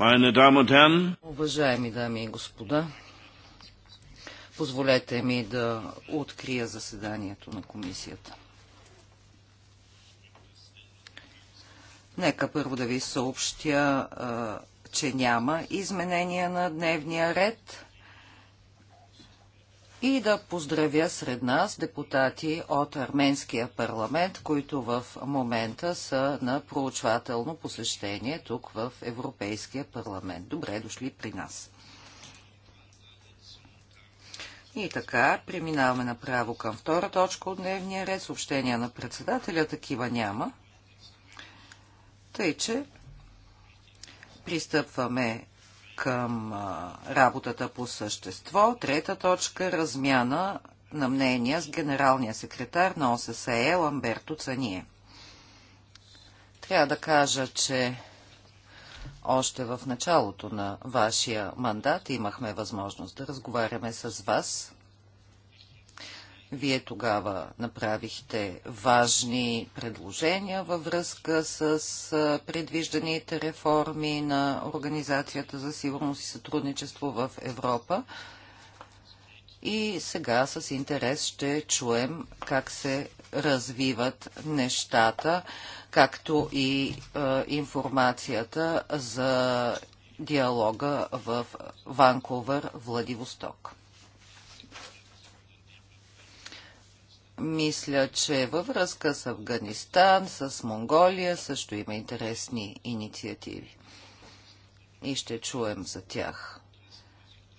Meine Damen und Herren, уважаеми дами и господа, позволете ми да открия заседанието на комисията. Нека първо да ви съобщя, че няма изменения на дневния ред и да поздравя сред нас депутати от Арменския парламент, които в момента са на проучвателно посещение тук в Европейския парламент. Добре дошли при нас. И така, преминаваме направо към втора точка от дневния ред. Съобщения на председателя такива няма. Тъй, че пристъпваме към работата по същество. Трета точка – размяна на мнения с генералния секретар на ОССЕ Ламберто Цание. Трябва да кажа, че още в началото на вашия мандат имахме възможност да разговаряме с вас вие тогава направихте важни предложения във връзка с предвижданите реформи на Организацията за сигурност и сътрудничество в Европа. И сега с интерес ще чуем как се развиват нещата, както и е, информацията за диалога в Ванкувър, Владивосток. Мисля, че във връзка с Афганистан, с Монголия също има интересни инициативи. И ще чуем за тях.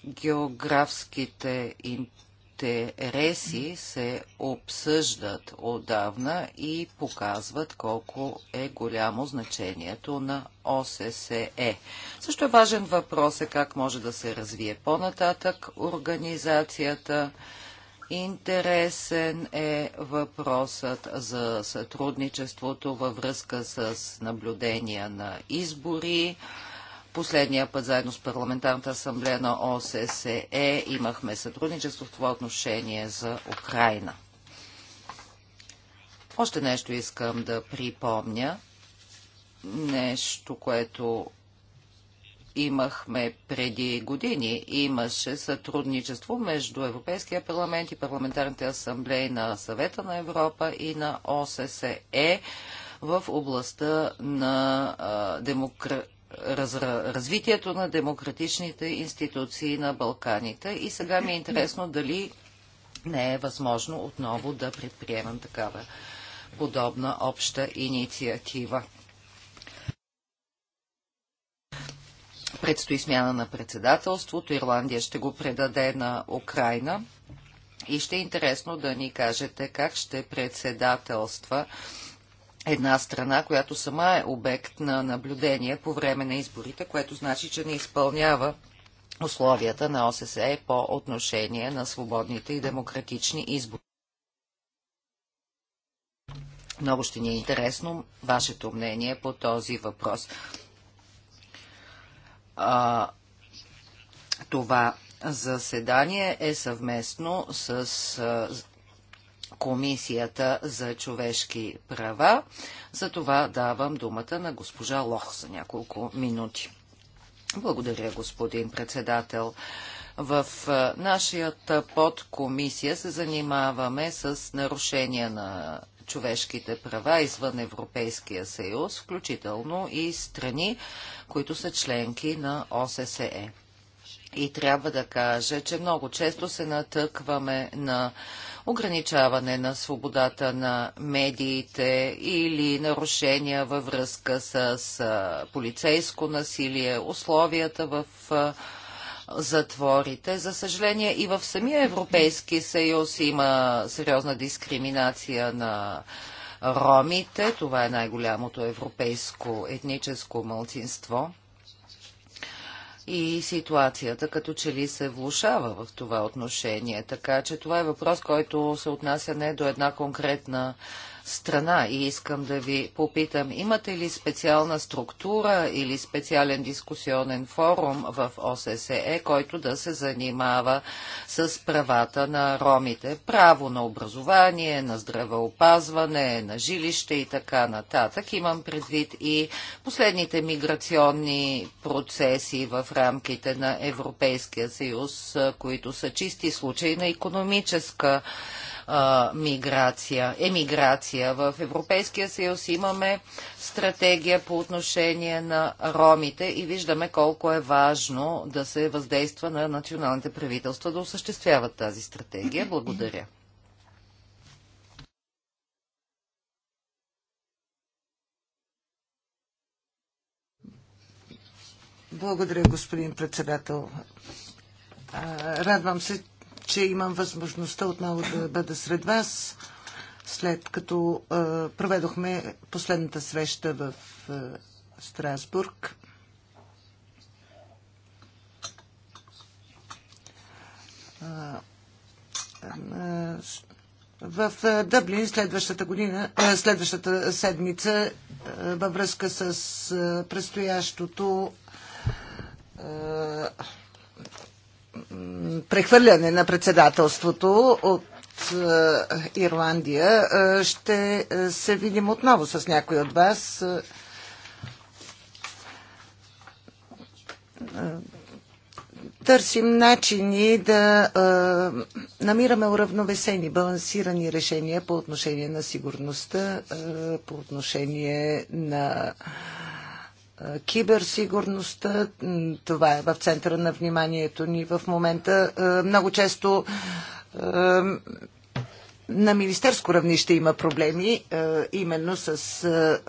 Географските интереси се обсъждат отдавна и показват колко е голямо значението на ОССЕ. Също е важен въпрос е как може да се развие по-нататък организацията. Интересен е въпросът за сътрудничеството във връзка с наблюдения на избори. Последния път заедно с Парламентарната асамблея на ОССЕ имахме сътрудничество в това отношение за Украина. Още нещо искам да припомня. Нещо, което имахме преди години. Имаше сътрудничество между Европейския парламент и парламентарните асамблеи на Съвета на Европа и на ОССЕ в областта на а, раз... развитието на демократичните институции на Балканите. И сега ми е интересно дали не е възможно отново да предприемем такава подобна обща инициатива. Предстои смяна на председателството. Ирландия ще го предаде на Украина. И ще е интересно да ни кажете как ще председателства една страна, която сама е обект на наблюдение по време на изборите, което значи, че не изпълнява условията на ОССЕ по отношение на свободните и демократични избори. Много ще ни е интересно вашето мнение по този въпрос а, това заседание е съвместно с а, Комисията за човешки права. За това давам думата на госпожа Лох за няколко минути. Благодаря, господин председател. В нашата подкомисия се занимаваме с нарушения на човешките права извън Европейския съюз, включително и страни, които са членки на ОССЕ. И трябва да кажа, че много често се натъкваме на ограничаване на свободата на медиите или нарушения във връзка с полицейско насилие, условията в затворите. За съжаление и в самия Европейски съюз има сериозна дискриминация на ромите. Това е най-голямото европейско етническо мълцинство. И ситуацията като че ли се влушава в това отношение. Така че това е въпрос, който се отнася не до една конкретна страна и искам да ви попитам, имате ли специална структура или специален дискусионен форум в ОССЕ, който да се занимава с правата на ромите? Право на образование, на здравеопазване, на жилище и така нататък. Имам предвид и последните миграционни процеси в рамките на Европейския съюз, които са чисти случаи на економическа а, миграция, емиграция. В Европейския съюз имаме стратегия по отношение на ромите и виждаме колко е важно да се въздейства на националните правителства да осъществяват тази стратегия. Благодаря. Благодаря, господин председател. Радвам се, че имам възможността отново да бъда сред вас, след като проведохме последната среща в Страсбург. В Дъблин следващата година, следващата седмица във връзка с предстоящото прехвърляне на председателството от е, Ирландия. Е, ще е, се видим отново с някой от вас. Търсим начини да намираме уравновесени, балансирани решения по отношение на сигурността, по отношение на киберсигурността. Това е в центъра на вниманието ни в момента. Много често на министерско равнище има проблеми, именно с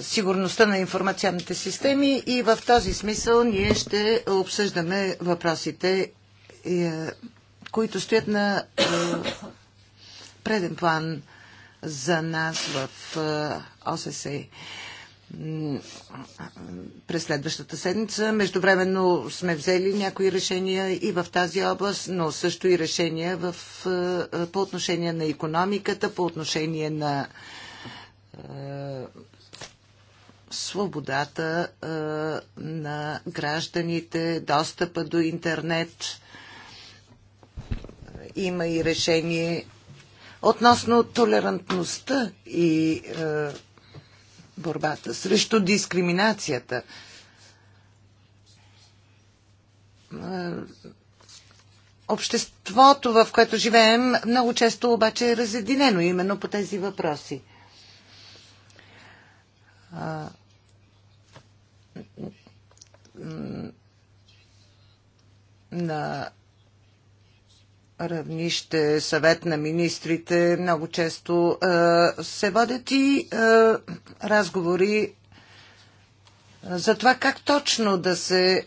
сигурността на информационните системи и в този смисъл ние ще обсъждаме въпросите, е, които стоят на е, преден план за нас в е, ОССЕ през следващата седмица. Междувременно сме взели някои решения и в тази област, но също и решения в, е, е, по отношение на економиката, по отношение на е, свободата на гражданите, достъпа до интернет. Има и решение относно толерантността и е, борбата срещу дискриминацията. Обществото, в което живеем, много често обаче е разединено именно по тези въпроси. На равнище съвет на министрите много често се водят и разговори за това как точно да се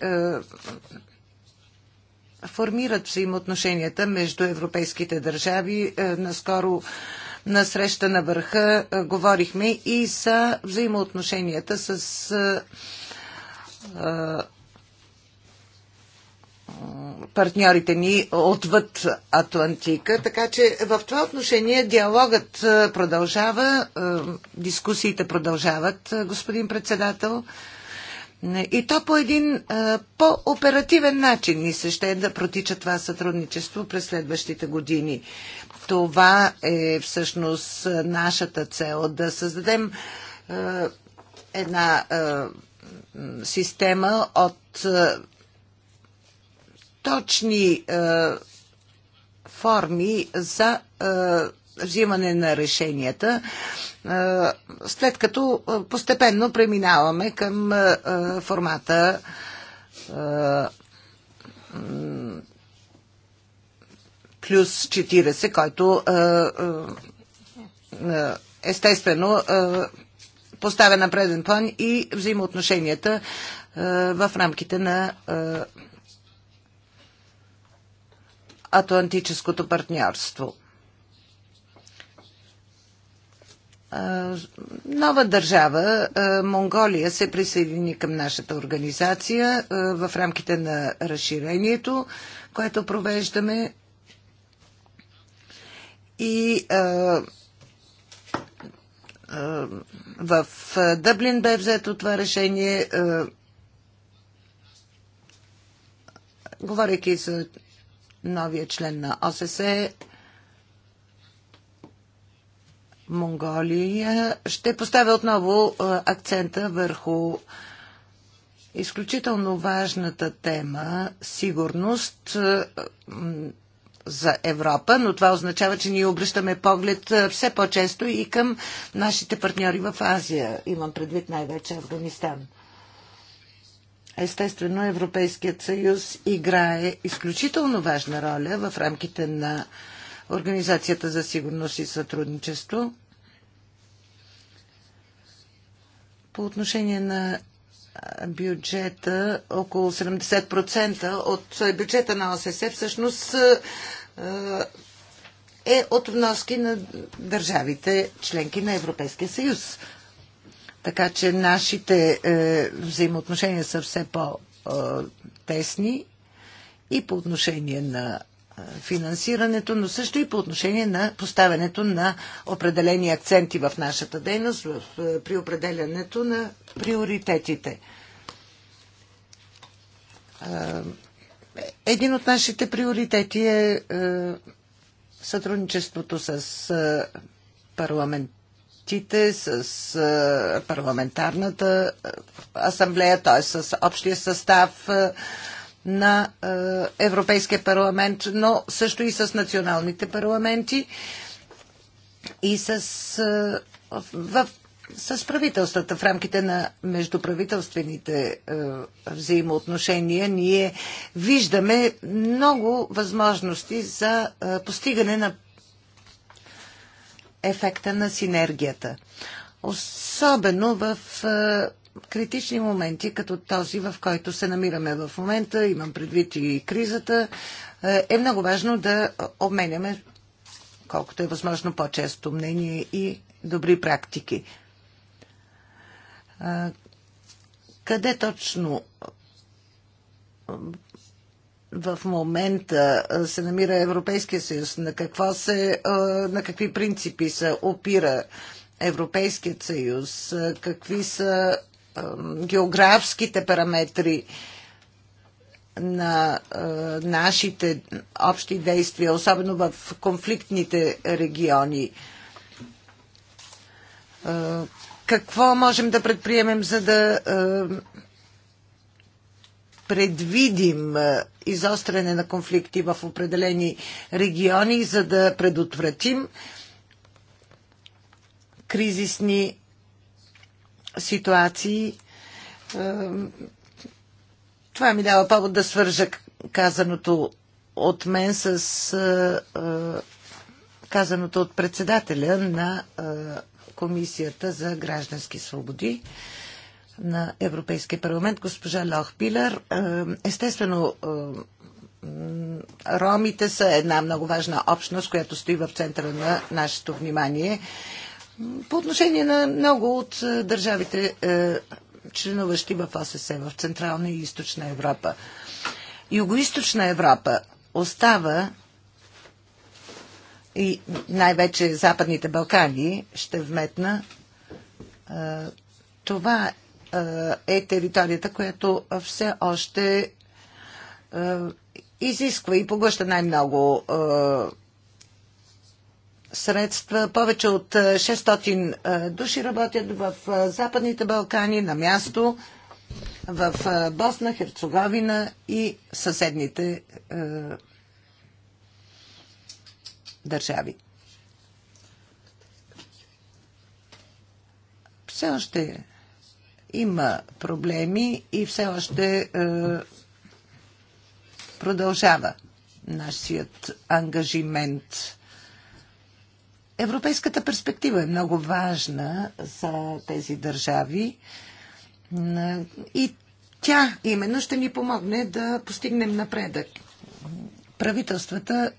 формират взаимоотношенията между европейските държави. Наскоро на среща на върха говорихме и за взаимоотношенията с партньорите ни отвъд Атлантика. Така че в това отношение диалогът е, продължава, е, дискусиите продължават, е, господин председател. И то по един по-оперативен начин ни се ще е да протича това сътрудничество през следващите години. Това е всъщност нашата цел да създадем една система от точни е, форми за е, взимане на решенията, е, след като постепенно преминаваме към формата плюс 40, който естествено поставя на преден план и взаимоотношенията в рамките на Атлантическото партньорство. Нова държава, Монголия, се присъедини към нашата организация в рамките на разширението, което провеждаме. И в Дъблин бе взето това решение, говоряки за новия член на ОССЕ Монголия. Ще поставя отново е, акцента върху изключително важната тема сигурност е, за Европа, но това означава, че ние обръщаме поглед е, все по-често и към нашите партньори в Азия. Имам предвид най-вече Афганистан. Естествено, Европейският съюз играе изключително важна роля в рамките на Организацията за сигурност и сътрудничество. По отношение на бюджета, около 70% от бюджета на ОССЕ всъщност е, е от вноски на държавите членки на Европейския съюз. Така че нашите е, взаимоотношения са все по-тесни и по отношение на е, финансирането, но също и по отношение на поставянето на определени акценти в нашата дейност, в, е, при определянето на приоритетите. Е, един от нашите приоритети е сътрудничеството с парламент срещите с парламентарната асамблея, т.е. с общия състав на Европейския парламент, но също и с националните парламенти и с, в, с правителствата в рамките на междуправителствените а, взаимоотношения. Ние виждаме много възможности за а, постигане на ефекта на синергията. Особено в е, критични моменти, като този, в който се намираме в момента, имам предвид и кризата, е, е много важно да обменяме колкото е възможно по-често мнение и добри практики. Е, къде точно в момента се намира Европейския съюз, на, какво се, на какви принципи се опира Европейският съюз, какви са географските параметри на нашите общи действия, особено в конфликтните региони. Какво можем да предприемем, за да предвидим изостряне на конфликти в определени региони, за да предотвратим кризисни ситуации. Това ми дава повод да свържа казаното от мен с казаното от председателя на Комисията за граждански свободи на Европейския парламент, госпожа Лох Пилер. Е, естествено, е, ромите са една много важна общност, която стои в центъра на нашето внимание. По отношение на много от е, държавите, членуващи в ОССЕ, в Централна и Източна Европа. Югоизточна Европа остава и най-вече Западните Балкани ще вметна. Това е, е територията, която все още е, изисква и поглъща най-много е, средства. Повече от 600 души работят в Западните Балкани на място в Босна, Херцеговина и съседните е, държави. Все още има проблеми и все още е, продължава нашият ангажимент. Европейската перспектива е много важна за тези държави е, и тя именно ще ни помогне да постигнем напредък. Правителствата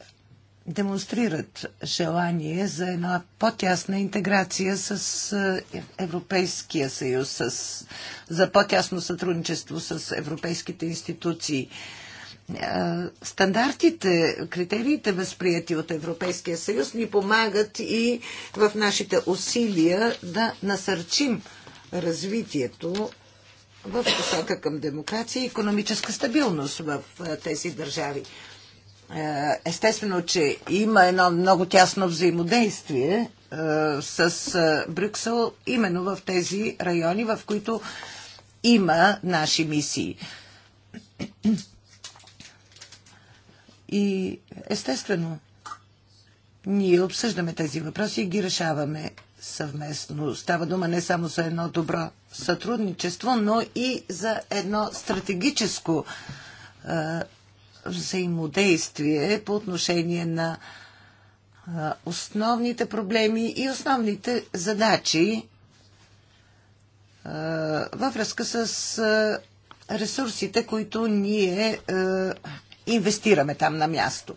демонстрират желание за една по-тясна интеграция с е, Европейския съюз, с, за по-тясно сътрудничество с европейските институции. Е, стандартите, критериите, възприяти от Европейския съюз, ни помагат и в нашите усилия да насърчим развитието в посока към демокрация и економическа стабилност в е, тези държави. Е, естествено, че има едно много тясно взаимодействие е, с е, Брюксел именно в тези райони, в които има наши мисии. И естествено, ние обсъждаме тези въпроси и ги решаваме съвместно. Става дума не само за едно добро сътрудничество, но и за едно стратегическо взаимодействие по отношение на основните проблеми и основните задачи във връзка с ресурсите, които ние инвестираме там на място.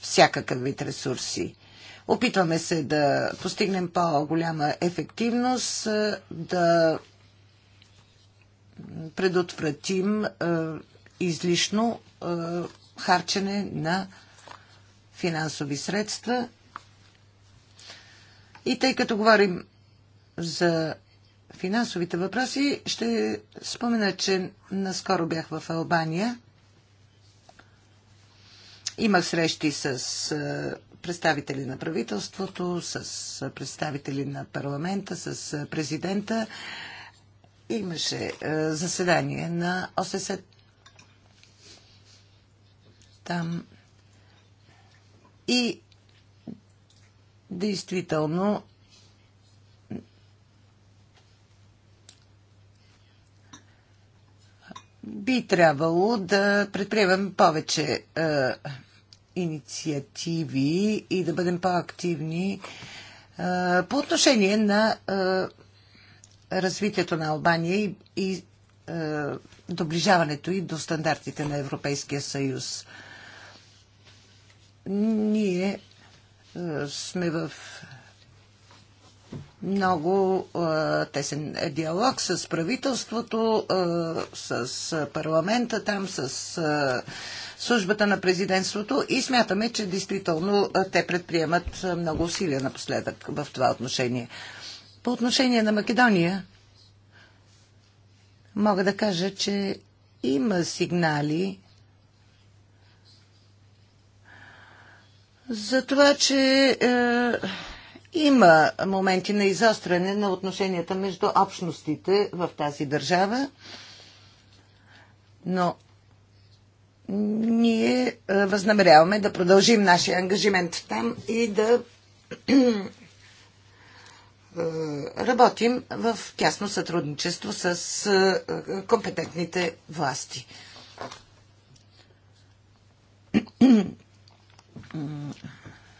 Всякакъв вид ресурси. Опитваме се да постигнем по-голяма ефективност, да предотвратим е, излишно е, харчене на финансови средства. И тъй като говорим за финансовите въпроси, ще спомена, че наскоро бях в Албания. Имах срещи с е, представители на правителството, с представители на парламента, с президента имаше е, заседание на ОСС. Там и действително би трябвало да предприемем повече а, е, инициативи и да бъдем по-активни е, по отношение на развитието на Албания и, и е, доближаването и до стандартите на Европейския съюз. Ние е, сме в много е, тесен диалог с правителството, е, с парламента там, с е, службата на президентството и смятаме, че действително е, те предприемат много усилия напоследък в това отношение. Е, по отношение на Македония, мога да кажа, че има сигнали за това, че е, има моменти на изостряне на отношенията между общностите в тази държава, но ние е, възнамеряваме да продължим нашия ангажимент там и да е, работим в тясно сътрудничество с е, компетентните власти.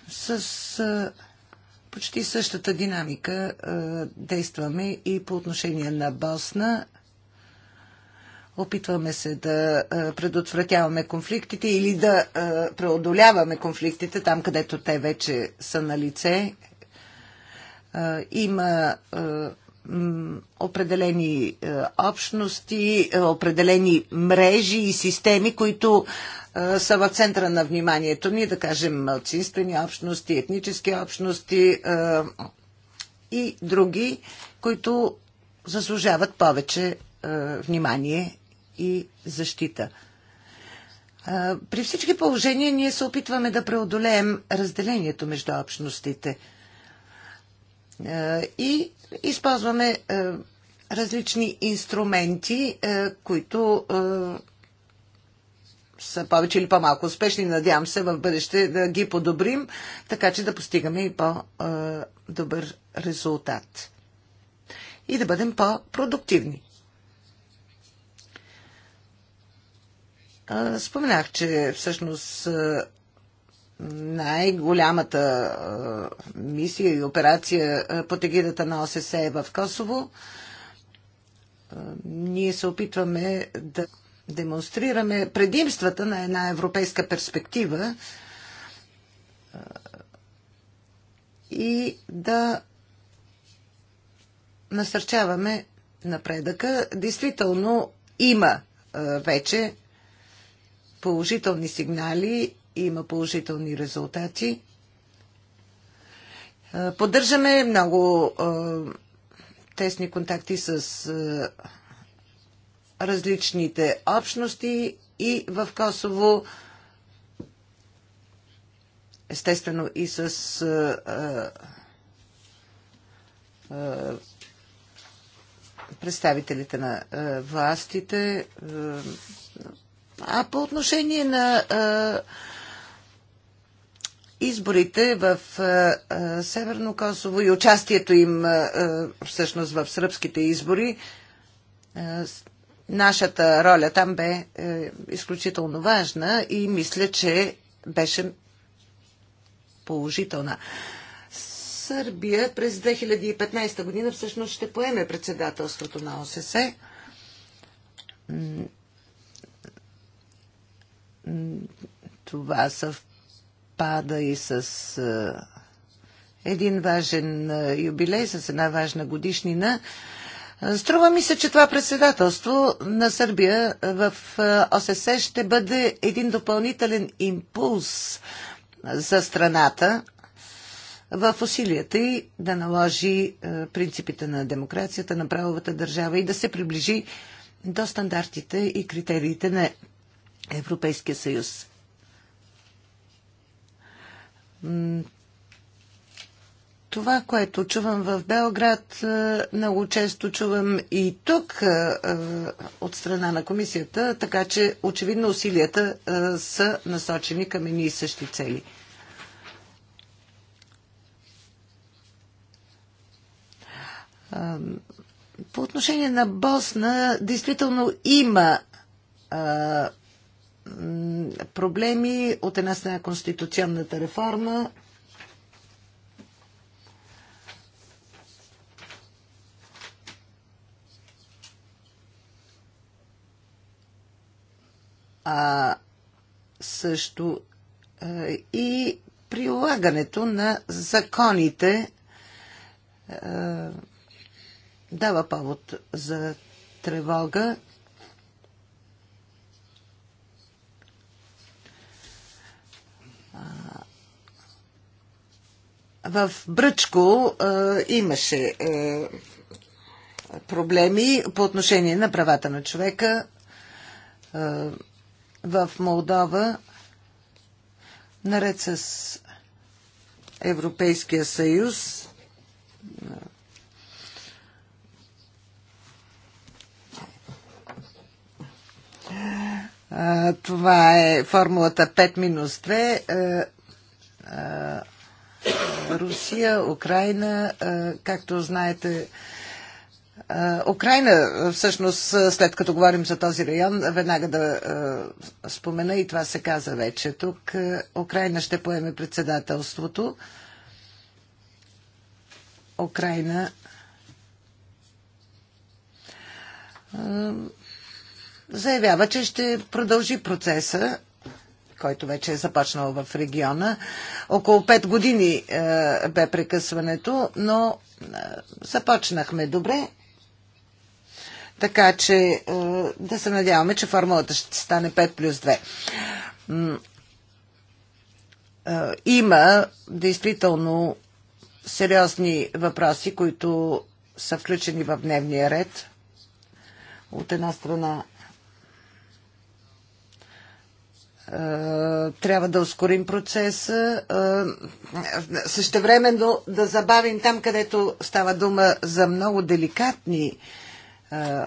С е, почти същата динамика действаме и по отношение на Босна. Опитваме се да предотвратяваме конфликтите или да преодоляваме конфликтите там, където те вече са на лице има определени общности, определени мрежи и системи, които са в центъра на вниманието ни, да кажем мълцинствени общности, етнически общности и други, които заслужават повече внимание и защита. При всички положения ние се опитваме да преодолеем разделението между общностите – е, и използваме е, различни инструменти, е, които са повече или по-малко успешни. Надявам се в бъдеще да ги подобрим, така че да постигаме и по-добър резултат. И да бъдем по-продуктивни. Споменах, че всъщност най-голямата мисия и операция под егидата на ОССЕ е в Косово. Ние се опитваме да демонстрираме предимствата на една европейска перспектива и да насърчаваме напредъка. Действително има вече положителни сигнали има положителни резултати. Поддържаме много тесни контакти с различните общности и в Косово, естествено и с представителите на властите. А по отношение на изборите в Северно Косово и участието им всъщност в сръбските избори, нашата роля там бе е, изключително важна и мисля, че беше положителна. Сърбия през 2015 година всъщност ще поеме председателството на ОССЕ. Това съвпада съвпада и с един важен юбилей, с една важна годишнина. Струва ми се, че това председателство на Сърбия в ОССЕ ще бъде един допълнителен импулс за страната в усилията й да наложи принципите на демокрацията, на правовата държава и да се приближи до стандартите и критериите на Европейския съюз това, което чувам в Белград, е, много често чувам и тук е, е, от страна на комисията, така че очевидно усилията са насочени към едни и същи цели. По отношение на Босна, действително има проблеми. От една страна конституционната реформа, а също и прилагането на законите дава повод за тревога. В Бръчко е, имаше е, проблеми по отношение на правата на човека. Е, в Молдова, наред с Европейския съюз, Това е формулата 5 2. Русия, Украина, както знаете, Украина, всъщност, след като говорим за този район, веднага да спомена и това се каза вече тук. Украина ще поеме председателството. Украина заявява, че ще продължи процеса който вече е започнал в региона. Около 5 години е, бе прекъсването, но е, започнахме добре. Така че е, да се надяваме, че формулата ще стане 5 плюс 2. Има действително сериозни въпроси, които са включени в дневния ред. От една страна трябва да ускорим процеса, същевременно да забавим там, където става дума за много деликатни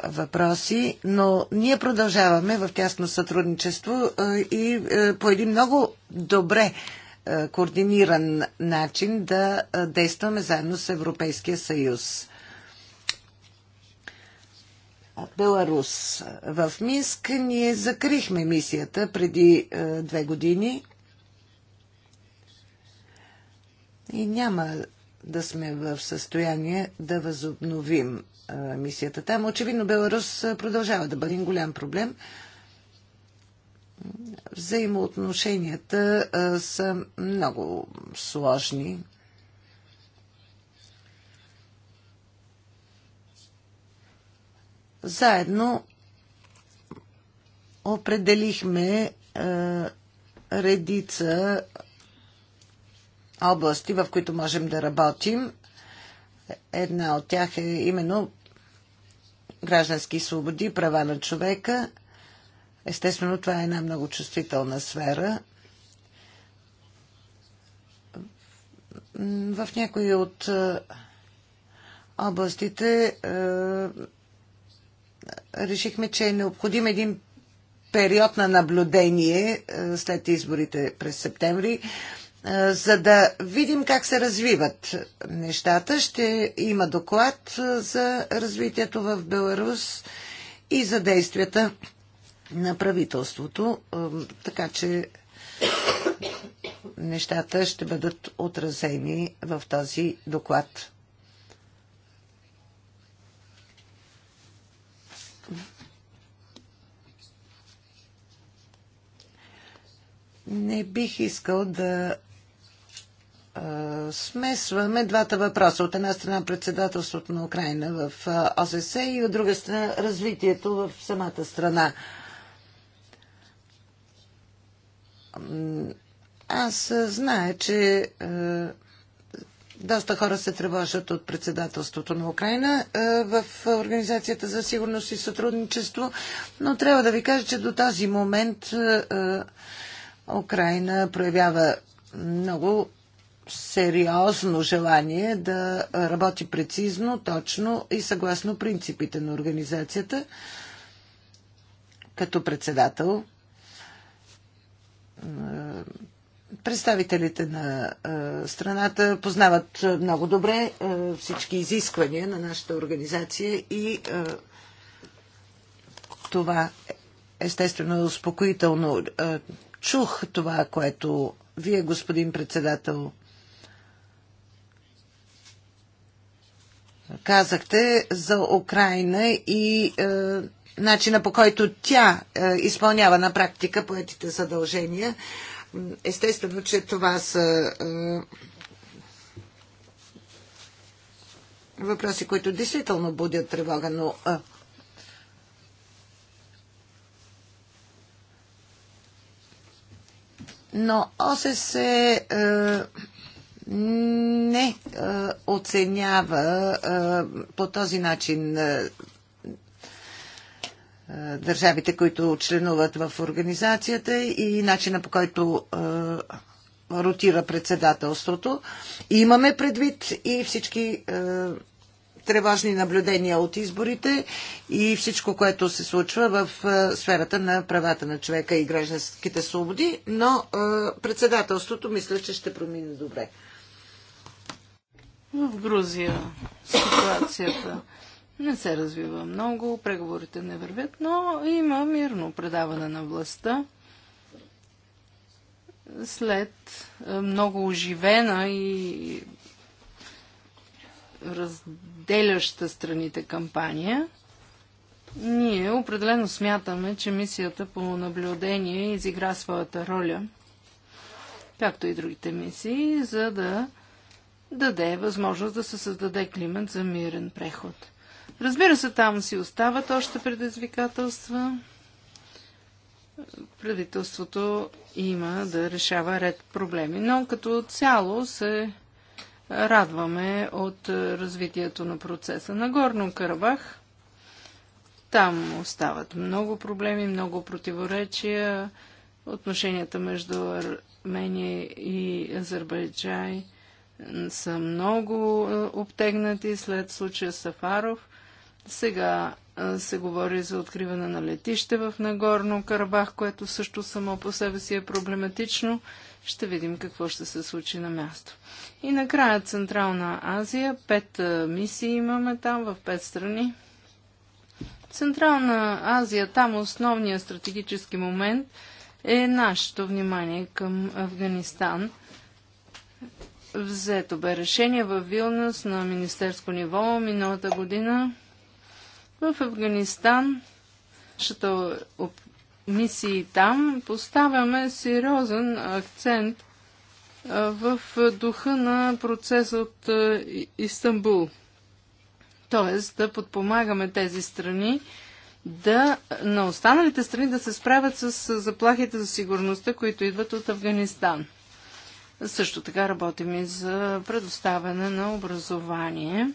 въпроси, но ние продължаваме в тясно сътрудничество и по един много добре координиран начин да действаме заедно с Европейския съюз. Беларус. В Минск ние закрихме мисията преди е, две години и няма да сме в състояние да възобновим е, мисията там. Очевидно Беларус е, продължава да бъде голям проблем. Взаимоотношенията са много сложни Заедно определихме е, редица области, в които можем да работим. Една от тях е именно граждански свободи, права на човека. Естествено, това е една много чувствителна сфера. В някои от е, областите е, решихме, че е необходим един период на наблюдение е, след изборите през септември, е, за да видим как се развиват нещата. Ще има доклад е, за развитието в Беларус и за действията на правителството, така че нещата ще бъдат отразени в този доклад. не бих искал да смесваме двата въпроса. От една страна председателството на Украина в ОССЕ и от друга страна развитието в самата страна. Аз знае, че е, доста хора се тревожат от председателството на Украина е, в Организацията за сигурност и сътрудничество, но трябва да ви кажа, че до този момент е, Украина проявява много сериозно желание да работи прецизно, точно и съгласно принципите на организацията като председател. Е, представителите на е, страната познават много добре е, всички изисквания на нашата организация и това естествено е успокоително, чух това, което вие, господин председател, казахте за Украина и е, начина по който тя е, изпълнява на практика поетите задължения. Естествено, че това са е, въпроси, които действително будят тревога, но е, Но ОССЕ е, не е, оценява е, по този начин държавите, които членуват в организацията и начина по който ротира председателството. Имаме предвид и всички тревожни наблюдения от изборите и всичко, което се случва в е, сферата на правата на човека и гражданските свободи, но е, председателството мисля, че ще промине добре. В Грузия ситуацията не се развива много, преговорите не вървят, но има мирно предаване на властта след е, много оживена и разделяща страните кампания. Ние определено смятаме, че мисията по наблюдение изигра своята роля, както и другите мисии, за да даде възможност да се създаде климат за мирен преход. Разбира се, там си остават още предизвикателства. Правителството има да решава ред проблеми, но като цяло се радваме от развитието на процеса. На Горно Карабах там остават много проблеми, много противоречия. Отношенията между Армения и Азербайджан са много е, обтегнати след случая Сафаров. Сега се говори за откриване на летище в Нагорно Карабах, което също само по себе си е проблематично. Ще видим какво ще се случи на място. И накрая Централна Азия. Пет мисии имаме там в пет страни. Централна Азия, там основният стратегически момент е нашето внимание към Афганистан. Взето бе решение в Вилнюс на министерско ниво миналата година в Афганистан, нашата мисии там, поставяме сериозен акцент в духа на процеса от Истанбул. Тоест да подпомагаме тези страни да, на останалите страни да се справят с заплахите за сигурността, които идват от Афганистан. Също така работим и за предоставяне на образование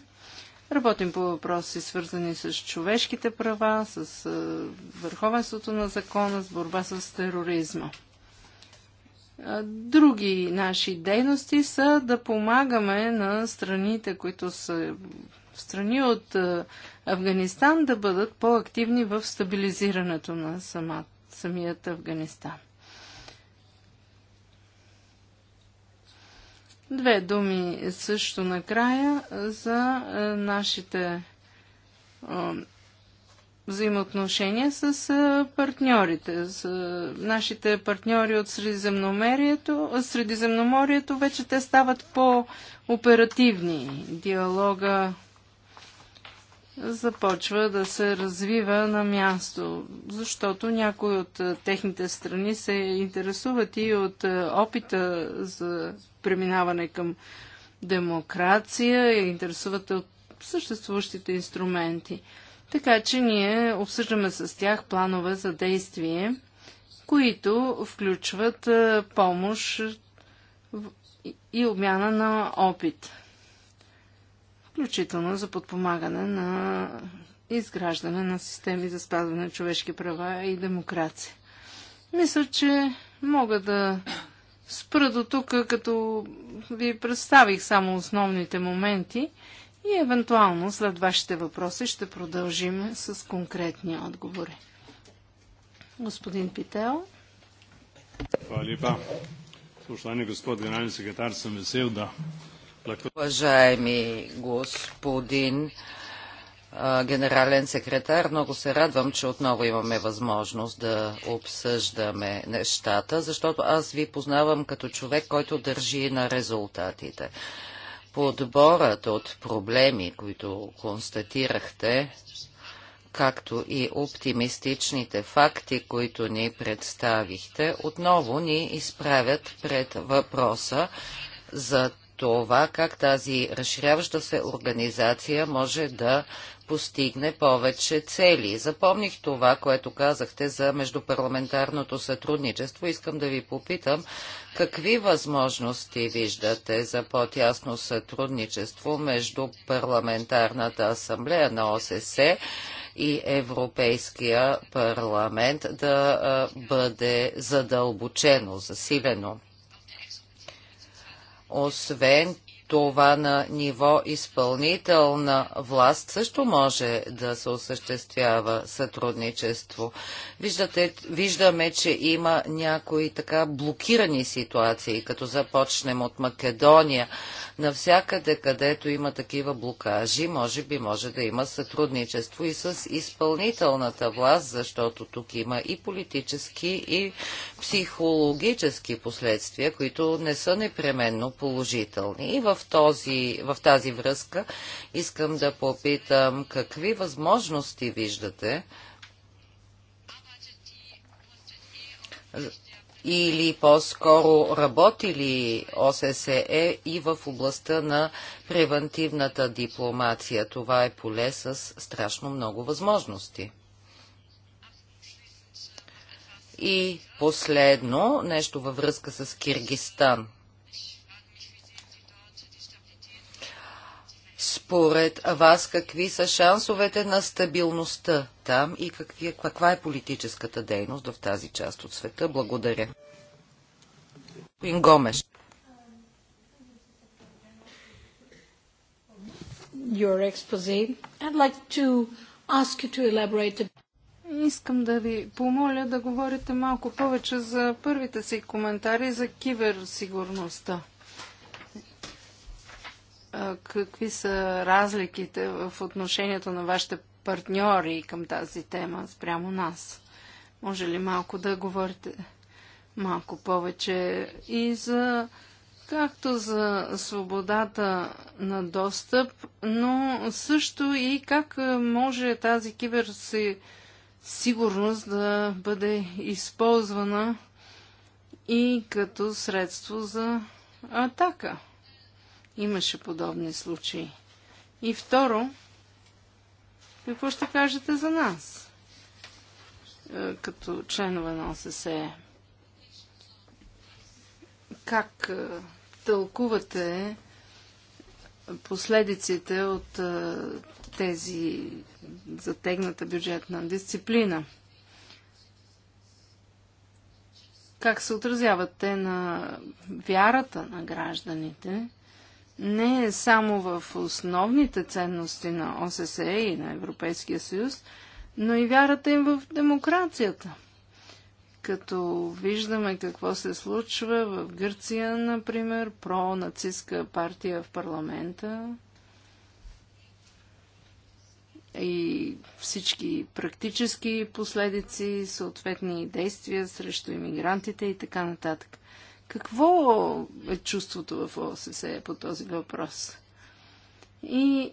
Работим по въпроси, свързани с човешките права, с върховенството на закона, с борба с тероризма. Други наши дейности са да помагаме на страните, които са страни от Афганистан, да бъдат по-активни в стабилизирането на самият Афганистан. Две думи също накрая за е, нашите е, взаимоотношения с е, партньорите. С нашите партньори от Средиземноморието, Средиземноморието вече те стават по-оперативни. Диалога започва да се развива на място, защото някои от техните страни се интересуват и от опита за преминаване към демокрация, интересуват от съществуващите инструменти. Така че ние обсъждаме с тях планове за действие, които включват помощ и обмяна на опит включително за подпомагане на изграждане на системи за спазване на човешки права и демокрация. Мисля, че мога да спра до тук, като ви представих само основните моменти и евентуално след вашите въпроси ще продължим с конкретни отговори. Господин Пител. Hvala lepa. Spoštovani gospod generalni sekretar, sem vesel, da Уважаеми господин генерален секретар. Много се радвам, че отново имаме възможност да обсъждаме нещата, защото аз ви познавам като човек, който държи на резултатите. Подборът от проблеми, които констатирахте, както и оптимистичните факти, които ни представихте, отново ни изправят пред въпроса за това как тази разширяваща се организация може да постигне повече цели. Запомних това, което казахте за междупарламентарното сътрудничество. Искам да ви попитам какви възможности виждате за по-тясно сътрудничество между парламентарната асамблея на ОССЕ и Европейския парламент да бъде задълбочено, засилено. Освен това на ниво изпълнителна власт също може да се осъществява сътрудничество. Виждате, виждаме, че има някои така блокирани ситуации, като започнем от Македония. Навсякъде, където има такива блокажи, може би може да има сътрудничество и с изпълнителната власт, защото тук има и политически, и психологически последствия, които не са непременно положителни. И в, този, в тази връзка искам да попитам какви възможности виждате или по-скоро работи ли ОССЕ и в областта на превентивната дипломация? Това е поле с страшно много възможности. И последно, нещо във връзка с Киргистан – Според вас, какви са шансовете на стабилността там и какви, каква е политическата дейност в тази част от света? Благодаря. Господин Гомеш. your expose. I'd like to ask you to elaborate. Искам да ви помоля да говорите малко повече за първите си коментари за киберсигурността какви са разликите в отношението на вашите партньори към тази тема спрямо нас? Може ли малко да говорите малко повече и за както за свободата на достъп, но също и как може тази киберсигурност да бъде използвана и като средство за атака? Имаше подобни случаи. И второ, какво ще кажете за нас, е, като членове на ОССЕ? Как е, тълкувате последиците от е, тези затегната бюджетна дисциплина? Как се отразяват те на вярата на гражданите? не е само в основните ценности на ОССЕ и на Европейския съюз, но и вярата им в демокрацията. Като виждаме какво се случва в Гърция, например, про-нацистска партия в парламента и всички практически последици, съответни действия срещу иммигрантите и така нататък. Какво е чувството в ОССЕ по този въпрос? И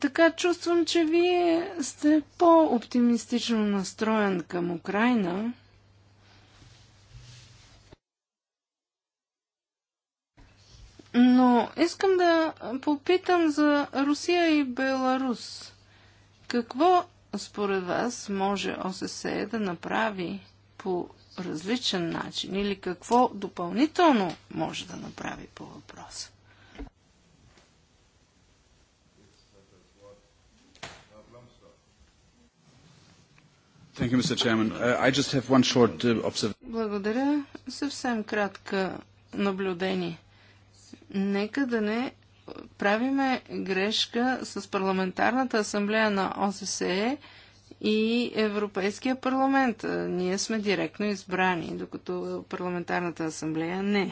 така чувствам, че вие сте по-оптимистично настроен към Украина. Но искам да попитам за Русия и Беларус. Какво според вас може ОССЕ да направи по различен начин или какво допълнително може да направи по въпроса? Благодаря. Съвсем кратка наблюдение. Нека да не правиме грешка с парламентарната асамблея на ОССЕ, и Европейския парламент. Ние сме директно избрани, докато парламентарната асамблея не е.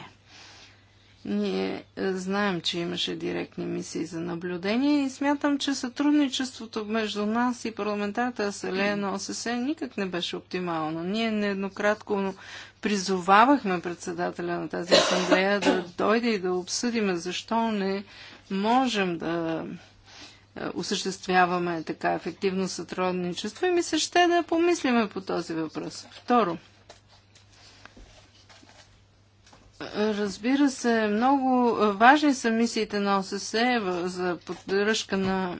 Ние знаем, че имаше директни мисии за наблюдение и смятам, че сътрудничеството между нас и парламентарната асамблея на ОСС никак не беше оптимално. Ние нееднократко призовавахме председателя на тази асамблея да дойде и да обсъдиме защо не можем да е, осъществяваме така ефективно сътрудничество и ми се ще да помислиме по този въпрос. Второ, Разбира се, много важни са мисиите на ОССЕ за поддръжка на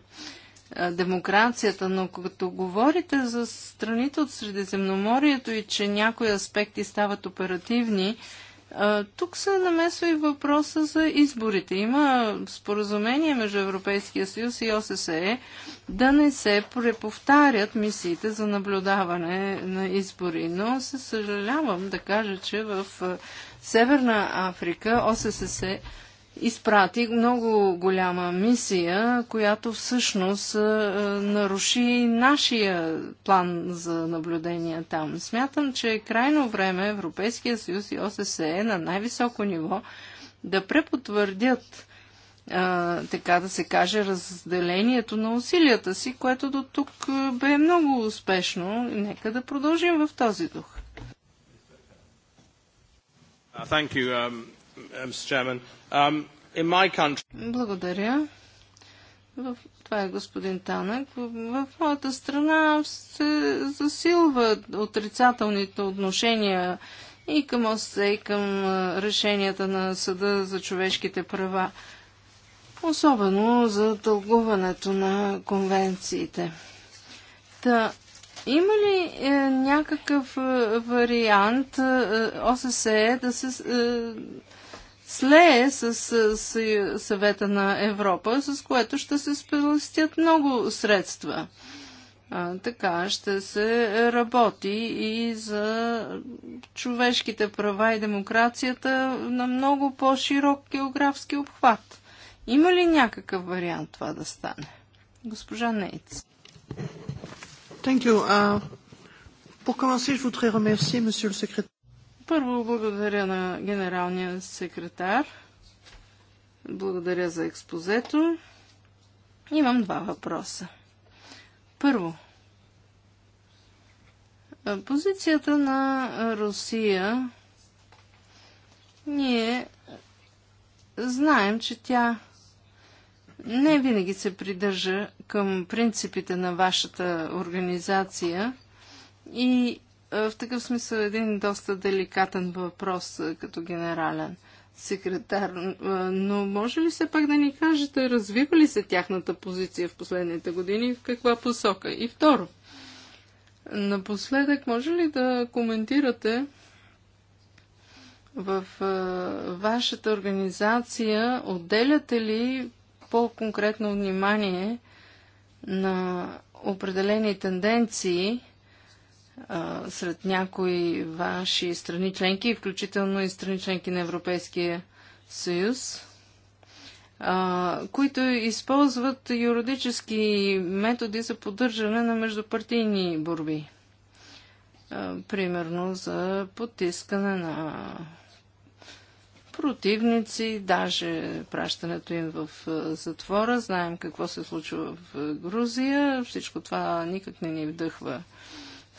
е, демокрацията, но като говорите за страните от Средиземноморието и че някои аспекти стават оперативни, тук се намесва и въпроса за изборите. Има споразумение между Европейския съюз и ОССЕ да не се преповтарят мисиите за наблюдаване на избори. Но се съжалявам да кажа, че в Северна Африка ОССЕ изпрати много голяма мисия, която всъщност наруши нашия план за наблюдение там. Смятам, че е крайно време Европейския съюз и ОССЕ на най-високо ниво да препотвърдят а, така да се каже, разделението на усилията си, което до тук бе много успешно. Нека да продължим в този дух. Uh, thank you. Um... Um, Благодаря. В... Това е господин Танък. В, моята страна се засилват отрицателните отношения и към ОСЕ, и към решенията на Съда за човешките права. Особено за тългуването на конвенциите. Та, има ли е, някакъв е, вариант е, ОССЕ да се е, слее с, с, с съвета на Европа, с което ще се спестят много средства. А, така ще се работи и за човешките права и демокрацията на много по-широк географски обхват. Има ли някакъв вариант това да стане? Госпожа Нейц. Thank you. Uh, pour commencer, je voudrais remercier Monsieur le Secrétaire. Първо благодаря на генералния секретар. Благодаря за експозето. Имам два въпроса. Първо, позицията на Русия ние знаем, че тя не винаги се придържа към принципите на вашата организация и е, в такъв смисъл е един доста деликатен въпрос е, като генерален секретар. Но може ли се пак да ни кажете, развива ли се тяхната позиция в последните години и в каква посока? И второ, напоследък може ли да коментирате в вашата организация, отделяте ли по-конкретно внимание на определени тенденции – сред някои ваши страни членки, включително и страни членки на Европейския съюз, а, които използват юридически методи за поддържане на междупартийни борби. А, примерно за потискане на противници, даже пращането им в затвора. Знаем какво се случва в Грузия. Всичко това никак не ни вдъхва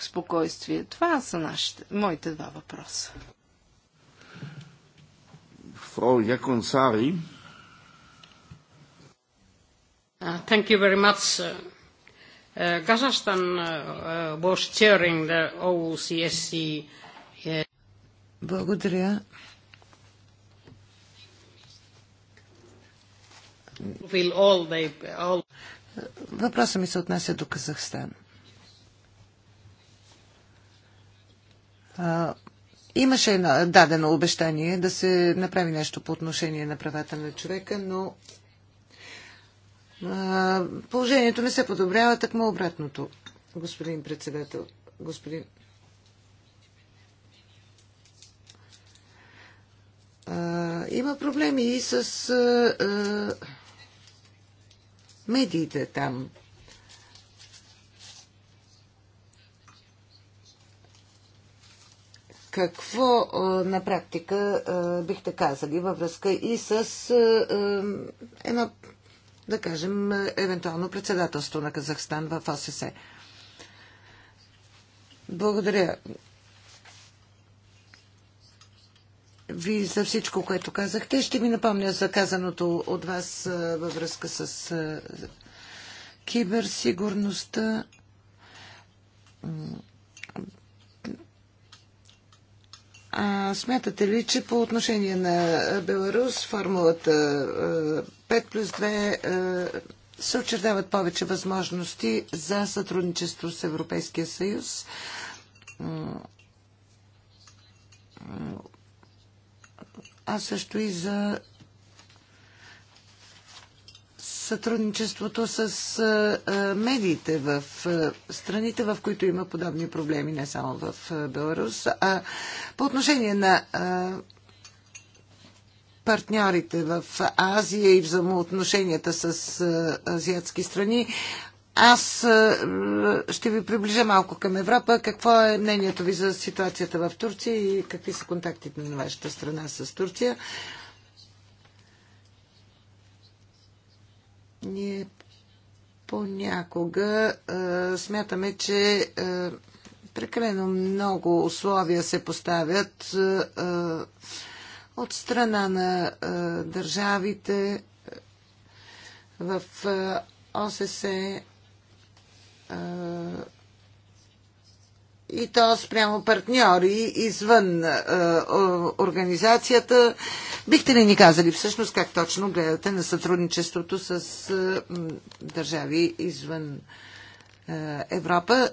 спокойствие. Това са нашите, моите два въпроса. Фрау Яконсари. Uh, thank you very much. Uh, Kazakhstan uh, uh, was chairing the OCSC. Uh, Благодаря. Въпросът ми се отнася до Казахстан. Имаше дадено обещание да се направи нещо по отношение на правата на човека, но положението не се подобрява, такмо обратното, господин председател. Господин... има проблеми и с медиите там. Какво на практика бихте казали във връзка и с едно, да кажем, евентуално председателство на Казахстан в ОССЕ? Благодаря ви за всичко, което казахте. Ще ми напомня за казаното от вас във връзка с киберсигурността А, смятате ли, че по отношение на Беларус формулата 5 плюс 2 се очертават повече възможности за сътрудничество с Европейския съюз? а също и за сътрудничеството с медиите в страните, в които има подобни проблеми, не само в Беларус. А по отношение на партньорите в Азия и взаимоотношенията с азиатски страни, аз ще ви приближа малко към Европа. Какво е мнението ви за ситуацията в Турция и какви са контактите на вашата страна с Турция? Ние понякога а, смятаме, че а, прекалено много условия се поставят а, от страна на а, държавите в а, ОССЕ. А, и то спрямо партньори извън а, е, е, организацията. Бихте ли ни казали всъщност как точно гледате на сътрудничеството с е, държави извън а, е, Европа,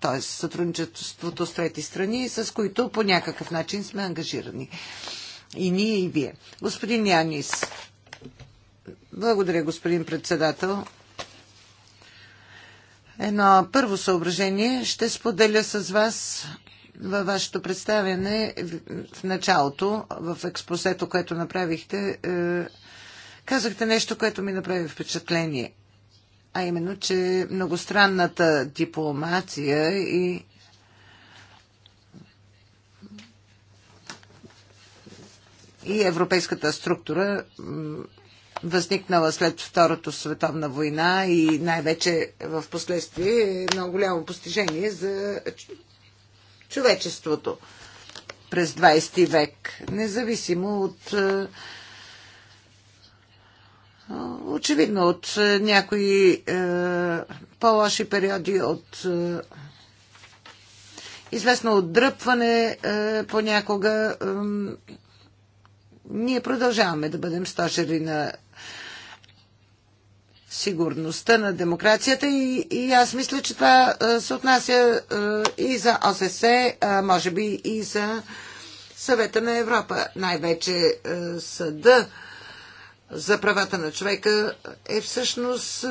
т.е. сътрудничеството с трети страни, с които по някакъв начин сме ангажирани? И ние, и вие. Господин Янис. Благодаря, господин председател. Едно първо съображение ще споделя с вас във вашето представяне в началото, в експосето, което направихте, е, казахте нещо, което ми направи впечатление. А именно, че многостранната дипломация и и европейската структура възникнала след Втората световна война и най-вече в последствие е много голямо постижение за човечеството през 20 век, независимо от е, очевидно от някои е, по-лоши периоди от е, известно отдръпване понякога ние продължаваме да бъдем стожери на сигурността на демокрацията и, и аз мисля, че това се отнася и за ОССЕ, може би и за съвета на Европа. Най-вече съда за правата на човека е всъщност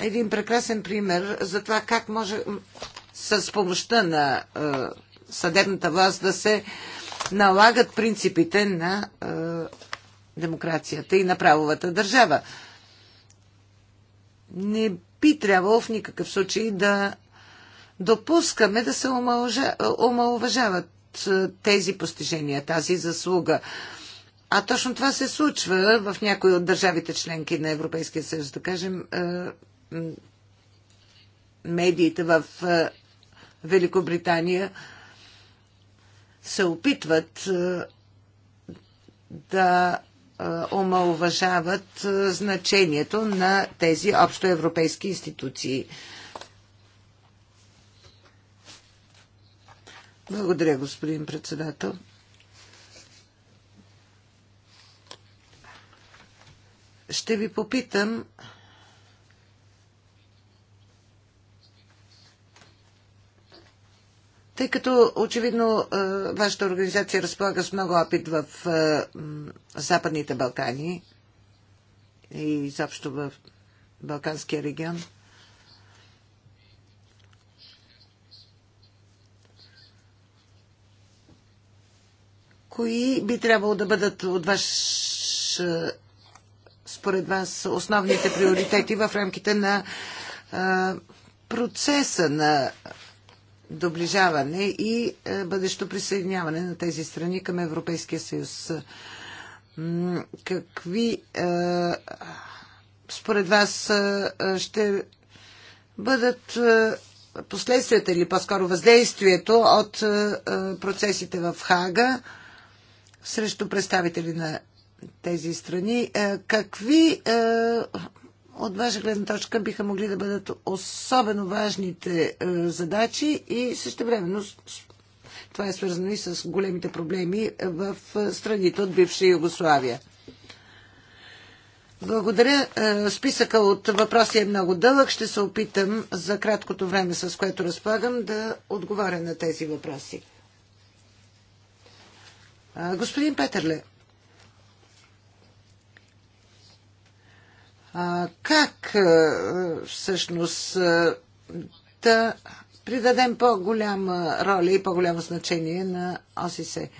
един прекрасен пример за това как може с помощта на съдебната власт да се налагат принципите на демокрацията и на правовата държава не би трябвало в никакъв случай да допускаме да се омалуважават е, тези постижения, тази заслуга. А точно това се случва в някои от държавите членки на Европейския съюз, да кажем, е, медиите в е, Великобритания се опитват да е, омалуважават е, значението на тези общоевропейски институции. Благодаря, господин председател. Ще ви попитам Тъй като очевидно е, вашата организация разполага с много опит в е, Западните Балкани и изобщо в Балканския регион. Кои би трябвало да бъдат от ваш, е, според вас, основните приоритети в рамките на процеса на доближаване и е, бъдещо присъединяване на тези страни към Европейския съюз. Какви е, според вас е, ще бъдат последствията или по-скоро въздействието от процесите в Хага срещу представители на тези страни? Какви от ваша гледна точка биха могли да бъдат особено важните е, задачи и същевременно това е свързано и с големите проблеми в е, страните от бивша Югославия. Благодаря. Е, списъка от въпроси е много дълъг. Ще се опитам за краткото време, с което разполагам, да отговоря на тези въпроси. Господин Петърле, как всъщност да придадем по-голяма роля и по-голямо значение на ОСИСЕ.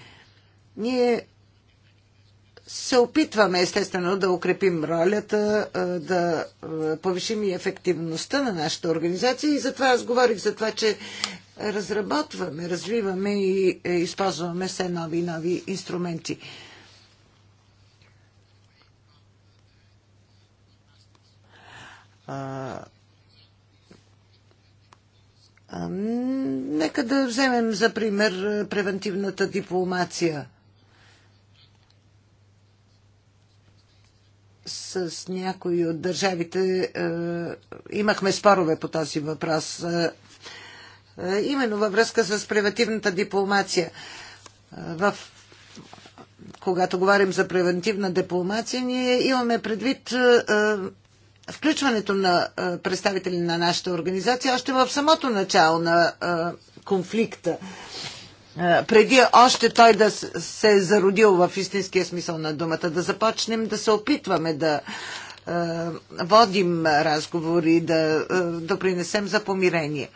Ние се опитваме естествено да укрепим ролята, да повишим и ефективността на нашата организация и затова аз говорих за това, че разработваме, развиваме и е, използваме все нови и нови инструменти. нека да вземем за пример превентивната дипломация. С някои от държавите е, имахме спорове по този въпрос. Е, е, именно във връзка с превентивната дипломация. в когато говорим за превентивна дипломация, ние имаме предвид включването на представители на нашата организация още в самото начало на конфликта. Преди още той да се е зародил в истинския смисъл на думата, да започнем да се опитваме да водим разговори, да допринесем за помирение.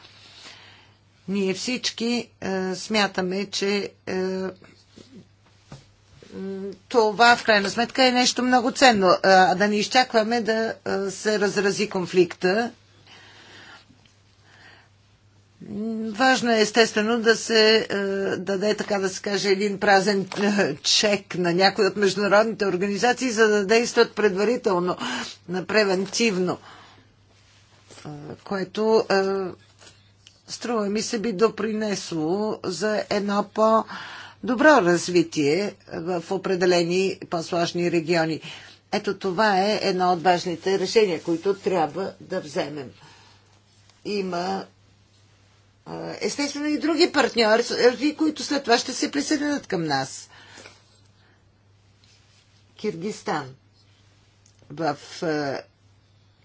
Ние всички смятаме, че това в крайна сметка е нещо много ценно. А да не изчакваме да се разрази конфликта. Важно е естествено да се даде, така да се каже, един празен чек на някои от международните организации, за да действат предварително, превентивно, което струва ми се би допринесло за едно по- добро развитие в определени по-сложни региони. Ето това е едно от важните решения, които трябва да вземем. Има естествено и други партньори, които след това ще се присъединят към нас. Киргистан. В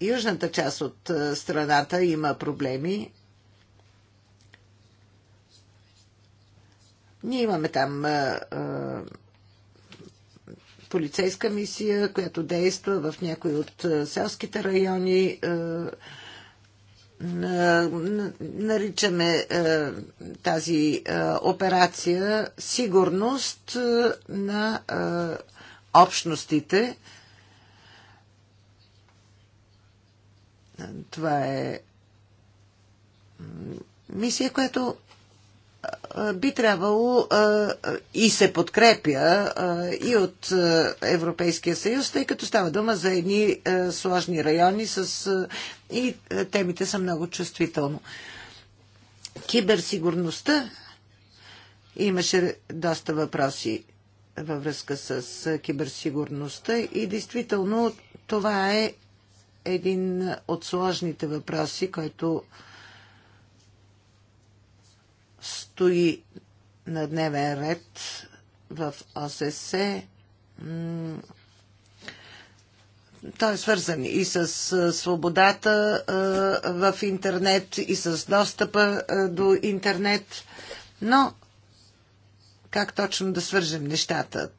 южната част от страната има проблеми Ние имаме там полицейска мисия, която действа в някои от селските райони. Наричаме тази операция сигурност на общностите. Това е мисия, която би трябвало и се подкрепя и от Европейския съюз, тъй като става дума за едни сложни райони с, и темите са много чувствително. Киберсигурността имаше доста въпроси във връзка с киберсигурността и действително това е един от сложните въпроси, който стои на дневен ред в ОСС, Той е свързан и с свободата в интернет, и с достъпа до интернет. Но как точно да свържем нещата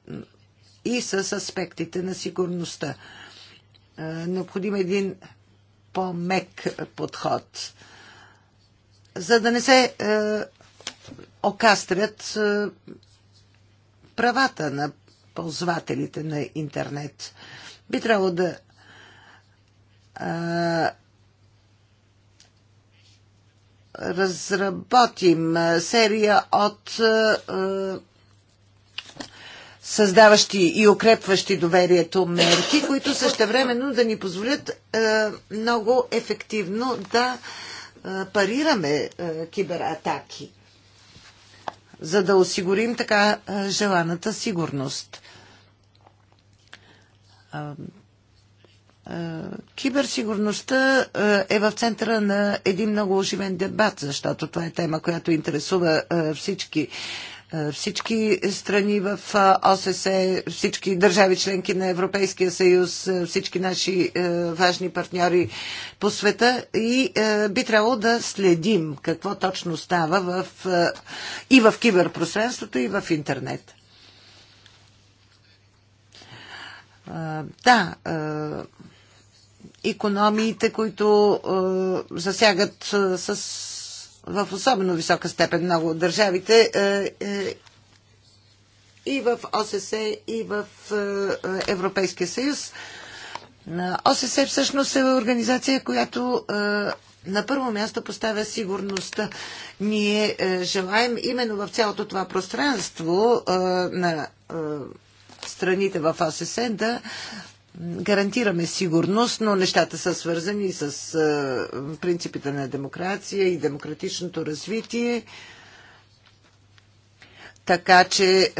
и с аспектите на сигурността? Необходим е един по-мек подход, за да не се окастрят е, правата на ползвателите на интернет. Би трябвало да а, е, разработим е, серия от а, създаващи и укрепващи доверието мерки, които същевременно да ни позволят а, много ефективно да а, парираме а, кибератаки за да осигурим така желаната сигурност. Киберсигурността е в центъра на един много оживен дебат, защото това е тема, която интересува всички. Е, всички страни в е, ОССЕ, всички държави членки на Европейския съюз, е, всички наши важни партньори по света и би трябвало да следим какво точно става в, и в киберпространството, и в интернет. Да, економиите, които засягат с в особено висока степен много от държавите е, е, и в ОССЕ, и в е, Европейския съюз. ОССЕ всъщност е организация, която на първо място поставя сигурността. Ние желаем именно в цялото това пространство на страните в ОССЕ да гарантираме сигурност, но нещата са свързани с принципите на демокрация и демократичното развитие. Така че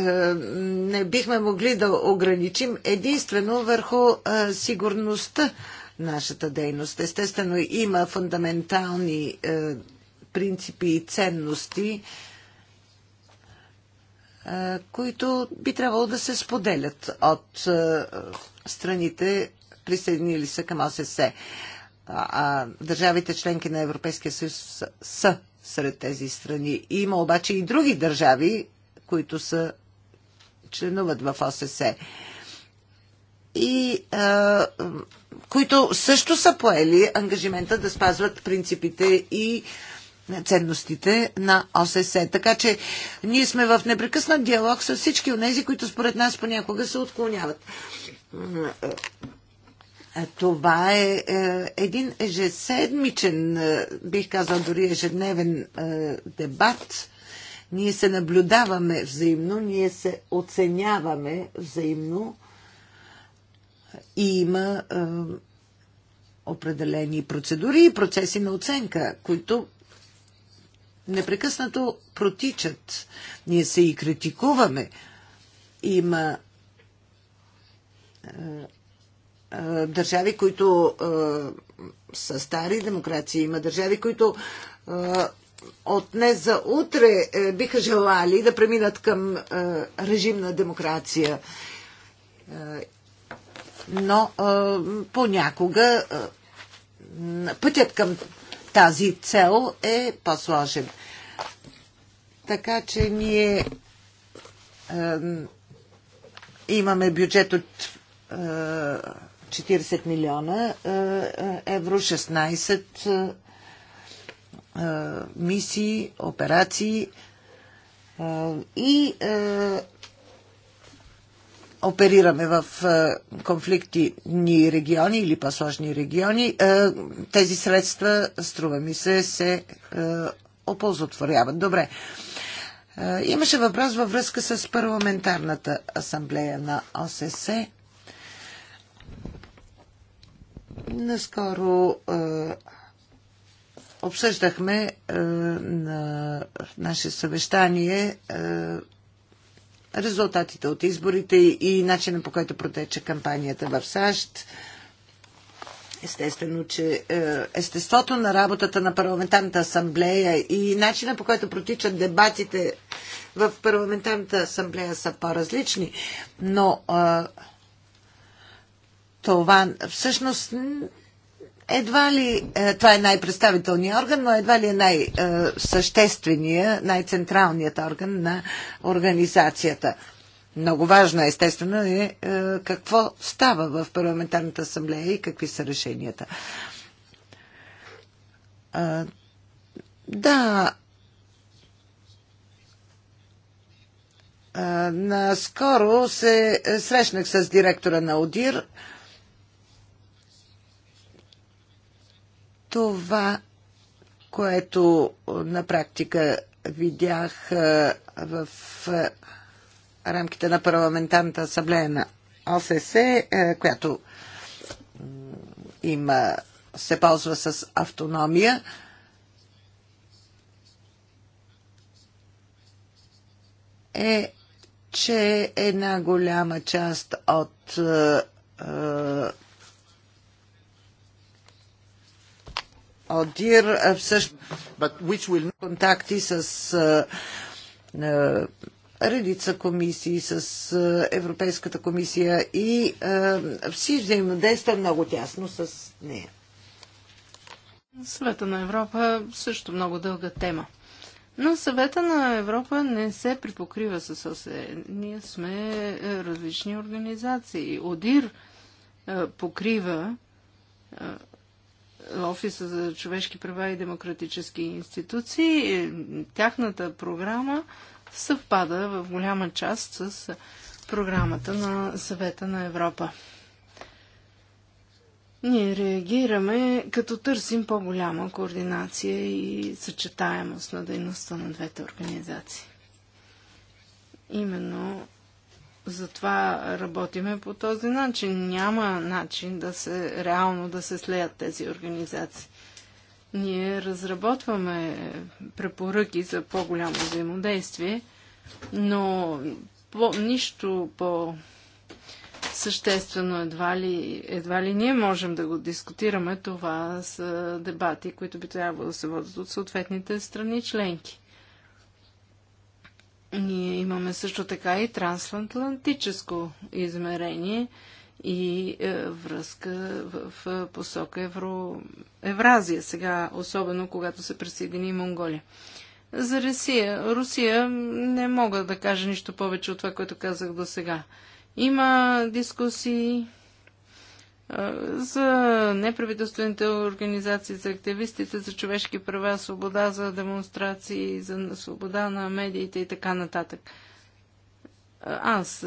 не бихме могли да ограничим единствено върху сигурността нашата дейност. Естествено, има фундаментални принципи и ценности, които би трябвало да се споделят от страните присъединили са към ОССЕ. А, държавите членки на Европейския съюз са сред тези страни. Има обаче и други държави, които са членуват в ОССЕ. И а, които също са поели ангажимента да спазват принципите и ценностите на ОССЕ. Така че ние сме в непрекъснат диалог с всички от тези, които според нас понякога се отклоняват. Е, това е, е един ежеседмичен, е, бих казал дори ежедневен дебат. Ние се наблюдаваме взаимно, ние се оценяваме взаимно и има определени процедури и процеси на оценка, които непрекъснато протичат. Ние се и критикуваме. Има е, е, държави, които е, са стари демокрации, има държави, които от днес за утре биха желали да преминат към режим на демокрация. Но понякога пътят към тази цел е по-сложен. Така че ние имаме бюджет от 40 милиона е, е, евро, 16 е, мисии, операции и оперираме в конфликтни региони или по-сложни региони. Тези средства, струва ми се, се оползотворяват. Добре. Имаше въпрос във връзка с парламентарната асамблея на ОССЕ. Наскоро обсъждахме на наше съвещание резултатите от изборите и начина по който протече кампанията в САЩ. Естествено, че естеството на работата на парламентарната асамблея и начина по който протичат дебатите в парламентарната асамблея са по-различни, но това всъщност едва ли, е, това е най-представителният орган, но едва ли е най-съществения, най-централният орган на организацията. Много важно, естествено, е, е какво става в парламентарната асамблея и какви са решенията. Да, наскоро се срещнах с директора на ОДИР, Това, което на практика видях в рамките на парламентарната асамблея на ОССЕ, която има, се ползва с автономия. е, че една голяма част от Одир всъщност контакти с редица комисии с Европейската комисия и е, си взаимодейства много тясно с нея. Съвета на Европа също много дълга тема. Но съвета на Европа не се припокрива с ОСЕ. Ние сме е, различни организации. ОДИР е, покрива е, Офиса за човешки права и демократически институции, тяхната програма съвпада в голяма част с програмата на Съвета на Европа. Ние реагираме, като търсим по-голяма координация и съчетаемост на дейността на двете организации. Именно затова работиме по този начин. Няма начин да се реално да се слеят тези организации. Ние разработваме препоръки за по-голямо взаимодействие, но по, нищо по съществено едва ли, едва ли ние можем да го дискутираме. Това са дебати, които би трябвало да се водят от съответните страни членки. Ние имаме също така и трансатлантическо измерение и е, връзка в, в е, посока Евро... Евразия, сега особено когато се присъедини Монголия. За Русия, Русия не мога да кажа нищо повече от това, което казах до сега. Има дискусии, за неправителствените организации, за активистите, за човешки права, свобода за демонстрации, за свобода на медиите и така нататък. Аз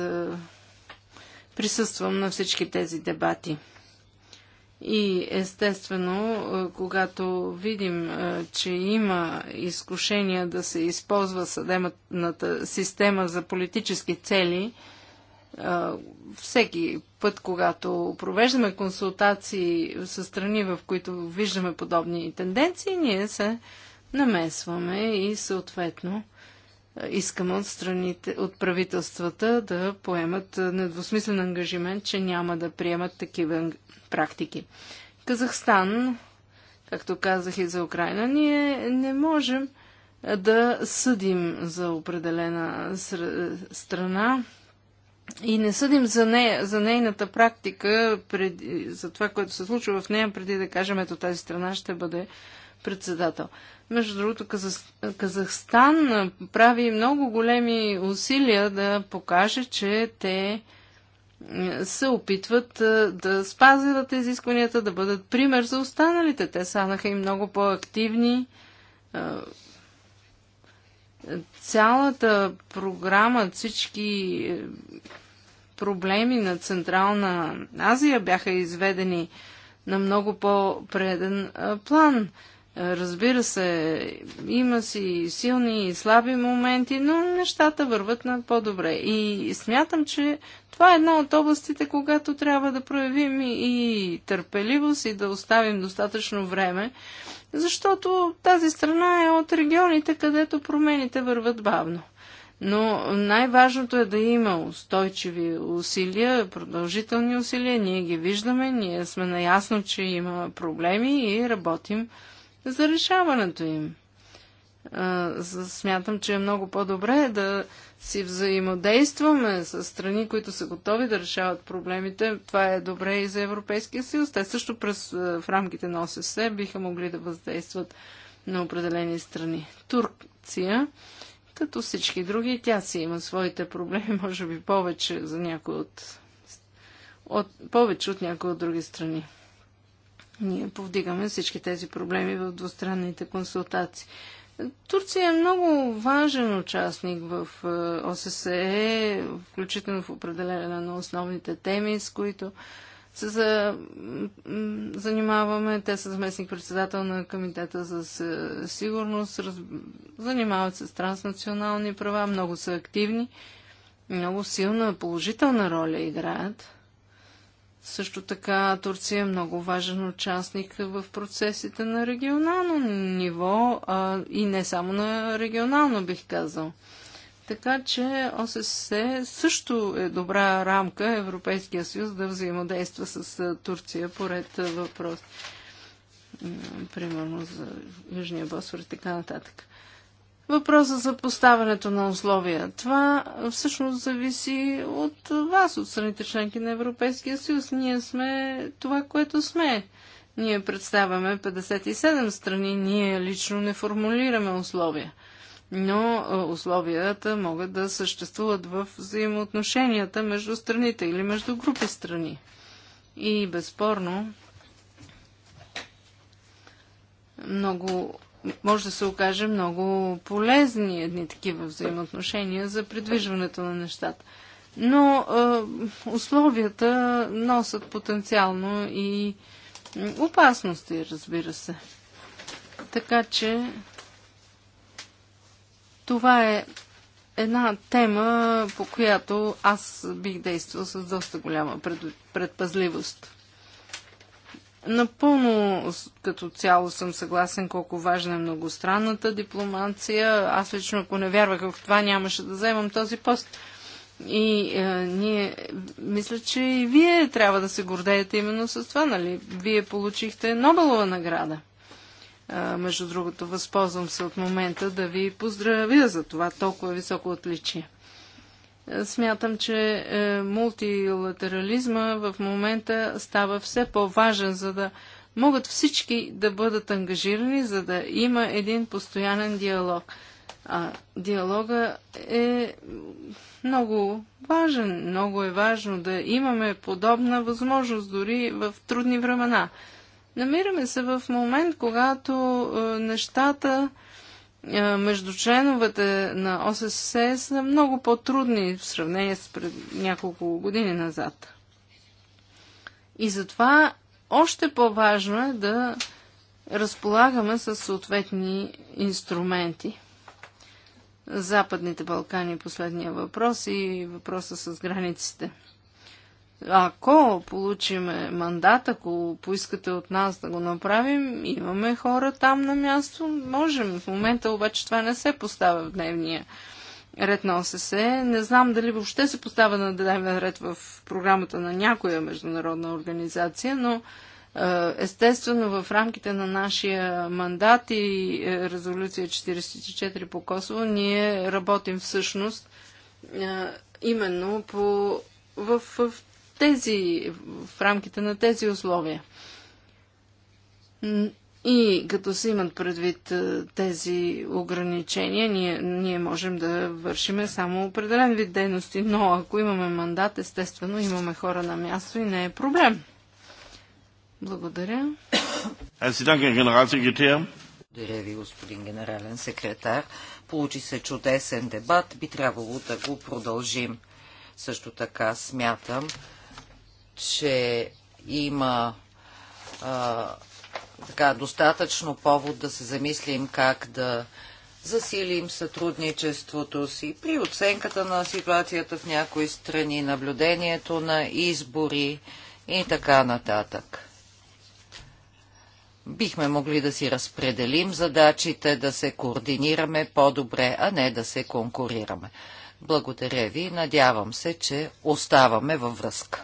присъствам на всички тези дебати. И естествено, когато видим, че има изкушения да се използва съдебната система за политически цели, всеки път, когато провеждаме консултации с страни, в които виждаме подобни тенденции, ние се намесваме и съответно искаме от страните, от правителствата да поемат недвусмислен ангажимент, че няма да приемат такива практики. Казахстан, както казах и за Украина, ние не можем да съдим за определена страна, и не съдим за, нея, за нейната практика, пред, за това, което се случва в нея, преди да кажем, ето тази страна ще бъде председател. Между другото, Казахстан прави много големи усилия да покаже, че те се опитват да спазят изискванията, да бъдат пример за останалите. Те станаха и много по-активни Цялата програма, всички е, проблеми на Централна Азия бяха изведени на много по-преден е, план. Разбира се, има си силни и слаби моменти, но нещата върват на по-добре. И смятам, че това е една от областите, когато трябва да проявим и търпеливост и да оставим достатъчно време защото тази страна е от регионите, където промените върват бавно. Но най-важното е да има устойчиви усилия, продължителни усилия. Ние ги виждаме, ние сме наясно, че има проблеми и работим за решаването им смятам, че е много по-добре да си взаимодействаме с страни, които са готови да решават проблемите. Това е добре и за Европейския съюз. Те също през, в рамките на ОССЕ биха могли да въздействат на определени страни. Турция, като всички други, тя си има своите проблеми, може би повече за някои от, от повече от някои от други страни. Ние повдигаме всички тези проблеми в двустранните консултации. Турция е много важен участник в е, ОССЕ, включително в определена на основните теми, с които се за... занимаваме. Те са заместник-председател на Комитета за сигурност, раз... занимават се с транснационални права, много са активни, много силна положителна роля играят. Също така Турция е много важен участник в процесите на регионално ниво а, и не само на регионално, бих казал. Така че ОССЕ също е добра рамка Европейския съюз да взаимодейства с Турция по ред въпрос. Примерно за Южния Босфор и така нататък. Въпроса за поставянето на условия. Това всъщност зависи от вас, от страните членки на Европейския съюз. Ние сме това, което сме. Ние представяме 57 страни, ние лично не формулираме условия. Но условията могат да съществуват в взаимоотношенията между страните или между групи страни. И безспорно, много може да се окаже много полезни едни такива взаимоотношения за придвижването на нещата. Но е, условията носят потенциално и опасности, разбира се. Така че това е една тема, по която аз бих действал с доста голяма предпазливост. Напълно като цяло съм съгласен колко важна е многостранната дипломация. Аз лично, ако не вярвах в това, нямаше да вземам този пост. И е, ние, мисля, че и вие трябва да се гордеете именно с това, нали? Вие получихте Нобелова награда. Е, между другото, възползвам се от момента да ви поздравя за това толкова високо отличие. Смятам, че е, мултилатерализма в момента става все по-важен, за да могат всички да бъдат ангажирани, за да има един постоянен диалог. А диалога е много важен, много е важно да имаме подобна възможност дори в трудни времена. Намираме се в момент, когато е, нещата е, между членовете на ОСС са много по-трудни в сравнение с пред няколко години назад. И затова още по-важно е да разполагаме с съответни инструменти. Западните Балкани, е последния въпрос и въпроса с границите – ако получиме мандат, ако поискате от нас да го направим, имаме хора там на място, можем. В момента обаче това не се поставя в дневния ред на ОССЕ. Не знам дали въобще се поставя на дневен ред в програмата на някоя международна организация, но е, Естествено, в рамките на нашия мандат и е, резолюция 44 по Косово, ние работим всъщност е, именно по, в, в тези, в рамките на тези условия. И като се имат предвид е, тези ограничения, ние, ние можем да вършиме само определен вид дейности, но ако имаме мандат, естествено имаме хора на място и не е проблем. Благодаря. Благодаря ви, господин генерален секретар. Получи се чудесен дебат. Би трябвало да го продължим. Също така смятам, че има а, така, достатъчно повод да се замислим как да засилим сътрудничеството си при оценката на ситуацията в някои страни, наблюдението на избори и така нататък. Бихме могли да си разпределим задачите, да се координираме по-добре, а не да се конкурираме. Благодаря ви. Надявам се, че оставаме във връзка.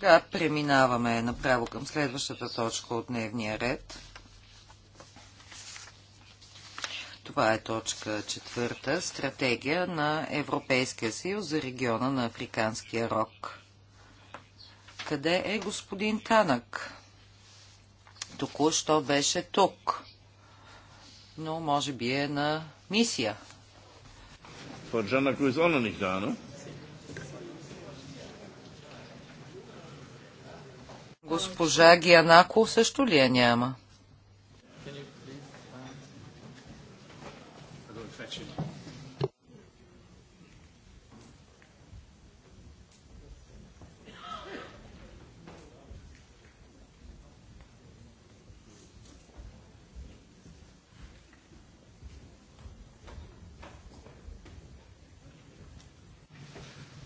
Да, преминаваме направо към следващата точка от дневния ред. Това е точка четвърта. Стратегия на Европейския съюз за региона на Африканския рок. Къде е господин Танък? Току-що беше тук. Но може би е на мисия. Frau Gianna Cruz Госпожа Гианако също ли я няма?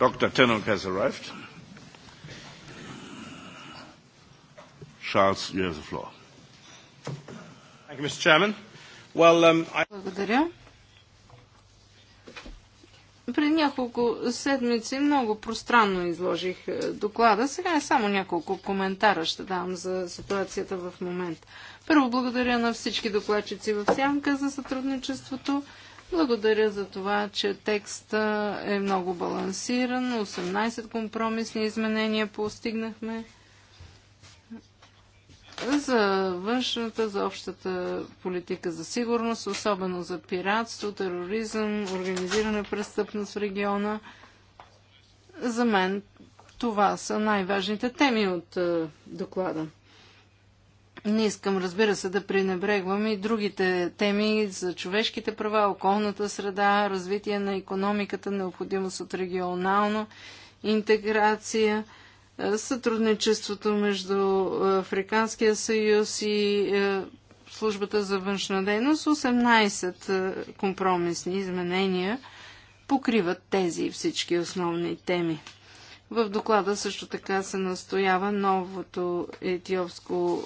Доктор Тенок has arrived. Charles, you have the floor. Thank you, Mr. Chairman. Well, um, I... Благодаря. При няколко седмици много пространно изложих е, доклада. Сега е само няколко коментара ще дам за ситуацията в момента. Първо благодаря на всички докладчици в Сянка за сътрудничеството. Благодаря за това, че текста е много балансиран. 18 компромисни изменения постигнахме за външната, за общата политика за сигурност, особено за пиратство, тероризъм, организирана престъпност в региона. За мен това са най-важните теми от е, доклада. Не искам, разбира се, да пренебрегвам и другите теми за човешките права, околната среда, развитие на економиката, необходимост от регионално интеграция – е, сътрудничеството между Африканския съюз и е, службата за външна дейност, 18 е, компромисни изменения покриват тези всички основни теми. В доклада също така се настоява новото етиопско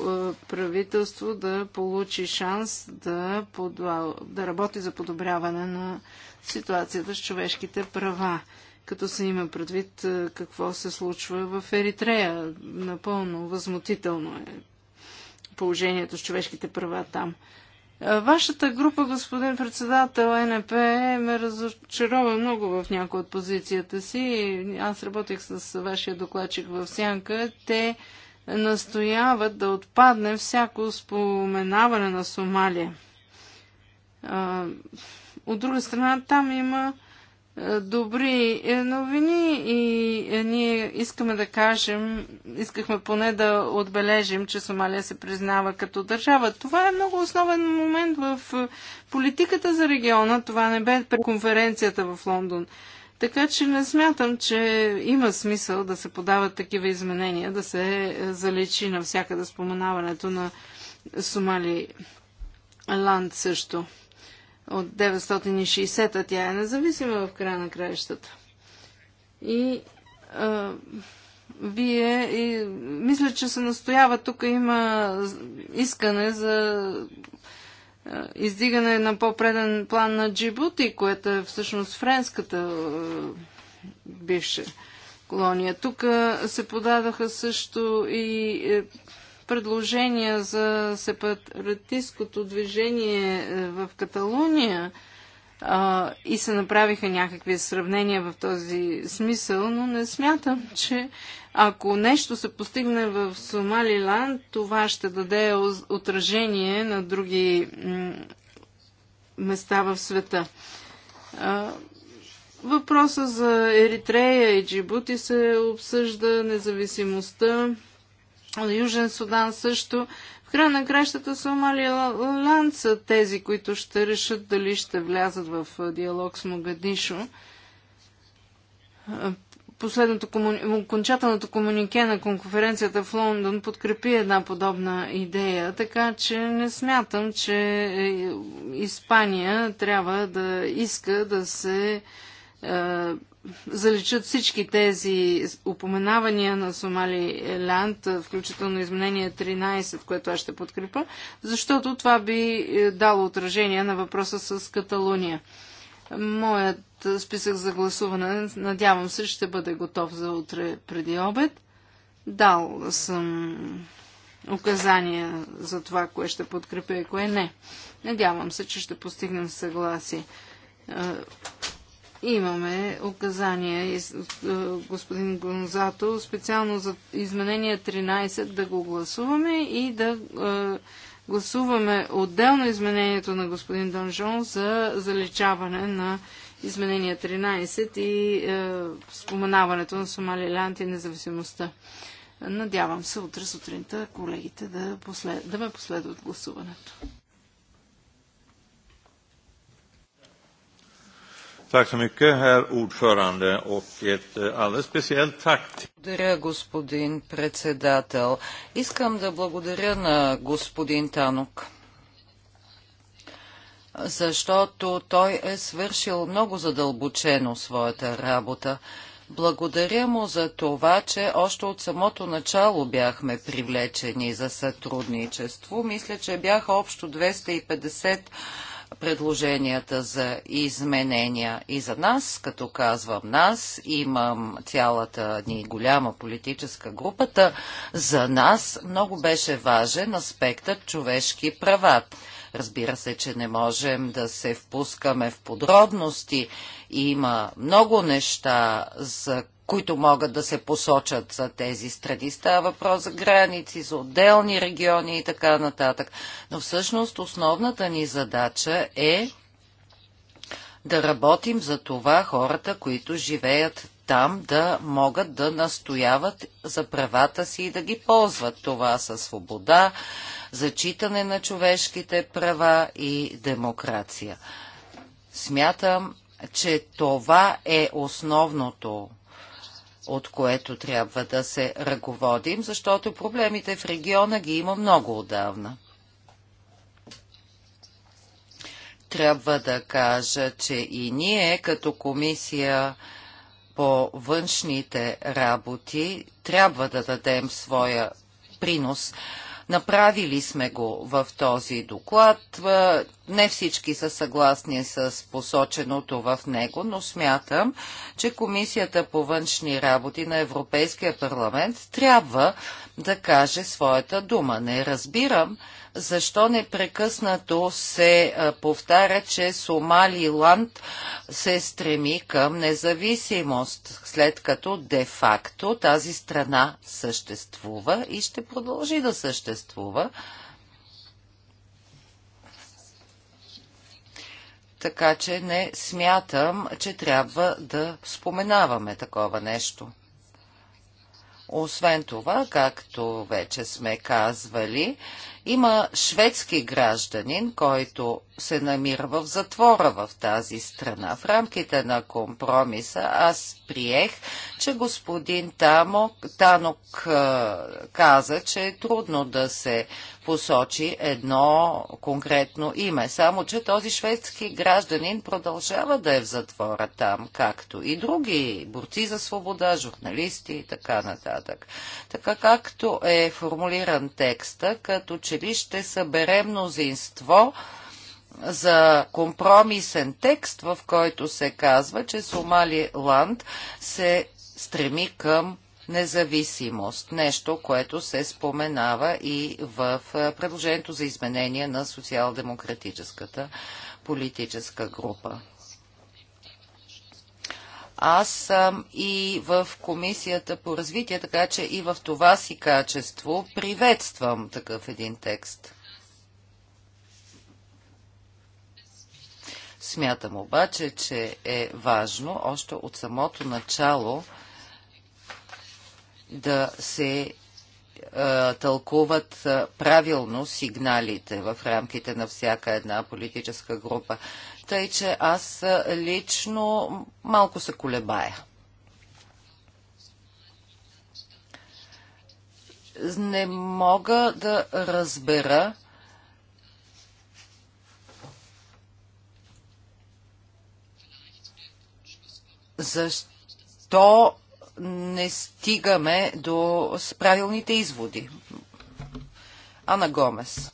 правителство да получи шанс да, подва... да работи за подобряване на ситуацията с човешките права като се има предвид е, какво се случва в Еритрея. Напълно възмутително е положението с човешките права там. Е, вашата група, господин председател НП, ме разочарова много в някои от позицията си. Аз работих с вашия докладчик в Сянка. Те настояват да отпадне всяко споменаване на Сомалия. Е, от друга страна, там има добри новини и е, ние искаме да кажем, искахме поне да отбележим, че Сомалия се признава като държава. Това е много основен момент в е, политиката за региона. Това не бе при конференцията в Лондон. Така че не смятам, че има смисъл да се подават такива изменения, да се е, заличи навсякъде споменаването на Сомали Ланд също от 960-та. Тя е независима в края на краищата. И а, вие, и, мисля, че се настоява, тук има искане за а, издигане на по-преден план на Джибути, което е всъщност френската а, бивша колония. Тук се подадаха също и е, предложения за сепаратистското движение е, в Каталуния а, и се направиха някакви сравнения в този смисъл, но не смятам, че ако нещо се постигне в Сомалиланд, това ще даде отражение на други места в света. въпроса за Еритрея и Джибути се обсъжда независимостта Южен Судан също. В края на кращата Сомалия Сомалиланд са тези, които ще решат дали ще влязат в диалог с Могадишо. Последното кому... окончателното комунике на конференцията в Лондон подкрепи една подобна идея, така че не смятам, че е, Испания трябва да иска да се заличат всички тези упоменавания на Сомали Лянд, включително изменение 13, което аз ще подкрепа, защото това би е, дало отражение на въпроса с Каталуния. Моят списък за гласуване, надявам се, ще бъде готов за утре преди обед. Дал съм указания за това, кое ще подкрепя и кое не. Надявам се, че ще постигнем съгласие е, Имаме указания, е, господин Гонзато, специално за изменение 13 да го гласуваме и да е, гласуваме отделно изменението на господин Донжон за заличаване на изменение 13 и е, споменаването на Сомалилянд и независимостта. Надявам се утре сутринта колегите да, послед... да ме последват гласуването. Tack så mycket, herr ordförande, och ett eh, alldeles speciellt tack. Благодаря, господин председател. Искам да благодаря на господин Танок, защото той е свършил много задълбочено своята работа. Благодаря му за това, че още от самото начало бяхме привлечени за сътрудничество. Мисля, че бяха общо 250 предложенията за изменения и за нас, като казвам нас, имам цялата ни голяма политическа групата, за нас много беше важен аспектът човешки права. Разбира се, че не можем да се впускаме в подробности. Има много неща, за които могат да се посочат за тези страни. Става въпрос за граници, за отделни региони и така нататък. Но всъщност основната ни задача е да работим за това хората, които живеят там, да могат да настояват за правата си и да ги ползват. Това са свобода, зачитане на човешките права и демокрация. Смятам, че това е основното от което трябва да се ръководим, защото проблемите в региона ги има много отдавна. Трябва да кажа, че и ние като комисия по външните работи трябва да дадем своя принос Направили сме го в този доклад. Е, не всички са съгласни с посоченото в него, но смятам, че Комисията по външни работи на Европейския парламент трябва да каже своята дума. Не разбирам защо непрекъснато се повтаря, че Сомалиланд се стреми към независимост, след като де-факто тази страна съществува и ще продължи да съществува. Така че не смятам, че трябва да споменаваме такова нещо. Освен това, както вече сме казвали, има шведски гражданин, който се намира в затвора в тази страна. В рамките на компромиса аз приех, че господин Тамок, Танок каза, че е трудно да се посочи едно конкретно име. Само, че този шведски гражданин продължава да е в затвора там, както и други борци за свобода, журналисти и така нататък. Така както е формулиран текста, като че че ли ще събере мнозинство за компромисен текст, в който се казва, че Сомалиланд се стреми към независимост. Нещо, което се споменава и в е, предложението за изменение на социал-демократическата политическа група. Аз съм и в Комисията по развитие, така че и в това си качество приветствам такъв един текст. Смятам обаче, че е важно още от самото начало да се тълкуват правилно сигналите в рамките на всяка една политическа група тъй че аз лично малко се колебая. Не мога да разбера защо не стигаме до правилните изводи. Ана Гомес.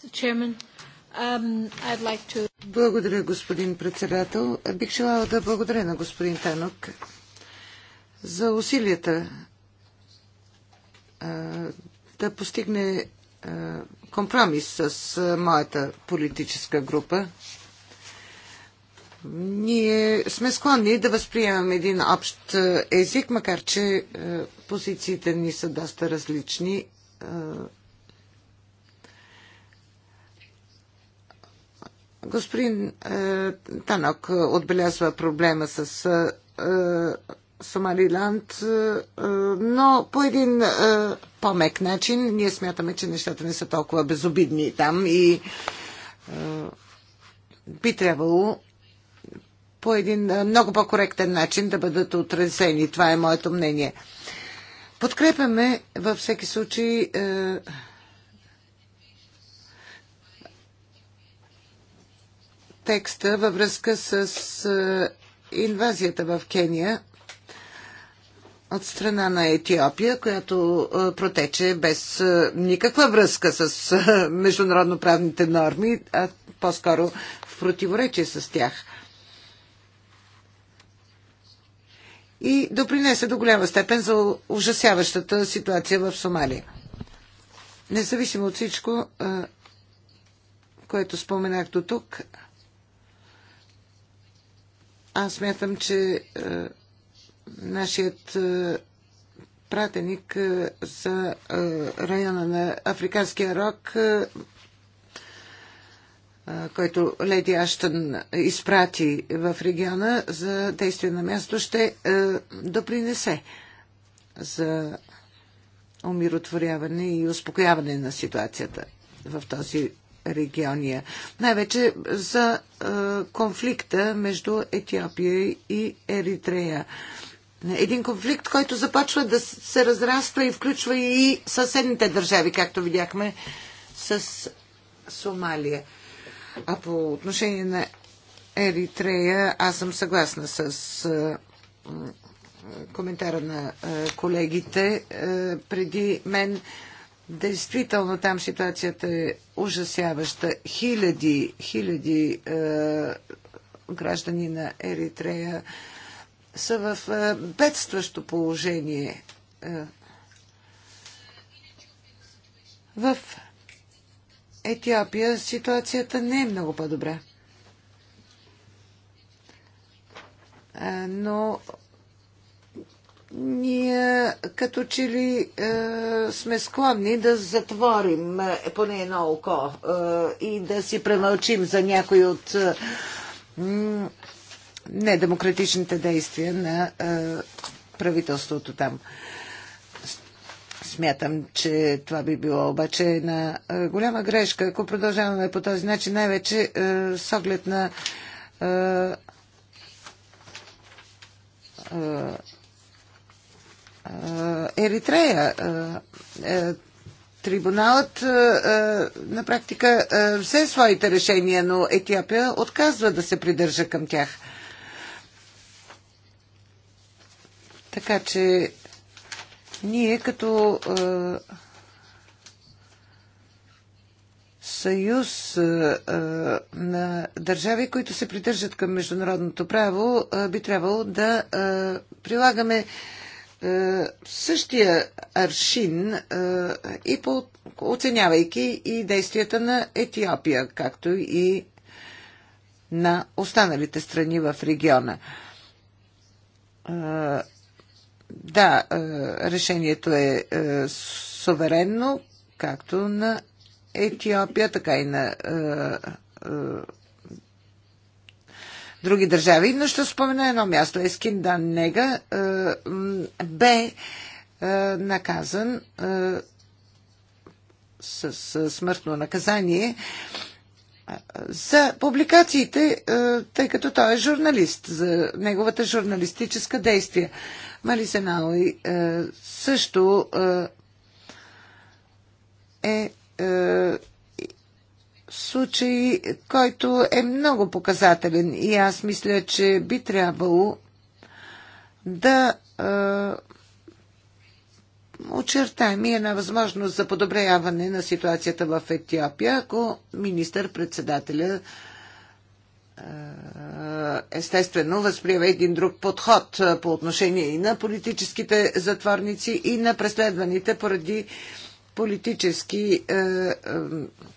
Um, благодаря, господин председател. Бих желала да благодаря на господин Танок за усилията да постигне компромис с моята политическа група. Ние сме склонни да възприемаме един общ език, макар че позициите ни са доста различни Господин е, Танок е, отбелязва проблема с е, е Сомалиланд, е, но по един по-мек начин. Ние смятаме, че нещата не са толкова безобидни там и би трябвало по един много по-коректен начин да бъдат отразени. Това е моето мнение. Подкрепяме във всеки случай текста във връзка с инвазията в Кения от страна на Етиопия, която протече без никаква връзка с международно-правните норми, а по-скоро в противоречие с тях. И допринесе до голяма степен за ужасяващата ситуация в Сомалия. Независимо от всичко, което споменах до тук, аз мятам, че а, е, нашият а, е, пратеник а, е, за а, района на Африканския рок, който Леди Аштън изпрати в региона за действие на място, ще а, допринесе за умиротворяване и успокояване на ситуацията в този региония. Най-вече за е, конфликта между Етиопия и Еритрея. Един конфликт, който започва да се разраства и включва и съседните държави, както видяхме с Сомалия. А по отношение на Еритрея, аз съм съгласна с е, коментара на е, колегите преди мен. Действително там ситуацията е ужасяваща. Хиляди, хиляди е, граждани на Еритрея са в е, бедстващо положение. Е, в Етиопия ситуацията не е много по-добра. Е, но ние като че ли е, сме склонни да затворим е, поне едно око е, и да си премълчим за някои от е, недемократичните действия на е, правителството там. Смятам, че това би било обаче една е, голяма грешка, ако продължаваме по този начин, най-вече е, с оглед на е, е е, Еритрея. Е, е, трибуналът на практика все своите решения, но Етиопия отказва да се придържа към тях. Така че ние като съюз на държави, които се придържат към международното право, би трябвало да прилагаме е, същия аршин е, и по, оценявайки и действията на Етиопия, както и на останалите страни в региона. Е, да, решението е суверенно, както на Етиопия, така и на други държави, но ще спомена едно място. Ескин Даннега е, бе е, наказан е, с смъртно наказание за публикациите, тъй като той е журналист, за неговата журналистическа действие. Малиса Науи също е случай, който е много показателен и аз мисля, че би трябвало да очертаем и една възможност за подобряване на ситуацията в Етиопия, ако министър-председателя естествено възприема един друг подход по отношение и на политическите затворници, и на преследваните поради политически е, е,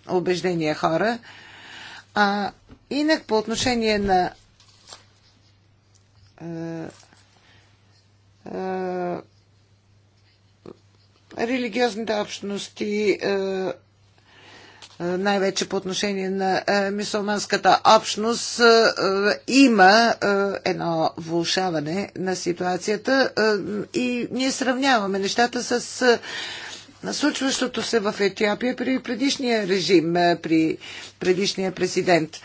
убеждения хора. А инак по отношение на е, е, религиозните общности, е, е най-вече по отношение на е, мисулманската общност, е, има едно влушаване на ситуацията и ние сравняваме нещата с на случващото се в Етиопия при предишния режим, при предишния президент.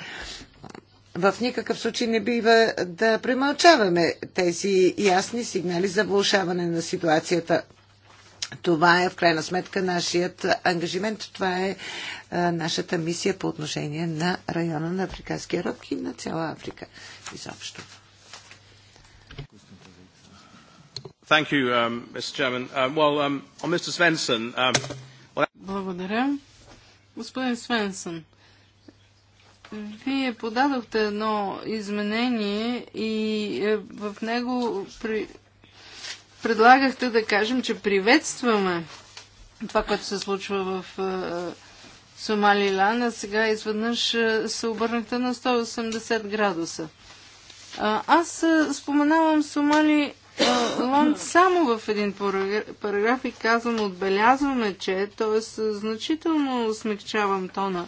В никакъв случай не бива да премълчаваме тези ясни сигнали за влушаване на ситуацията. Това е в крайна сметка нашият ангажимент, това е а, нашата мисия по отношение на района на Африканския рък и на цяла Африка изобщо. Um, uh, um, um, Благодаря. Господин Свенсън, вие подадохте едно изменение и е, в него при... предлагахте да кажем, че приветстваме това, което се случва в е, Сомалиланд, а сега изведнъж е, се обърнахте на 180 градуса. Аз споменавам Сомали Лон, само в един параграф и е казвам отбелязваме, че, т.е. значително смягчавам тона.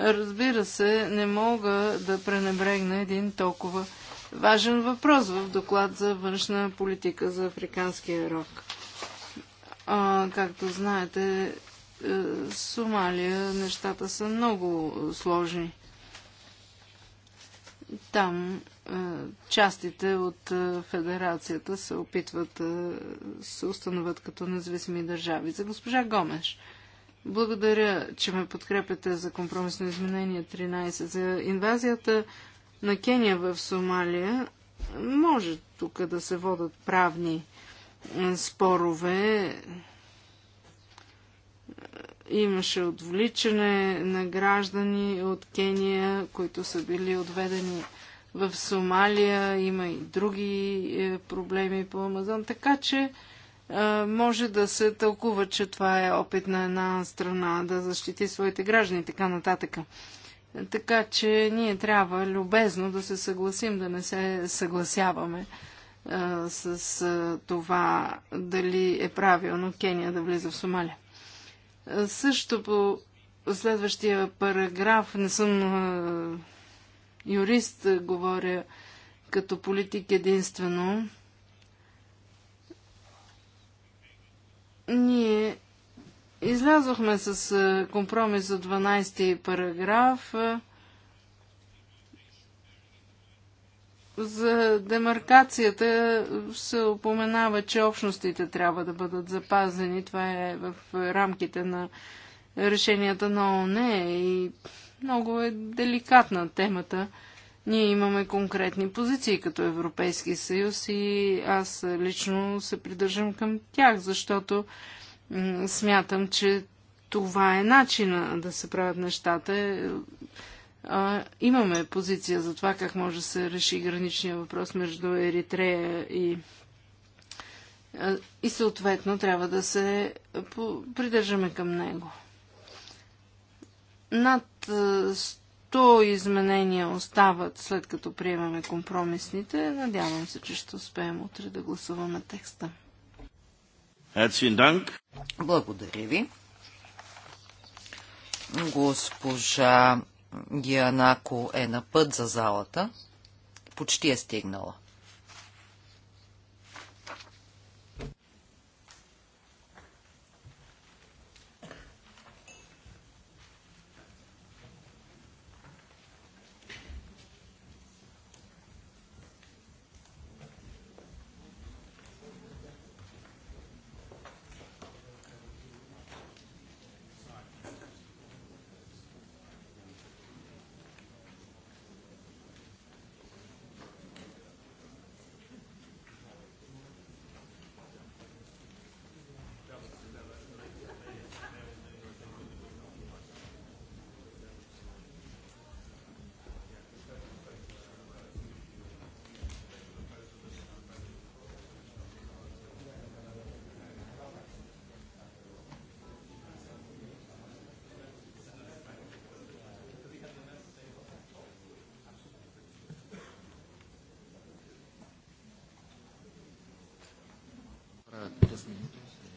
Разбира се, не мога да пренебрегна един толкова важен въпрос в доклад за външна политика за африканския рок. А, както знаете, е, Сомалия нещата са много сложни. Там е, частите от е, федерацията се опитват да е, се установят като независими държави. За госпожа Гомеш, благодаря, че ме подкрепяте за компромисно изменение 13. За инвазията на Кения в Сомалия може тук да се водат правни спорове. Имаше отвличане на граждани от Кения, които са били отведени в Сомалия, има и други е, проблеми по Амазон, така че е, може да се тълкува, че това е опит на една страна да защити своите граждани и така нататък. Така че ние трябва любезно да се съгласим, да не се съгласяваме а, е, с а, това дали е правилно Кения да влиза в Сомалия. А, също по следващия параграф не съм а, юрист говоря като политик единствено. Ние излязохме с компромис за 12 параграф за демаркацията се упоменава, че общностите трябва да бъдат запазени. Това е в рамките на решенията на ОНЕ и много е деликатна темата. Ние имаме конкретни позиции като Европейски съюз и аз лично се придържам към тях, защото смятам, че това е начина да се правят нещата. Е, а, имаме позиция за това как може да се реши граничния въпрос между Еритрея и и съответно трябва да се придържаме към него. Над 100 изменения остават след като приемаме компромисните. Надявам се, че ще успеем утре да гласуваме текста. Благодаря ви. Госпожа Гианако е на път за залата. Почти е стигнала.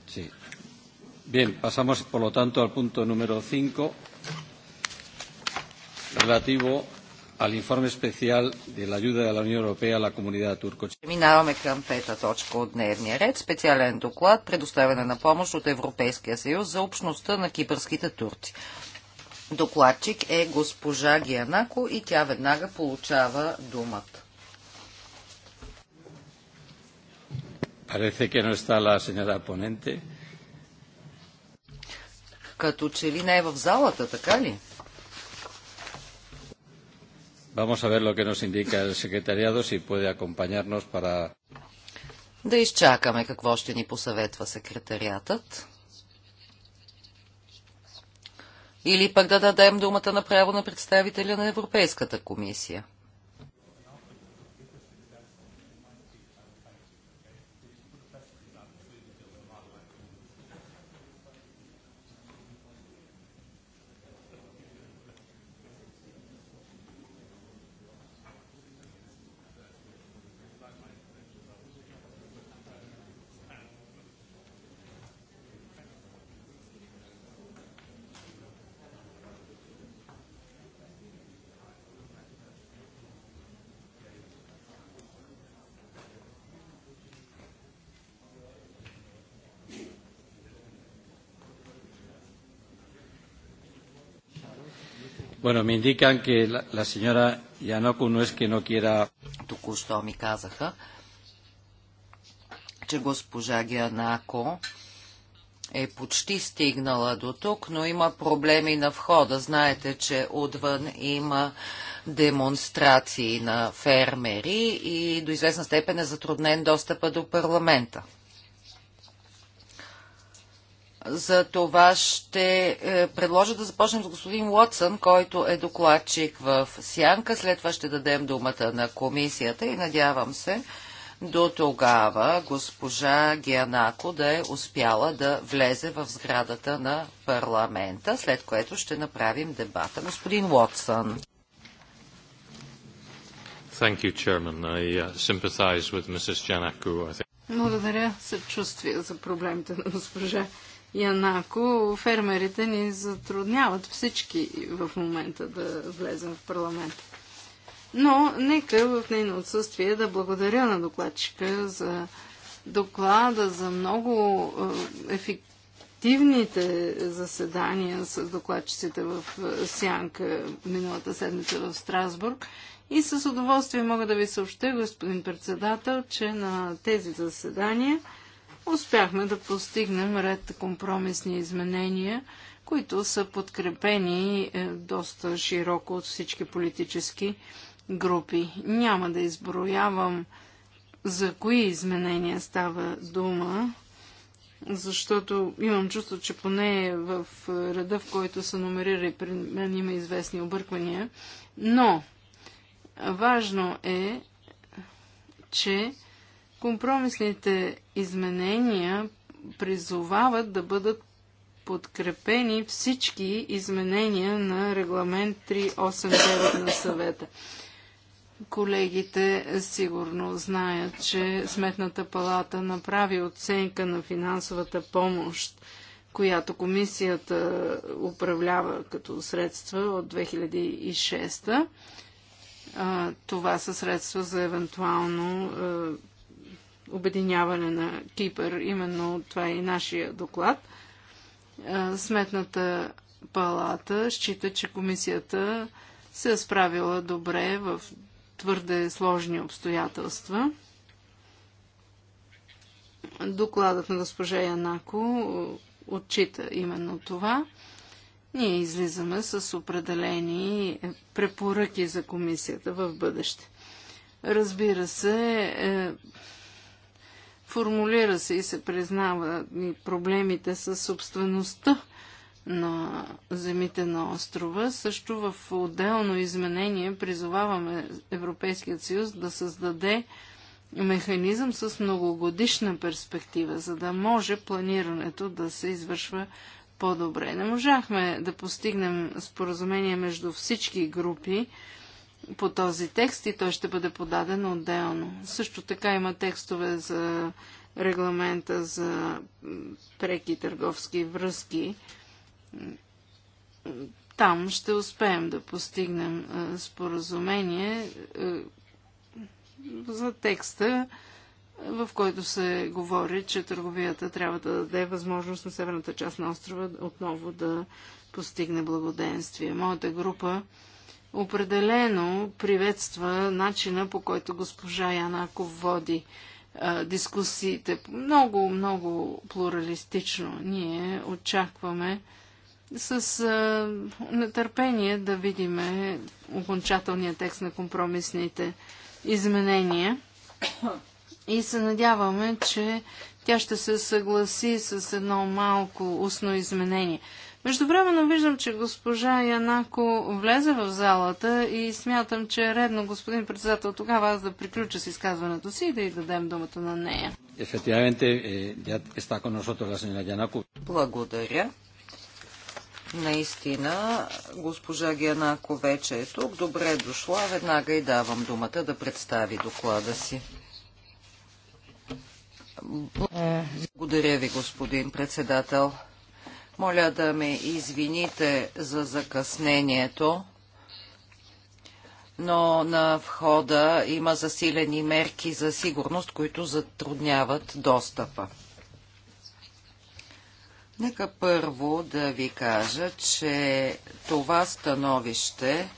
Sí. Bien, pasamos, por lo tanto, al punto número 5, relativo al informe especial de la ayuda de la Unión Europea a la comunidad turco. Минаваме към пета точка от дневния ред. Специален доклад, предоставяне на помощ от Европейския съюз за общността на кипърските турци. Докладчик е госпожа Гианако и тя веднага получава думата. Parece que no está la señora ponente. Като че ли не е в залата, така ли? Vamos a ver lo que nos indica el secretariado, si puede acompañarnos para... Да изчакаме какво ще ни посъветва секретариатът. Или пък да дадем думата направо на представителя на Европейската комисия. Bueno, me indican que la, la señora Яноко no es que no quiera... Току-що ми казаха, че госпожа Гянако е почти стигнала до тук, но има проблеми на входа. Знаете, че отвън има демонстрации на фермери и до известна степен е затруднен достъпа до парламента. За това ще е, предложа да започнем с господин Уотсън, който е докладчик в Сянка. След това ще дадем думата на комисията и надявам се до тогава госпожа Гианако да е успяла да влезе в сградата на парламента, след което ще направим дебата. Господин Уотсън. Thank you, Chairman. I uh, sympathize with Mrs. I think. Благодаря. Съчувствие за проблемите на госпожа Янако, фермерите ни затрудняват всички в момента да влезем в парламента. Но нека в нейно отсъствие да благодаря на докладчика за доклада, за много е, ефективните заседания с докладчиците в е, Сянка миналата седмица в Страсбург. И с удоволствие мога да ви съобща, господин председател, че на тези заседания – успяхме да постигнем ред компромисни изменения, които са подкрепени е, доста широко от всички политически групи. Няма да изброявам за кои изменения става дума, защото имам чувство, че поне в реда, в който са номерирали при мен има известни обърквания, но важно е, че Компромисните изменения призовават да бъдат подкрепени всички изменения на регламент 389 на съвета. Колегите сигурно знаят, че Сметната палата направи оценка на финансовата помощ, която комисията управлява като средства от 2006. Това са средства за евентуално обединяване на Кипър, именно това е и нашия доклад. Сметната палата счита, че комисията се е справила добре в твърде сложни обстоятелства. Докладът на госпожа Янако отчита именно това. Ние излизаме с определени препоръки за комисията в бъдеще. Разбира се, е, Формулира се и се признава и проблемите с собствеността на земите на острова. Също в отделно изменение призоваваме Европейският съюз да създаде механизъм с многогодишна перспектива, за да може планирането да се извършва по-добре. Не можахме да постигнем споразумение между всички групи, по този текст и той ще бъде подаден отделно. Също така има текстове за регламента за преки търговски връзки. Там ще успеем да постигнем споразумение за текста, в който се говори, че търговията трябва да даде възможност на северната част на острова отново да постигне благоденствие. Моята група определено приветства начина по който госпожа Янаков води а, дискусиите. Много, много плуралистично. Ние очакваме с а, нетърпение да видим окончателния текст на компромисните изменения и се надяваме, че тя ще се съгласи с едно малко устно изменение. Междувременно виждам, че госпожа Янако влезе в залата и смятам, че е редно, господин председател, тогава аз да приключа с изказването си и да й дадем думата на нея. е на Благодаря. Наистина, госпожа Гянако вече е тук. Добре дошла. Веднага и давам думата да представи доклада си. Благодаря ви, господин председател. Моля да ме извините за закъснението, но на входа има засилени мерки за сигурност, които затрудняват достъпа. Нека първо да ви кажа, че това становище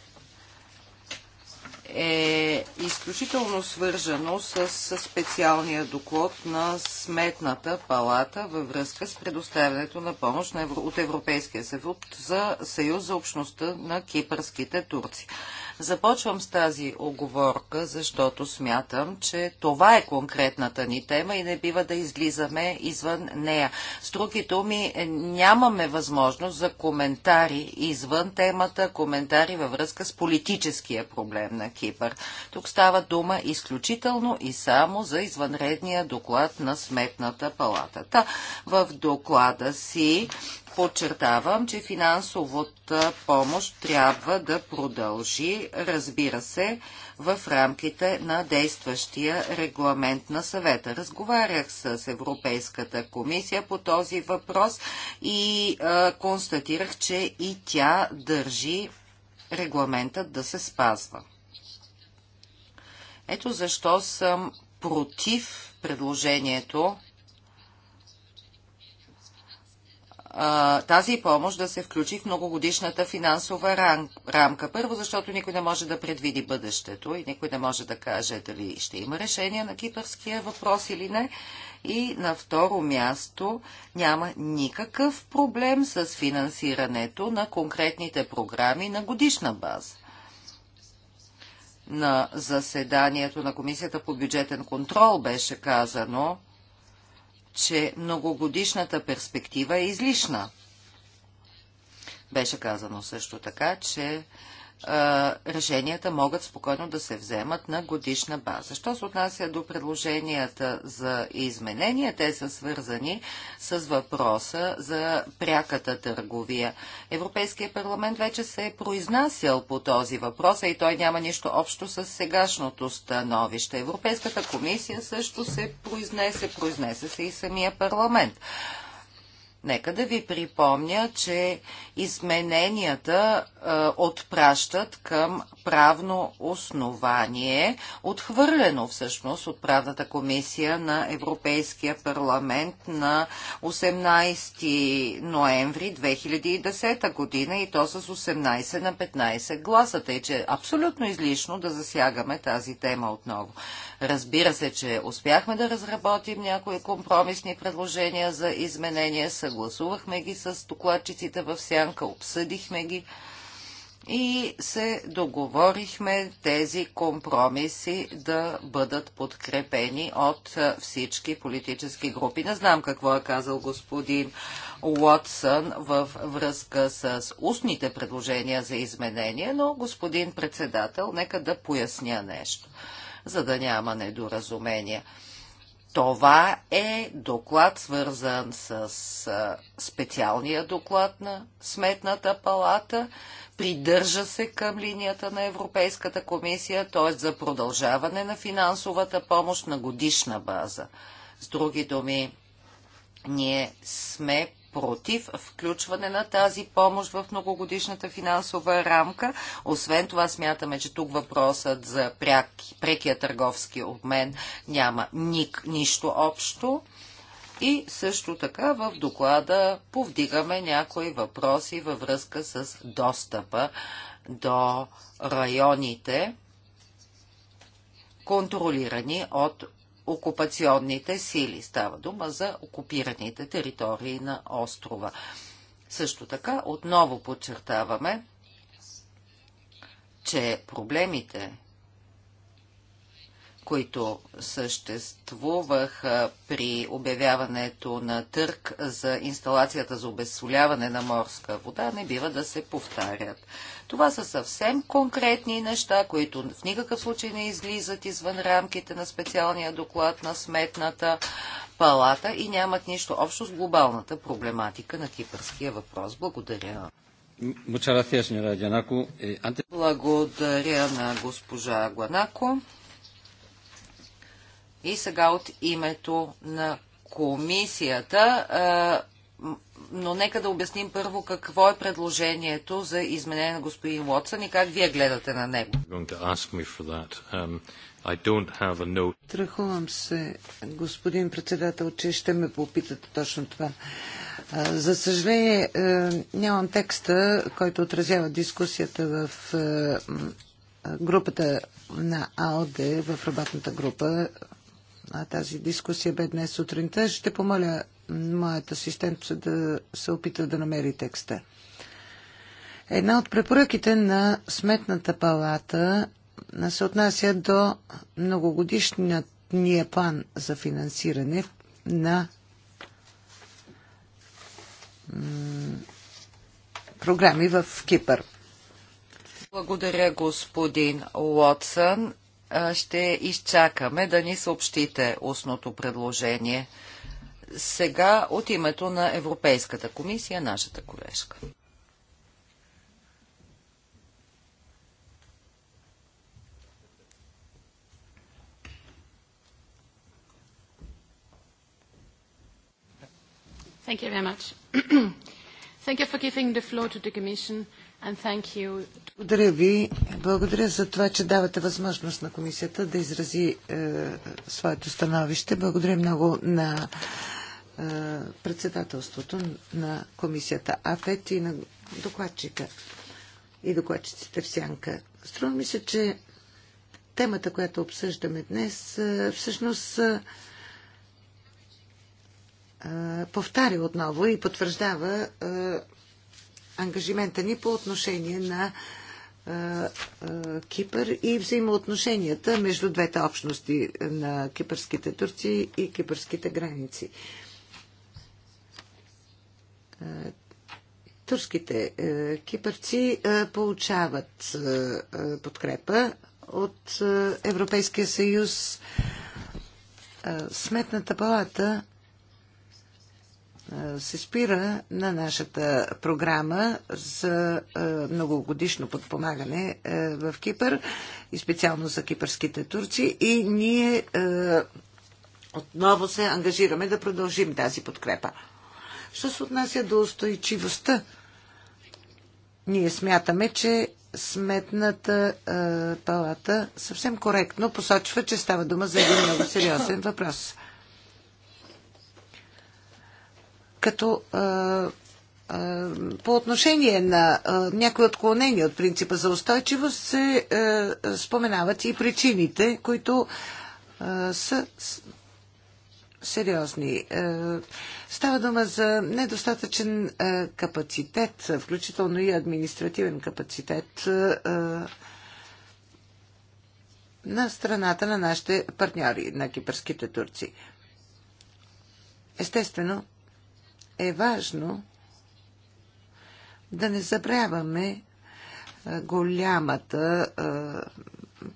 е изключително свържено с специалния доклад на Сметната палата във връзка с предоставянето на помощ от Европейския съюз за, съюз за общността на кипърските турци. Започвам с тази оговорка, защото смятам, че това е конкретната ни тема и не бива да излизаме извън нея. С други думи, нямаме възможност за коментари извън темата, коментари във връзка с политическия проблем на Кипър. Тук става дума изключително и само за извънредния доклад на Сметната палата. Та, в доклада си Подчертавам, че финансовата помощ трябва да продължи, разбира се, в рамките на действащия регламент на съвета. Разговарях с Европейската комисия по този въпрос и а, констатирах, че и тя държи регламентът да се спазва. Ето защо съм против предложението тази помощ да се включи в многогодишната финансова рамка. Първо, защото никой не може да предвиди бъдещето и никой не може да каже дали ще има решение на кипърския въпрос или не. И на второ място няма никакъв проблем с финансирането на конкретните програми на годишна база на заседанието на Комисията по бюджетен контрол беше казано, че многогодишната перспектива е излишна. Беше казано също така, че решенията могат спокойно да се вземат на годишна база. Що се отнася до предложенията за изменения, те са свързани с въпроса за пряката търговия. Европейския парламент вече се е произнасял по този въпрос, а и той няма нищо общо с сегашното становище. Европейската комисия също се произнесе, произнесе се и самия парламент. Нека да ви припомня, че измененията е, отпращат към правно основание, отхвърлено всъщност от правната комисия на Европейския парламент на 18 ноември 2010 година и то с 18 на 15 гласа, тъй че е абсолютно излишно да засягаме тази тема отново. Разбира се, че успяхме да разработим някои компромисни предложения за изменения, съгласувахме ги с докладчиците в сянка, обсъдихме ги и се договорихме тези компромиси да бъдат подкрепени от всички политически групи. Не знам какво е казал господин Уотсън във връзка с устните предложения за изменение, но господин председател, нека да поясня нещо за да няма недоразумения. Това е доклад, свързан с специалния доклад на Сметната палата. Придържа се към линията на Европейската комисия, т.е. за продължаване на финансовата помощ на годишна база. С други думи, ние сме против включване на тази помощ в многогодишната финансова рамка. Освен това смятаме, че тук въпросът за пряк, прекия търговски обмен няма ник, нищо общо. И също така в доклада повдигаме някои въпроси във връзка с достъпа до районите, контролирани от окупационните сили. Става дума за окупираните територии на острова. Също така отново подчертаваме, че проблемите, които съществуваха при обявяването на търк за инсталацията за обесоляване на морска вода, не бива да се повтарят. Това са съвсем конкретни неща, които в никакъв случай не излизат извън рамките на специалния доклад на сметната палата и нямат нищо общо с глобалната проблематика на кипърския въпрос. Благодаря. Eh, Благодаря на госпожа Гуанако. И сега от името на комисията но нека да обясним първо какво е предложението за изменение на господин Уотсън и как вие гледате на него. Um, Страхувам се, господин председател, че ще ме попитате точно това. За съжаление, е, нямам текста, който отразява дискусията в е, групата на АОД, в работната група. Тази дискусия бе днес сутринта. Ще помоля моят асистент да се опита да намери текста. Една от препоръките на Сметната палата се отнася до многогодишният план за финансиране на програми в Кипър. Благодаря, господин Уотсън. Ще изчакаме да ни съобщите устното предложение. Сега от името на Европейската комисия, нашата колежка. Thank you very much. thank you for giving the floor to the Commission and thank you. To... Благодаря ви. Благодаря за това, че давате възможност на комисията да изрази е, своето становище. Благодаря много на председателството на комисията АФЕТ и на докладчика и докладчиците в Сянка. Струва ми се, че темата, която обсъждаме днес, всъщност повтаря отново и потвърждава ангажимента ни по отношение на Кипър и взаимоотношенията между двете общности на кипърските турци и кипърските граници турските е, кипърци е, получават е, подкрепа от Европейския съюз. Сметната палата се спира на нашата програма за многогодишно подпомагане в Кипър и специално за кипърските турци и ние отново се ангажираме да продължим тази подкрепа. Що се отнася до устойчивостта, ние смятаме, че Сметната а, палата съвсем коректно посочва, че става дума за един много сериозен въпрос. Като а, а, по отношение на а, някои отклонения от принципа за устойчивост се а, споменават и причините, които а, са сериозни. Е, става дума за недостатъчен е, капацитет, включително и административен капацитет е, на страната на нашите партньори, на кипърските турци. Естествено, е важно да не забравяме голямата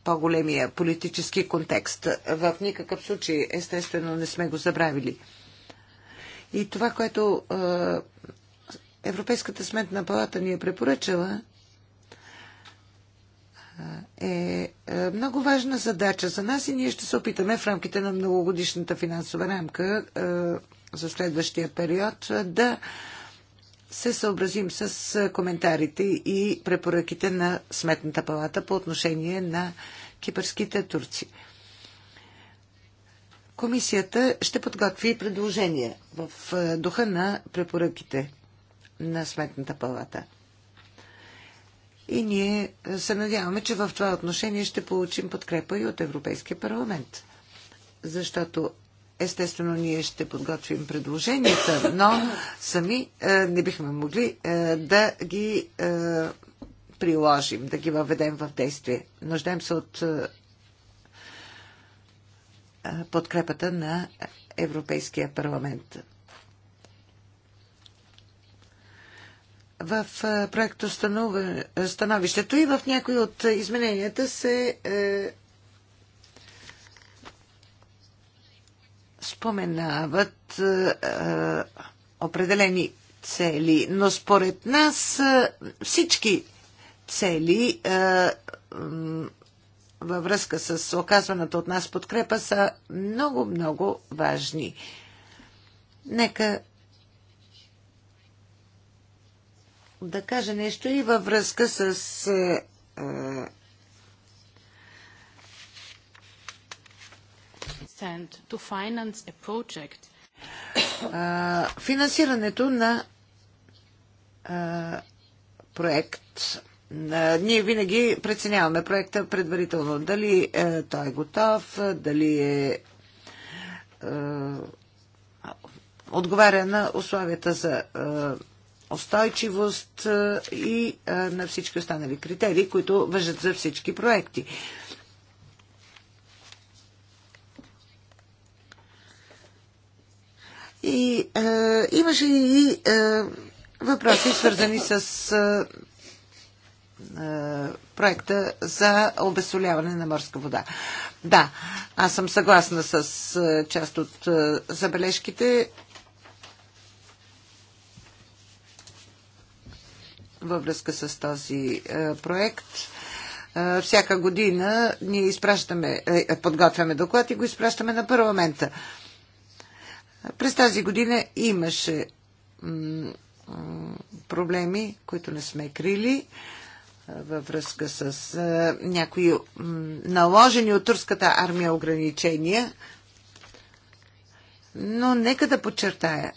по-големия политически контекст. В никакъв случай, естествено, не сме го забравили. И това, което е, Европейската сметна палата ни е препоръчала, е, е много важна задача за нас и ние ще се опитаме в рамките на многогодишната финансова рамка е, за следващия период е, да е, се съобразим с коментарите и препоръките на Сметната палата по отношение на кипърските турци. Комисията ще подготви предложения в духа на препоръките на Сметната палата. И ние се надяваме, че в това отношение ще получим подкрепа и от Европейския парламент. Защото Естествено, ние ще подготвим предложенията, но сами е, не бихме могли е, да ги е, приложим, да ги въведем в действие. Нуждаем се от подкрепата на Европейския парламент. В проекто становището и в някои от измененията се споменават е, е, определени цели, но според нас е, всички цели във връзка с оказваната от нас подкрепа са много-много важни. Нека да кажа нещо и във връзка с to finance a project. финансирането на а, проект. А, ние винаги преценяваме проекта предварително. Дали е, той е готов, дали е, е отговаря на условията за е, устойчивост и на всички останали критерии, които въжат за всички проекти. И е, имаше и е, въпроси, свързани с е, е, проекта за обесоляване на морска вода. Да, аз съм съгласна с е, част от е, забележките. във връзка с този е, проект. Е, всяка година ние изпращаме, е, подготвяме доклад и го изпращаме на парламента. Е, през тази година имаше проблеми, които не сме крили във връзка с някои наложени от турската армия ограничения. Но нека да подчертая,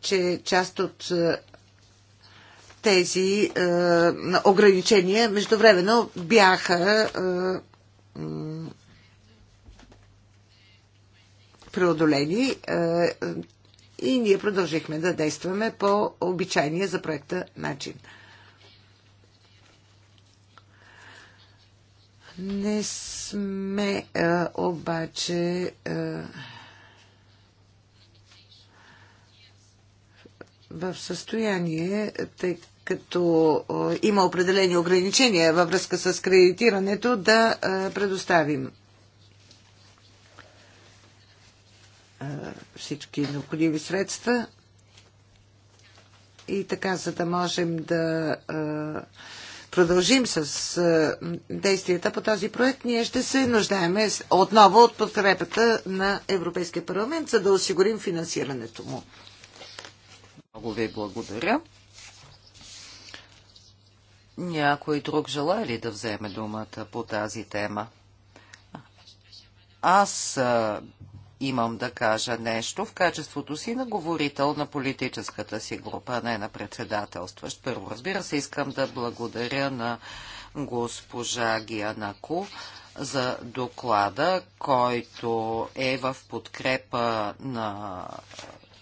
че част от тези ограничения междувременно бяха преодолени е, е, и ние продължихме да действаме по обичайния за проекта начин. Не сме а, е, обаче а, в състояние, тъй като а, има определени ограничения във връзка с кредитирането, да а, предоставим всички необходими средства. И така, за да можем да продължим с действията по този проект, ние ще се нуждаем отново от подкрепата на Европейския парламент, за да осигурим финансирането му. Много ви благодаря. Някой друг желая ли да вземе думата по тази тема? Аз имам да кажа нещо в качеството си на говорител на политическата си група, не на председателстващ. Първо, разбира се, искам да благодаря на госпожа Гианако за доклада, който е в подкрепа на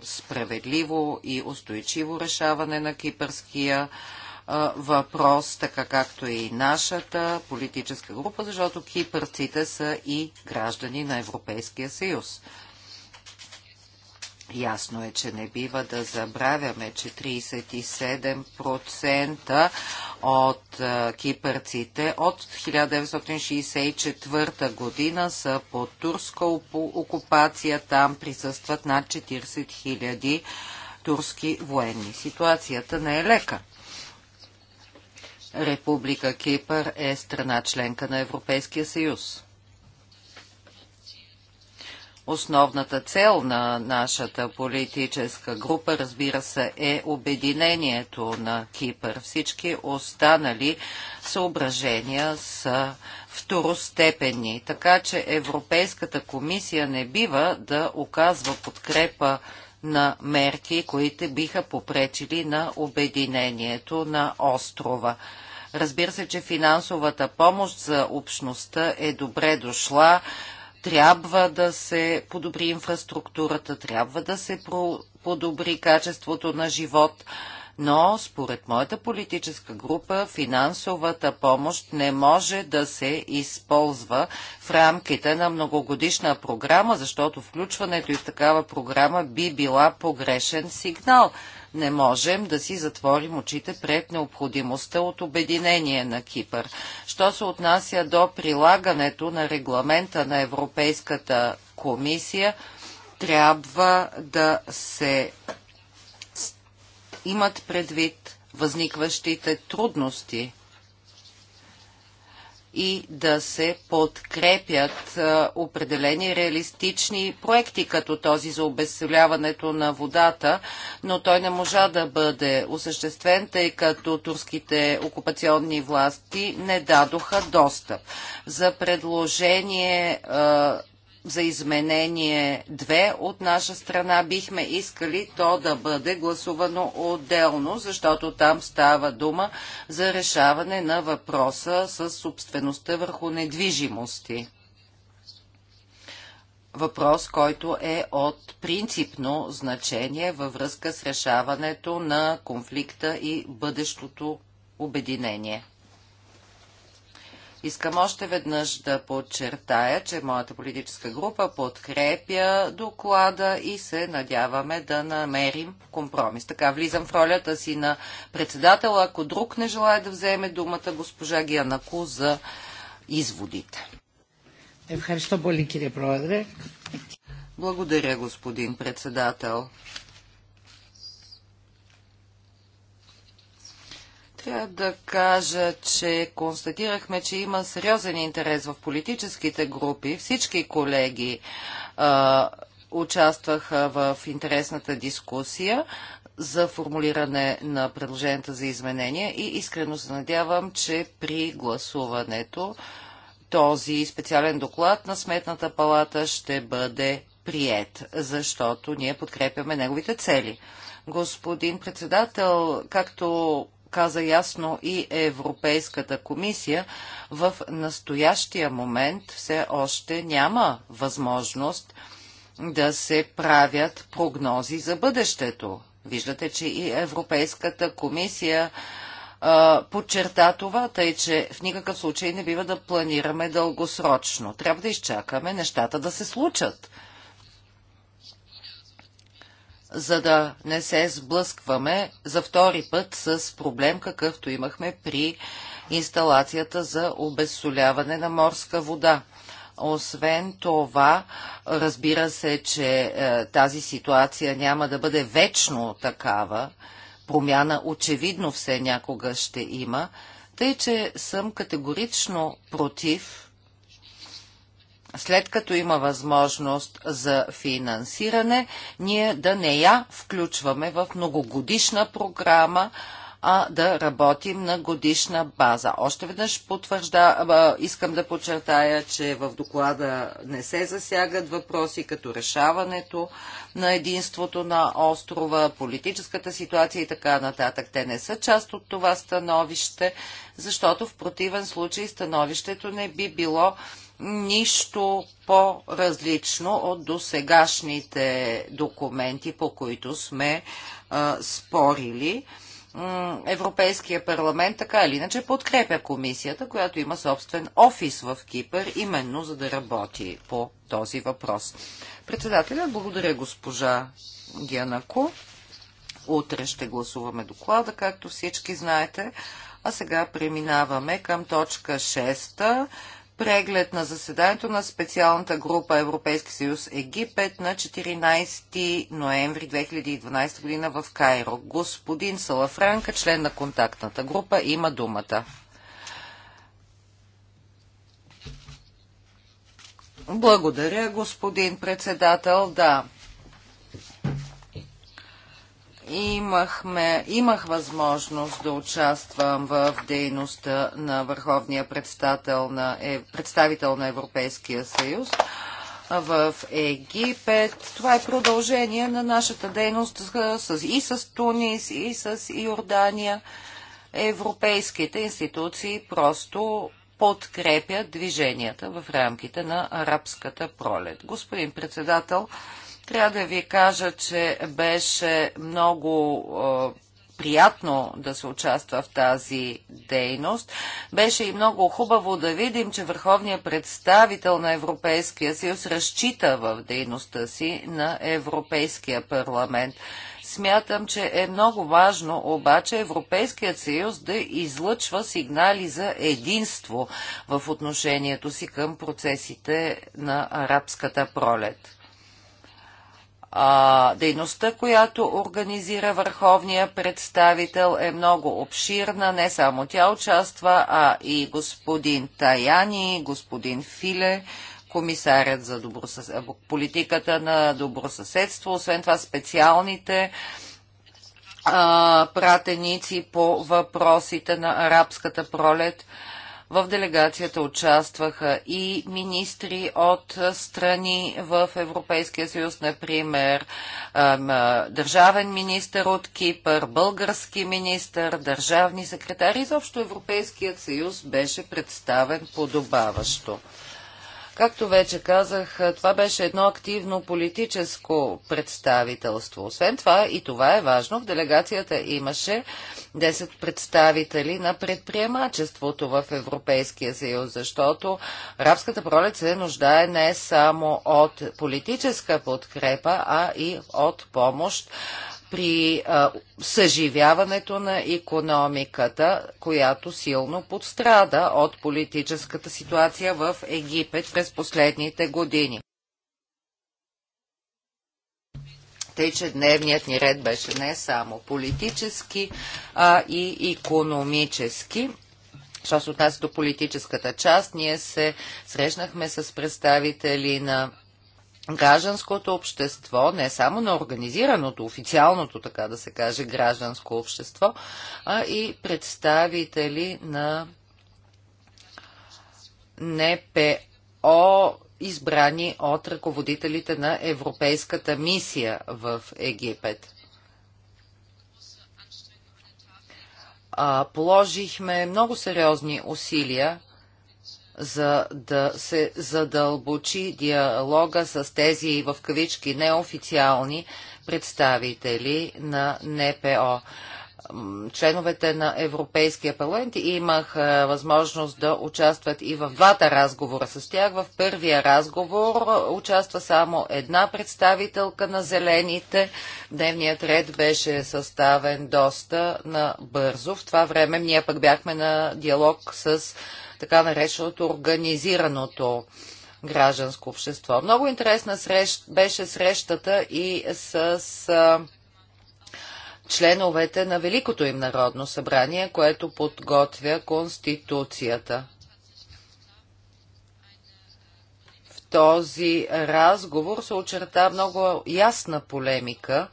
справедливо и устойчиво решаване на кипърския въпрос, така както и нашата политическа група, защото кипърците са и граждани на Европейския съюз. Ясно е, че не бива да забравяме, че 37% от кипърците от 1964 година са под турска окупация. Там присъстват над 40 000 турски военни. Ситуацията не е лека. Република Кипър е страна членка на Европейския съюз. Основната цел на нашата политическа група, разбира се, е обединението на Кипър. Всички останали съображения са второстепенни, така че Европейската комисия не бива да оказва подкрепа на мерки, които биха попречили на обединението на острова. Разбира се, че финансовата помощ за общността е добре дошла. Трябва да се подобри инфраструктурата, трябва да се подобри качеството на живот но според моята политическа група финансовата помощ не може да се използва в рамките на многогодишна програма, защото включването и в такава програма би била погрешен сигнал. Не можем да си затворим очите пред необходимостта от обединение на Кипър. Що се отнася до прилагането на регламента на Европейската комисия, трябва да се имат предвид възникващите трудности и да се подкрепят определени реалистични проекти, като този за обесоляването на водата, но той не можа да бъде осъществен, тъй като турските окупационни власти не дадоха достъп. За предложение за изменение 2 от наша страна бихме искали то да бъде гласувано отделно, защото там става дума за решаване на въпроса с собствеността върху недвижимости. Въпрос, който е от принципно значение във връзка с решаването на конфликта и бъдещото обединение. Искам още веднъж да подчертая, че моята политическа група подкрепя доклада и се надяваме да намерим компромис. Така влизам в ролята си на председател. Ако друг не желая да вземе думата, госпожа Гианаку за изводите. Благодаря, господин председател. Трябва да кажа, че констатирахме, че има сериозен интерес в политическите групи. Всички колеги а, участваха в интересната дискусия за формулиране на предложенията за изменения и искрено се надявам, че при гласуването този специален доклад на Сметната палата ще бъде прият, защото ние подкрепяме неговите цели. Господин председател, както каза ясно и Европейската комисия, в настоящия момент все още няма възможност да се правят прогнози за бъдещето. Виждате, че и Европейската комисия а, подчерта това, тъй че в никакъв случай не бива да планираме дългосрочно. Трябва да изчакаме нещата да се случат за да не се сблъскваме за втори път с проблем, какъвто имахме при инсталацията за обезсоляване на морска вода. Освен това, разбира се, че е, тази ситуация няма да бъде вечно такава. Промяна очевидно все някога ще има, тъй че съм категорично против след като има възможност за финансиране, ние да не я включваме в многогодишна програма, а да работим на годишна база. Още веднъж потвържда, искам да подчертая, че в доклада не се засягат въпроси като решаването на единството на острова, политическата ситуация и така нататък. Те не са част от това становище, защото в противен случай становището не би било нищо по-различно от досегашните документи, по които сме а, спорили. Европейския парламент така или иначе подкрепя комисията, която има собствен офис в Кипър, именно за да работи по този въпрос. Председателя, благодаря госпожа Гянако. Утре ще гласуваме доклада, както всички знаете. А сега преминаваме към точка 6 преглед на заседанието на специалната група Европейски съюз Египет на 14 ноември 2012 година в Кайро. Господин Салафранка, член на контактната група, има думата. Благодаря, господин председател. Да, имахме, имах възможност да участвам в дейността на Върховния представител на, е, представител на Европейския съюз в Египет. Това е продължение на нашата дейност с, и с Тунис, и с Йордания. Европейските институции просто подкрепят движенията в рамките на арабската пролет. Господин председател, трябва да ви кажа, че беше много приятно да се участва в тази дейност. Беше и много хубаво да видим, че върховният представител на Европейския съюз разчита в дейността си на Европейския парламент. Смятам, че е много важно обаче Европейският съюз да излъчва сигнали за единство в отношението си към процесите на арабската пролет а, дейността, която организира върховния представител е много обширна. Не само тя участва, а и господин Таяни, господин Филе, комисарят за добросъс... политиката на добросъседство, освен това специалните а, пратеници по въпросите на арабската пролет. А, в делегацията участваха и министри от страни в Европейския съюз, например държавен министр от Кипър, български министр, държавни секретари. Изобщо Европейският съюз беше представен подобаващо. Както вече казах, това беше едно активно политическо представителство. Освен това, и това е важно, в делегацията имаше 10 представители на предприемачеството в Европейския съюз, защото арабската пролет се нуждае не само от политическа подкрепа, а и от помощ при а, съживяването на економиката, която силно подстрада от политическата ситуация в Египет през последните години. Тъй, че дневният ни ред беше не само политически, а и економически. Що се отнася до политическата част, ние се срещнахме с представители на гражданското общество, не само на организираното, официалното, така да се каже, гражданско общество, а и представители на НПО, избрани от ръководителите на Европейската мисия в Египет. положихме много сериозни усилия за да се задълбочи диалога с тези в кавички неофициални представители на НПО. Членовете на Европейския парламент имах е, възможност да участват и в двата разговора с тях. В първия разговор е, участва само една представителка на зелените. Дневният ред беше съставен доста на бързо. В това време ние пък бяхме на диалог с така нареченото организираното гражданско общество. Много интересна срещ, беше срещата и с членовете на Великото им народно събрание, което подготвя Конституцията. В този разговор се очерта много ясна полемика,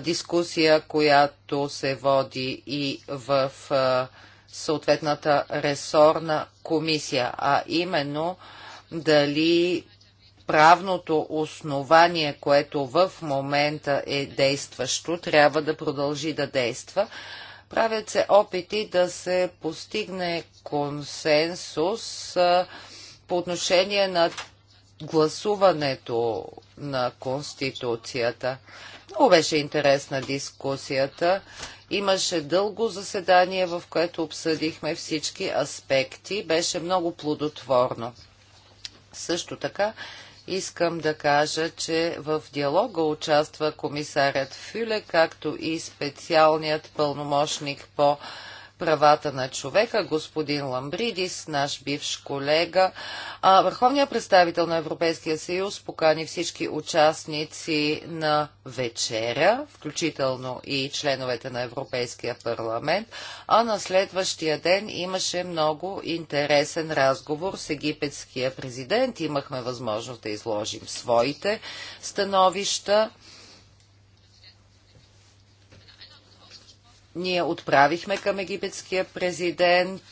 дискусия, която се води и в съответната ресорна комисия, а именно дали правното основание, което в момента е действащо, трябва да продължи да действа. Правят се опити да се постигне консенсус по отношение на гласуването на Конституцията. Много беше интересна дискусията. Имаше дълго заседание, в което обсъдихме всички аспекти. Беше много плодотворно. Също така искам да кажа, че в диалога участва комисарят Фюле, както и специалният пълномощник по правата на човека, господин Ламбридис, наш бивш колега. А, върховният представител на Европейския съюз покани всички участници на вечеря, включително и членовете на Европейския парламент, а на следващия ден имаше много интересен разговор с египетския президент. Имахме възможност да изложим своите становища. Ние отправихме към египетския президент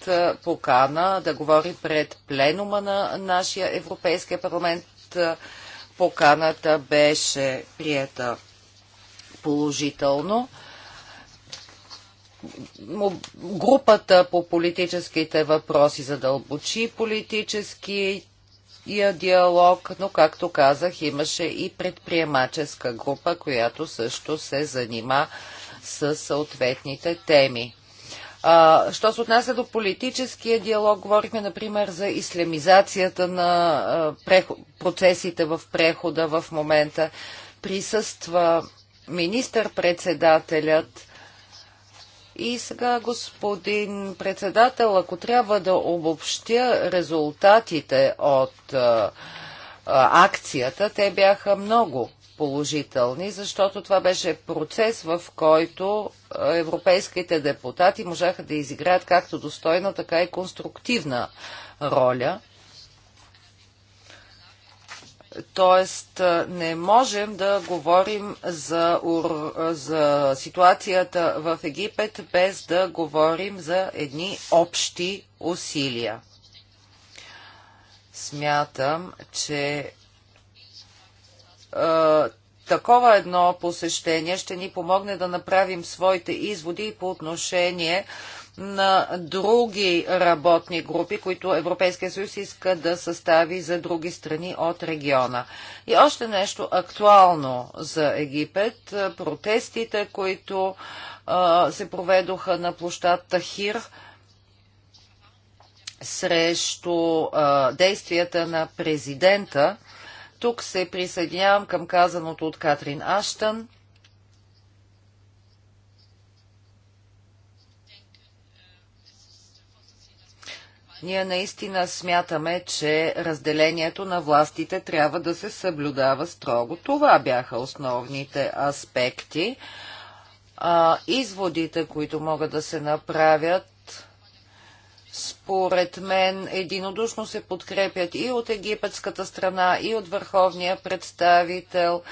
покана да говори пред пленума на нашия Европейския парламент. Поканата беше прията положително групата по политическите въпроси задълбочи политически диалог, но както казах, имаше и предприемаческа група, която също се занима със съответните теми. А, що се отнася до политическия диалог, говорихме, например, за ислямизацията на а, преход, процесите в прехода в момента. Присъства министър-председателят. И сега, господин председател, ако трябва да обобщя резултатите от а, акцията, те бяха много положителни, защото това беше процес, в който европейските депутати можаха да изиграят както достойна, така и конструктивна роля. Тоест, не можем да говорим за, за ситуацията в Египет без да говорим за едни общи усилия. Смятам, че е, такова едно посещение ще ни помогне да направим своите изводи и по отношение на други работни групи, които Европейския съюз иска да състави за други страни от региона. И още нещо актуално за Египет. Е, протестите, които а, е, се проведоха на площад Тахир срещу а, действията на президента, тук се присъединявам към казаното от Катрин Аштън. Ние наистина смятаме, че разделението на властите трябва да се съблюдава строго. Това бяха основните аспекти. А, изводите, които могат да се направят според мен единодушно се подкрепят и от египетската страна, и от върховния представител.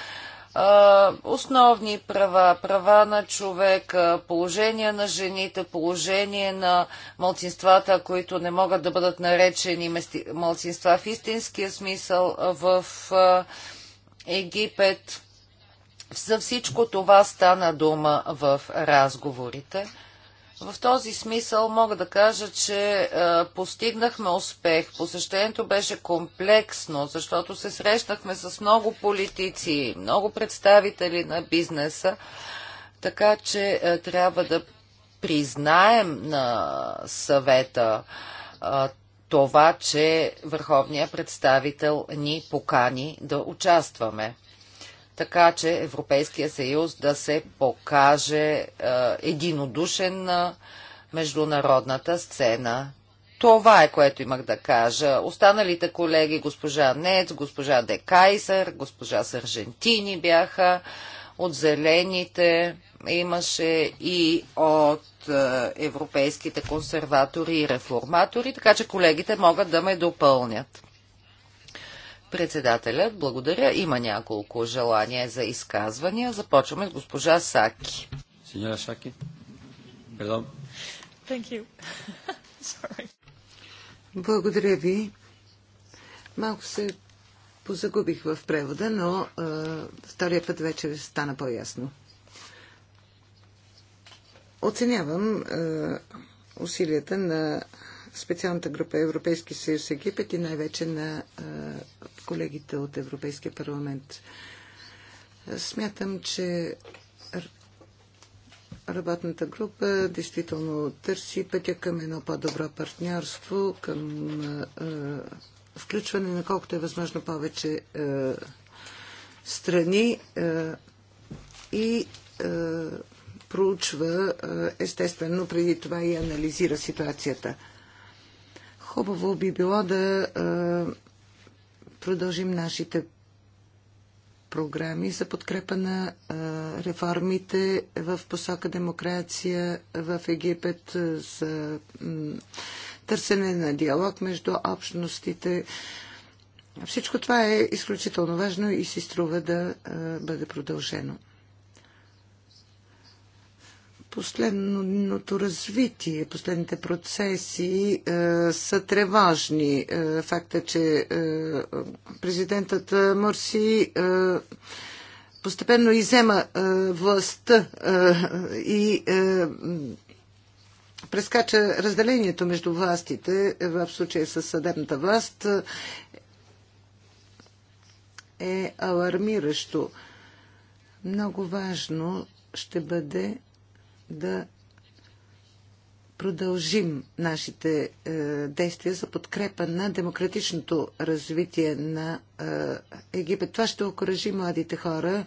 Основни права, права на човека, положение на жените, положение на малцинствата, които не могат да бъдат наречени малцинства в истинския смисъл в Египет. За всичко това стана дума в разговорите. В този смисъл мога да кажа, че е, постигнахме успех. Посещението беше комплексно, защото се срещнахме с много политици, много представители на бизнеса, така че е, трябва да признаем на съвета е, това, че върховният представител ни покани да участваме така че Европейския съюз да се покаже е, единодушен на международната сцена. Това е което имах да кажа. Останалите колеги, госпожа Нец, госпожа Де госпожа Сържентини бяха от зелените, имаше и от е, европейските консерватори и реформатори, така че колегите могат да ме допълнят. Председателят, благодаря. Има няколко желания за изказвания. Започваме с госпожа Саки. Синьора Саки, Thank you. Sorry. Благодаря ви. Малко се позагубих в превода, но а, втория път вече стана по-ясно. Оценявам а, усилията на специалната група Европейски съюз Египет и най-вече на колегите от Европейския парламент. Смятам, че работната група действително търси пътя към едно по-добро партньорство, към включване на колкото е възможно повече страни и проучва естествено преди това и анализира ситуацията. Хубаво би било да продължим нашите програми за подкрепа на реформите в посока демокрация в Египет за търсене на диалог между общностите. Всичко това е изключително важно и си струва да бъде продължено. Последното развитие, последните процеси е, са тревожни. Е, факта, че е, президентът Мурси е, постепенно изема е, властта е, и е, прескача разделението между властите, в случая с съдебната власт, е алармиращо. Много важно ще бъде да продължим нашите е, действия за подкрепа на демократичното развитие на е, Египет. Това ще окоръжи младите хора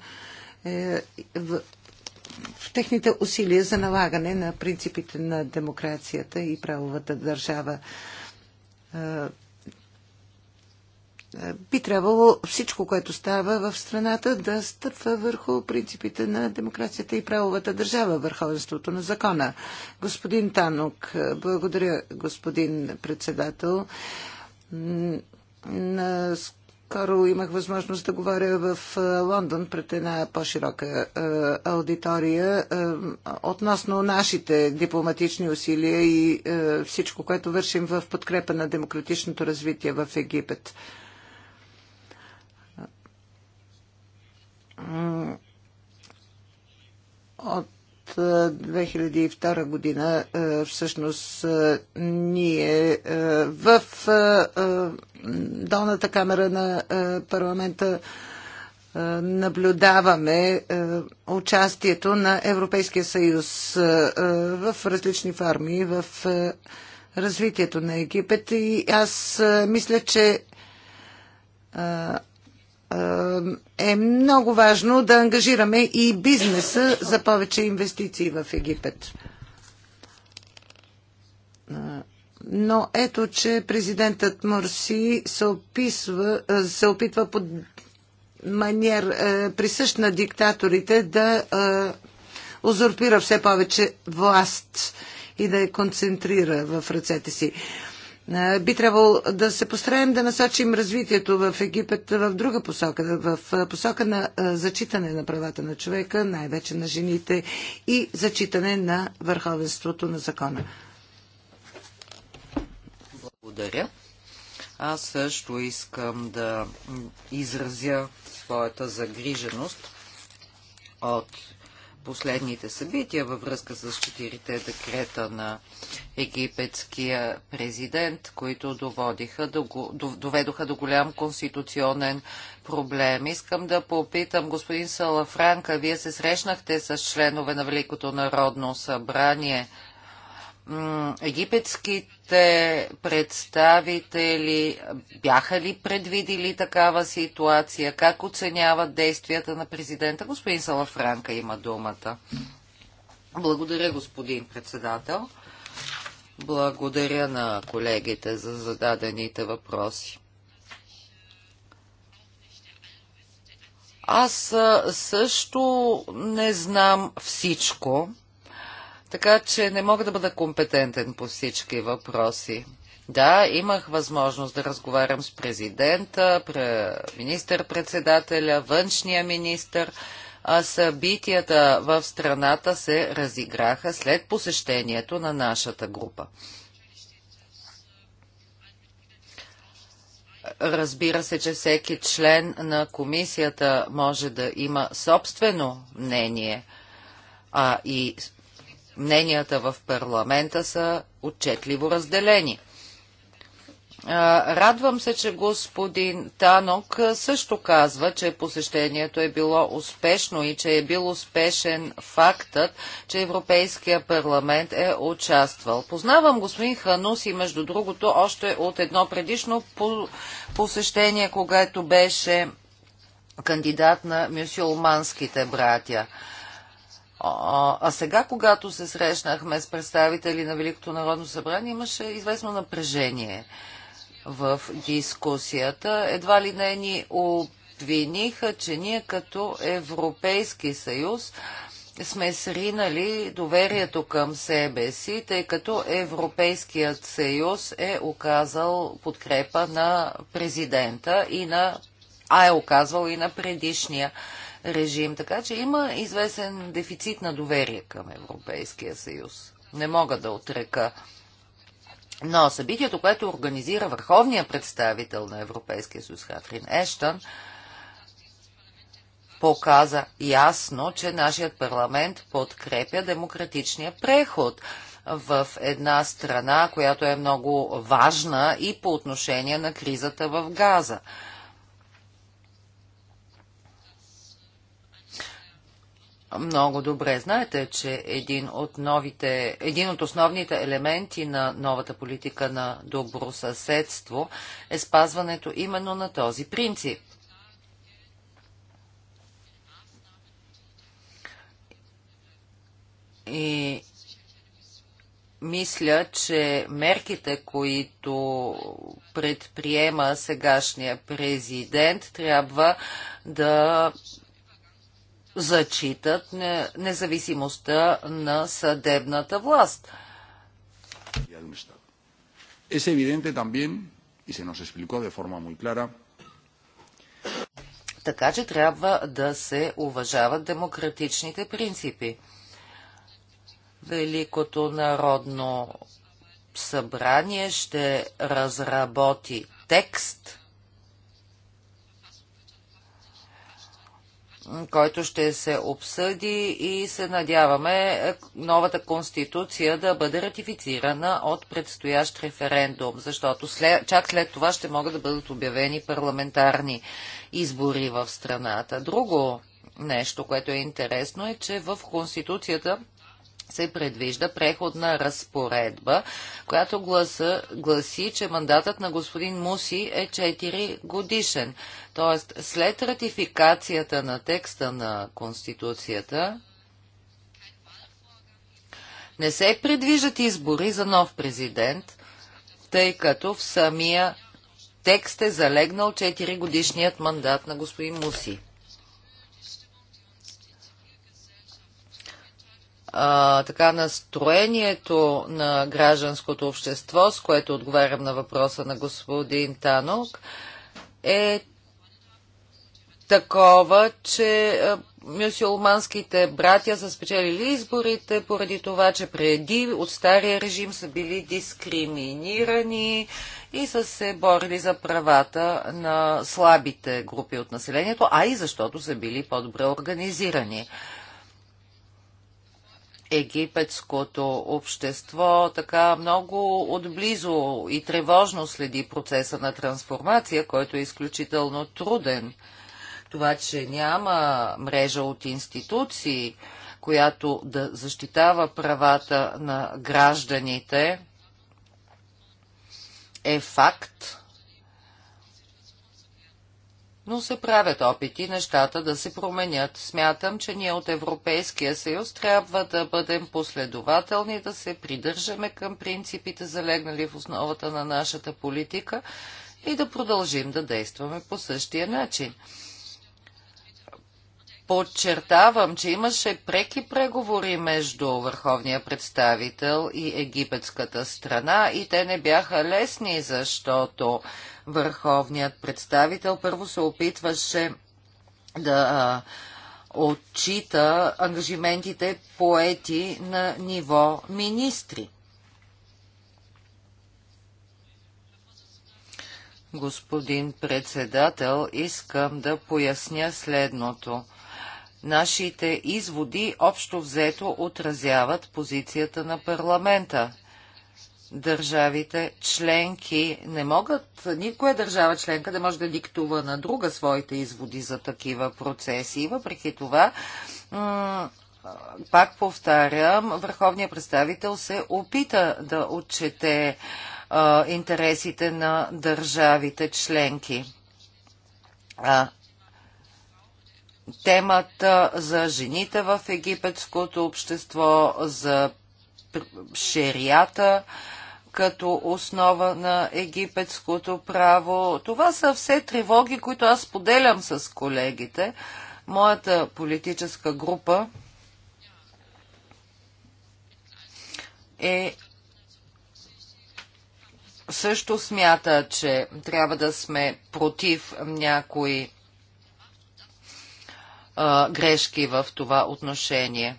е, в, в техните усилия за налагане на принципите на демокрацията и правовата държава. Е, би трябвало всичко, което става в страната, да стъпва върху принципите на демокрацията и правовата държава, върховенството на закона. Господин Танок, благодаря, господин председател. Скоро имах възможност да говоря в Лондон пред една по-широка аудитория относно нашите дипломатични усилия и всичко, което вършим в подкрепа на демократичното развитие в Египет. От 2002 е, година е, всъщност е, ние в долната камера на парламента наблюдаваме участието на Европейския съюз в различни форми в развитието на Египет и аз мисля, че е, е много важно да ангажираме и бизнеса за повече инвестиции в Египет. Но ето, че президентът Морси се, описва, се опитва под маниер присъщ на диктаторите да узурпира все повече власт и да я концентрира в ръцете си. Би трябвало да се постараем да насочим развитието в Египет в друга посока, в посока на зачитане на правата на човека, най-вече на жените и зачитане на върховенството на закона. Благодаря. Аз също искам да изразя своята загриженост от последните събития във връзка с четирите декрета на египетския президент, които доводиха, доведоха до голям конституционен проблем. Искам да попитам, господин Салафранка, вие се срещнахте с членове на Великото народно събрание – египетските представители бяха ли предвидили такава ситуация? Как оценяват действията на президента? Господин Салафранка има думата. Благодаря, господин председател. Благодаря на колегите за зададените въпроси. Аз също не знам всичко така че не мога да бъда компетентен по всички въпроси. Да, имах възможност да разговарям с президента, министър-председателя, външния министър. А събитията в страната се разиграха след посещението на нашата група. Разбира се, че всеки член на комисията може да има собствено мнение, а и мненията в парламента са отчетливо разделени. Радвам се, че господин Танок също казва, че посещението е било успешно и че е бил успешен фактът, че Европейския парламент е участвал. Познавам господин Ханус и между другото още от едно предишно посещение, когато беше кандидат на мюсюлманските братя. А, а сега, когато се срещнахме с представители на Великото народно събрание, имаше известно напрежение в дискусията. Едва ли не ни обвиниха, че ние като Европейски съюз сме сринали доверието към себе си, тъй като Европейският съюз е оказал подкрепа на президента и на а е оказвал и на предишния режим. Така че има известен дефицит на доверие към Европейския съюз. Не мога да отрека. Но събитието, което организира върховния представител на Европейския съюз Хатрин Ештън, показа ясно, че нашият парламент подкрепя демократичния преход в една страна, която е много важна и по отношение на кризата в Газа. Много добре. Знаете, че един от, новите, един от основните елементи на новата политика на добросъседство е спазването именно на този принцип. И мисля, че мерките, които предприема сегашния президент, трябва да зачитат независимостта на съдебната власт. también, nos explicó de forma muy clara, така че трябва да се уважават демократичните принципи. Великото народно събрание ще разработи текст, който ще се обсъди и се надяваме е, новата конституция да бъде ратифицирана от предстоящ референдум, защото след, чак след това ще могат да бъдат обявени парламентарни избори в страната. Друго нещо, което е интересно е, че в конституцията се предвижда преходна разпоредба, която гласа, гласи, че мандатът на господин Муси е 4 годишен. Тоест, след ратификацията на текста на Конституцията, не се предвиждат избори за нов президент, тъй като в самия текст е залегнал 4 годишният мандат на господин Муси. а, така настроението на гражданското общество, с което отговарям на въпроса на господин Танок, е такова, че мюсюлманските братя са спечелили изборите поради това, че преди от стария режим са били дискриминирани и са се борили за правата на слабите групи от населението, а и защото са били по-добре организирани египетското общество така много отблизо и тревожно следи процеса на трансформация, който е изключително труден. Това, че няма мрежа от институции, която да защитава правата на гражданите, е факт, но се правят опити нещата да се променят. Смятам, че ние от Европейския съюз трябва да бъдем последователни, да се придържаме към принципите, залегнали в основата на нашата политика и да продължим да действаме по същия начин. Подчертавам, че имаше преки преговори между върховния представител и египетската страна и те не бяха лесни, защото върховният представител първо се опитваше да отчита ангажиментите поети на ниво министри. Господин председател, искам да поясня следното. Нашите изводи общо взето отразяват позицията на парламента държавите членки не могат, никоя държава членка да може да диктува на друга своите изводи за такива процеси. И въпреки това, пак повтарям, върховният представител се опита да отчете а, интересите на държавите членки. А, темата за жените в египетското общество, за шерията, а, като основа на египетското право. Това са все тревоги, които аз поделям с колегите. Моята политическа група е също смята, че трябва да сме против някои а, грешки в това отношение.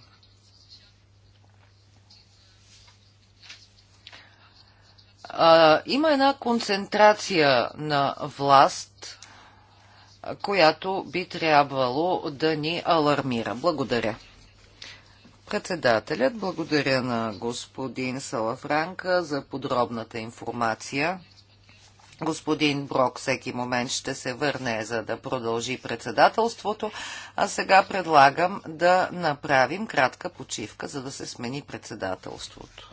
а, има една концентрация на власт, която би трябвало да ни алармира. Благодаря. Председателят, благодаря на господин Салафранка за подробната информация. Господин Брок всеки момент ще се върне, за да продължи председателството, а сега предлагам да направим кратка почивка, за да се смени председателството.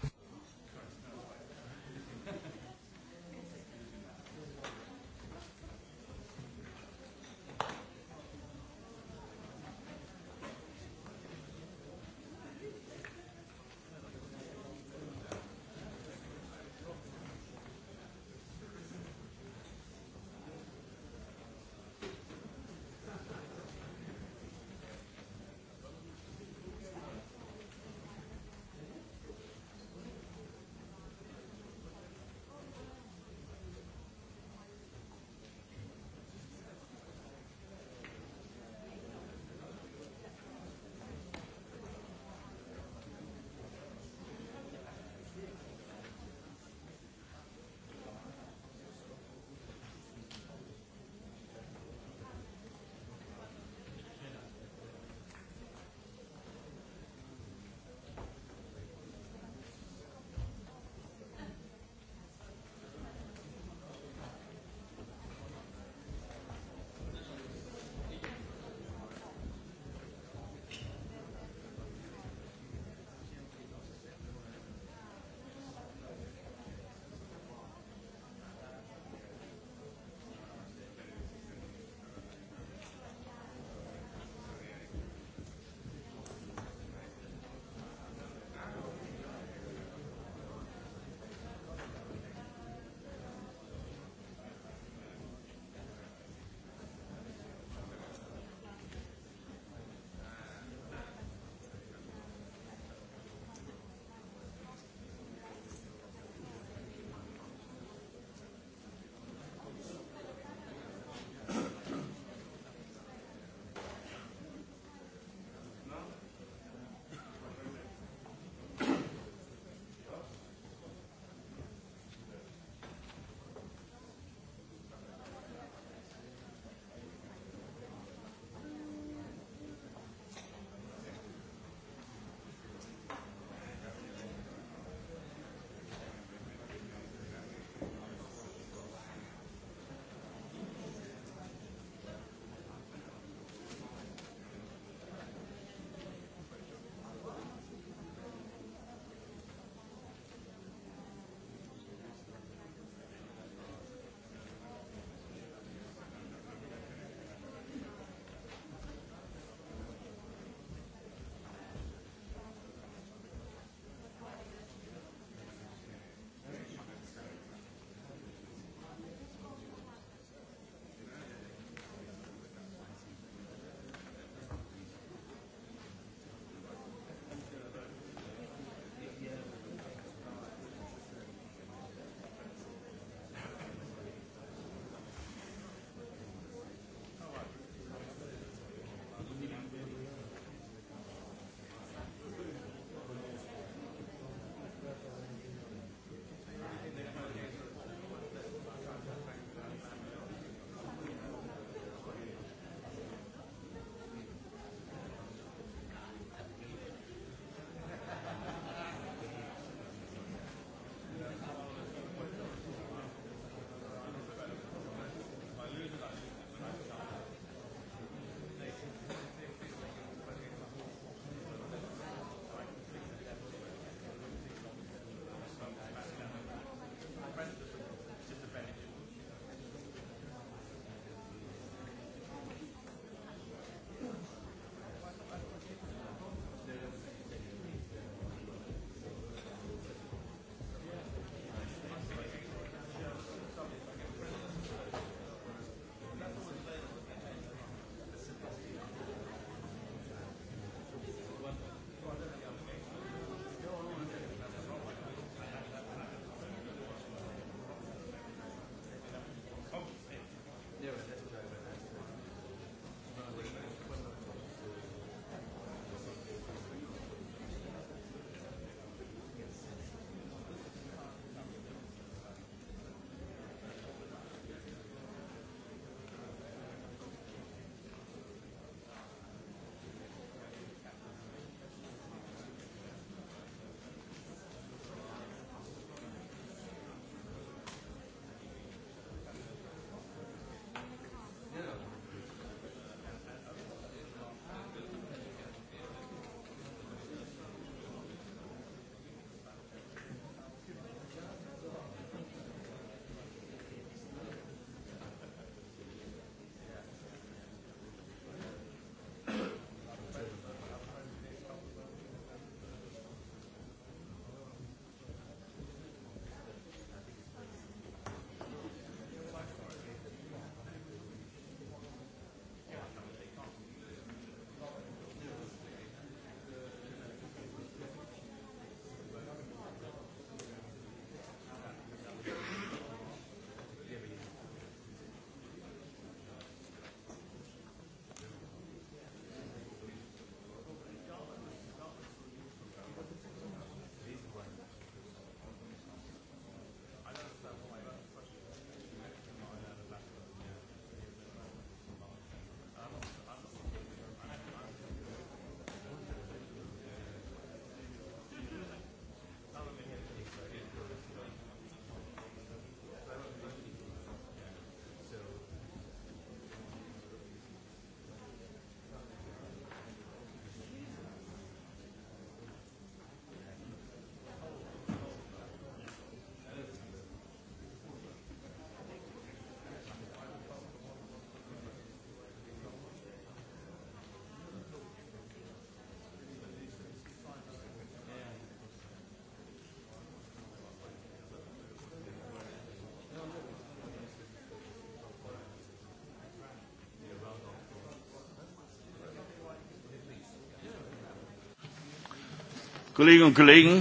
и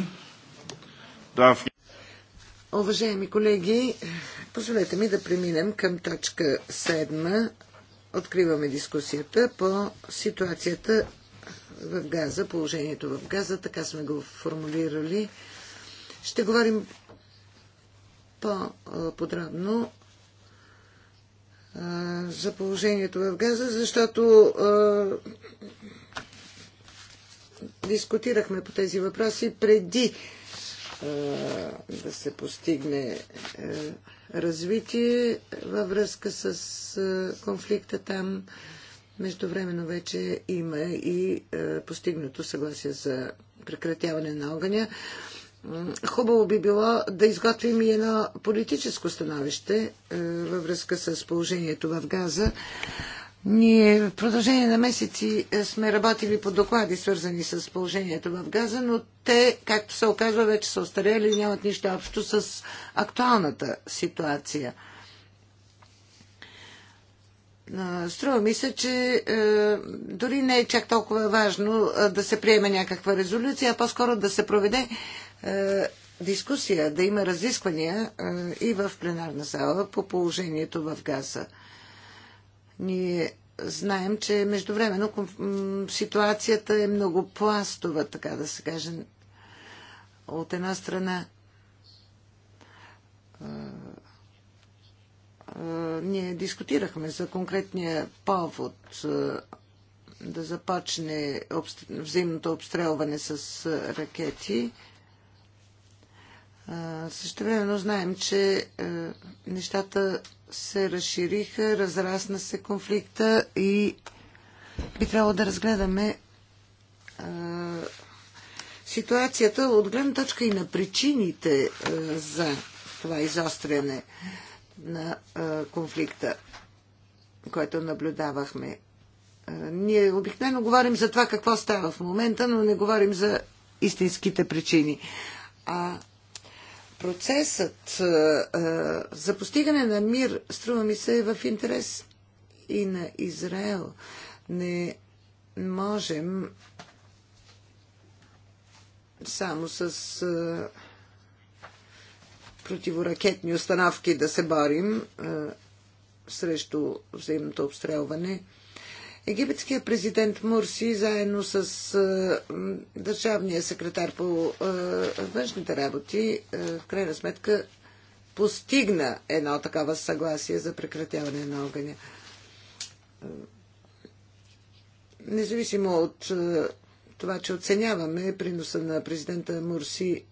Уважаеми колеги, позволете ми да преминем към точка 7. Откриваме дискусията по ситуацията в Газа, положението в Газа, така сме го формулирали. Ще говорим по-подробно за положението в Газа, защото дискутирахме по тези въпроси преди е, да се постигне е, развитие във връзка с е, конфликта там. Междувременно вече има и постигнато съгласие за прекратяване на огъня. Хубаво би било да изготвим и едно политическо становище във връзка с положението в Газа. Ние в продължение на месеци е, сме работили по доклади, свързани с положението в Газа, но те, както се оказва, вече са остарели и нямат нищо общо с актуалната ситуация. Струва ми се, че е, дори не е чак толкова важно е, да се приеме някаква резолюция, а по-скоро да се проведе е, дискусия, да има разисквания е, и в пленарна зала по положението в Газа. Ние знаем, че междувременно ситуацията е многопластова, така да се каже. От една страна ние дискутирахме за конкретния повод да започне взаимното обстрелване с ракети също но знаем, че нещата се разшириха, разрасна се конфликта и би трябвало да разгледаме ситуацията от гледна точка и на причините за това изостряне на конфликта, което наблюдавахме. Ние обикновено говорим за това какво става в момента, но не говорим за истинските причини. А процесът за постигане на мир, струва ми се, е в интерес и на Израел. Не можем само с противоракетни установки да се борим срещу взаимното обстрелване. Египетския президент Мурси заедно с държавния секретар по външните работи в крайна сметка постигна едно такава съгласие за прекратяване на огъня. Независимо от това, че оценяваме приноса на президента Мурси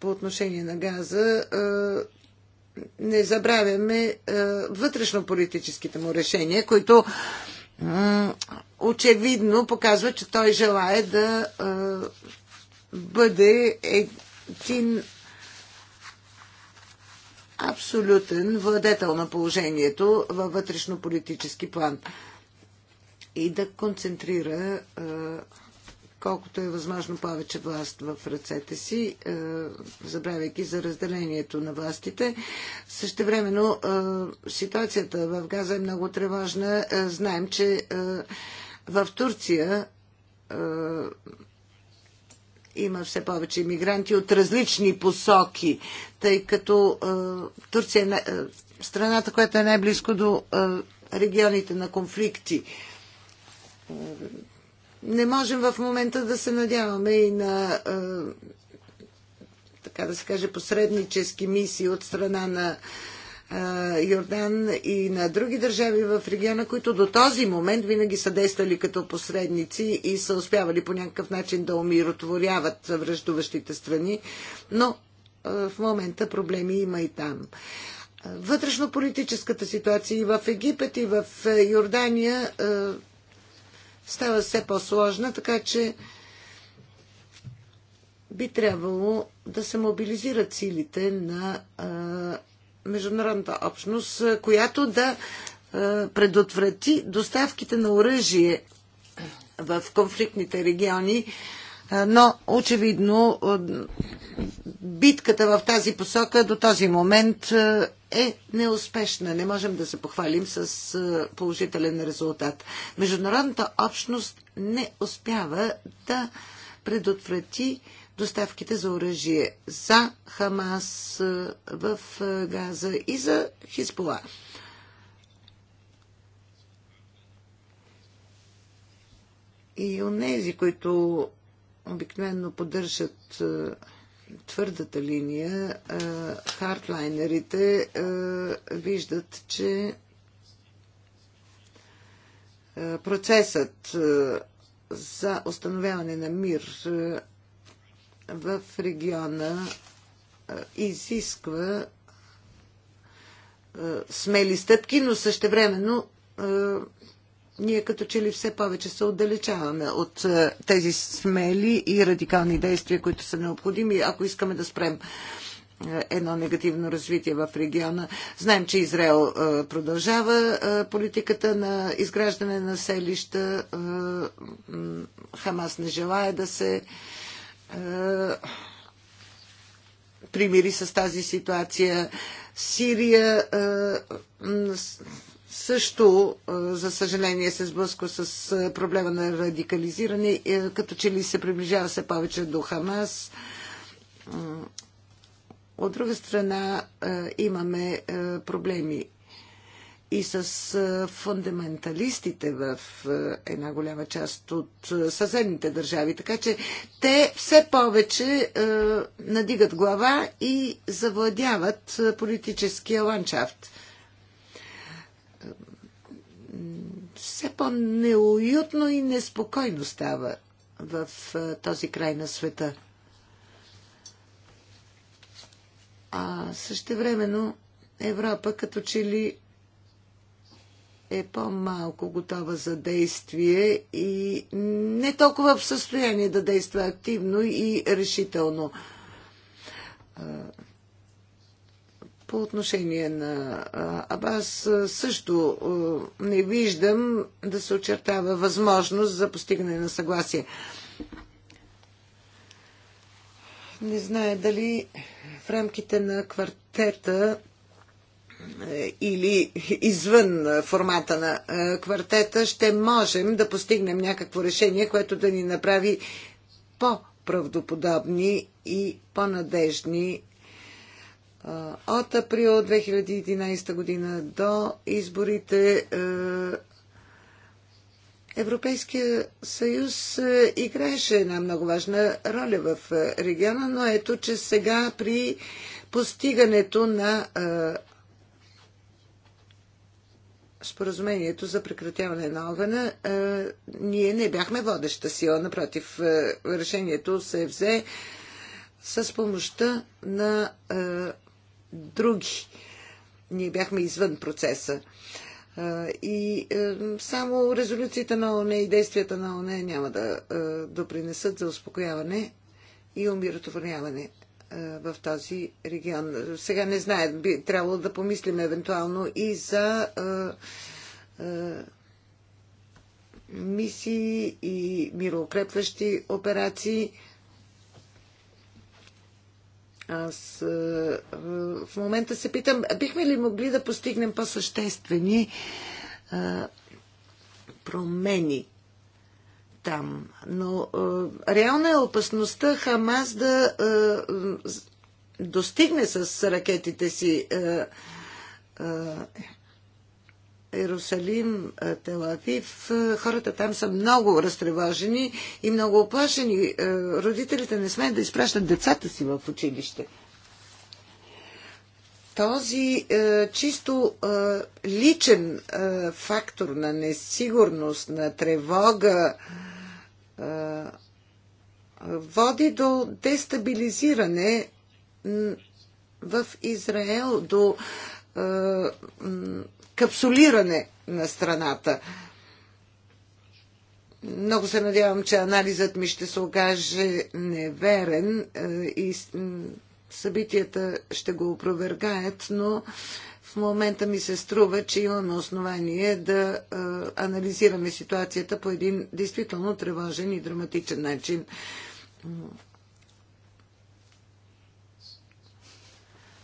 по отношение на газа, не забравяме е, вътрешно-политическите му решения, които очевидно показва, че той желая да е, бъде един абсолютен владетел на положението във вътрешно-политически план и да концентрира е, колкото е възможно повече власт в ръцете си, е, забравяйки за разделението на властите. Същевременно е, ситуацията в Газа е много тревожна. Е, знаем, че в Турция има все повече иммигранти от различни посоки, тъй като Турция е страната, която е най-близко до регионите на конфликти не можем в момента да се надяваме и на така да се каже, посреднически мисии от страна на Йордан и на други държави в региона, които до този момент винаги са действали като посредници и са успявали по някакъв начин да умиротворяват връждуващите страни, но в момента проблеми има и там. Вътрешно-политическата ситуация и в Египет, и в Йордания става все по-сложна, така че би трябвало да се мобилизират силите на а, международната общност, която да а, предотврати доставките на оръжие в конфликтните региони но очевидно битката в тази посока до този момент е неуспешна. Не можем да се похвалим с положителен резултат. Международната общност не успява да предотврати доставките за оръжие за Хамас в Газа и за Хизбола. И у нези, които обикновено поддържат е, твърдата линия, е, хардлайнерите е, виждат, че процесът за установяване на мир в региона изисква смели стъпки, но същевременно ние като че ли все повече се отдалечаваме от е, тези смели и радикални действия, които са необходими, ако искаме да спрем е, едно негативно развитие в региона. Знаем, че Израел е, продължава политиката на изграждане на селища. Хамас не желая да се примири с тази ситуация. Сирия също, за съжаление, се сблъсква с проблема на радикализиране, като че ли се приближава все повече до Хамас. От друга страна, имаме проблеми и с фундаменталистите в една голяма част от съседните държави. Така че те все повече надигат глава и завладяват политическия ландшафт все по-неуютно и неспокойно става в този край на света. А същевременно Европа като че ли е по-малко готова за действие и не толкова в състояние да действа активно и решително. По отношение на Абас също не виждам да се очертава възможност за постигане на съгласие. Не знае дали в рамките на квартета е, или извън формата на е, квартета ще можем да постигнем някакво решение, което да ни направи по-правдоподобни и по-надежни от април 2011 година до изборите Европейския съюз играеше една много важна роля в региона, но ето, че сега при постигането на споразумението за прекратяване на Огъна, ние не бяхме водеща сила. Напротив, решението се взе с помощта на други. Ние бяхме извън процеса. И е, само резолюцията на ОНЕ и действията на ОНЕ няма да е, допринесат за успокояване и умиротворяване е, в този регион. Сега не знаем, би трябвало да помислим евентуално и за мисии и мироукрепващи операции. Аз е, в момента се питам, бихме ли могли да постигнем по-съществени е, промени там. Но е, реална е опасността Хамас да достигне с ракетите си Иерусалим, Телавив, хората там са много разтревожени и много оплашени. Родителите не смеят да изпращат децата си в училище. Този е, чисто е, личен е, фактор на несигурност, на тревога е, води до дестабилизиране в Израел, до е, капсулиране на страната. Много се надявам, че анализът ми ще се окаже неверен е, и събитията ще го опровергаят, но в момента ми се струва, че имаме основание да е, анализираме ситуацията по един действително тревожен и драматичен начин.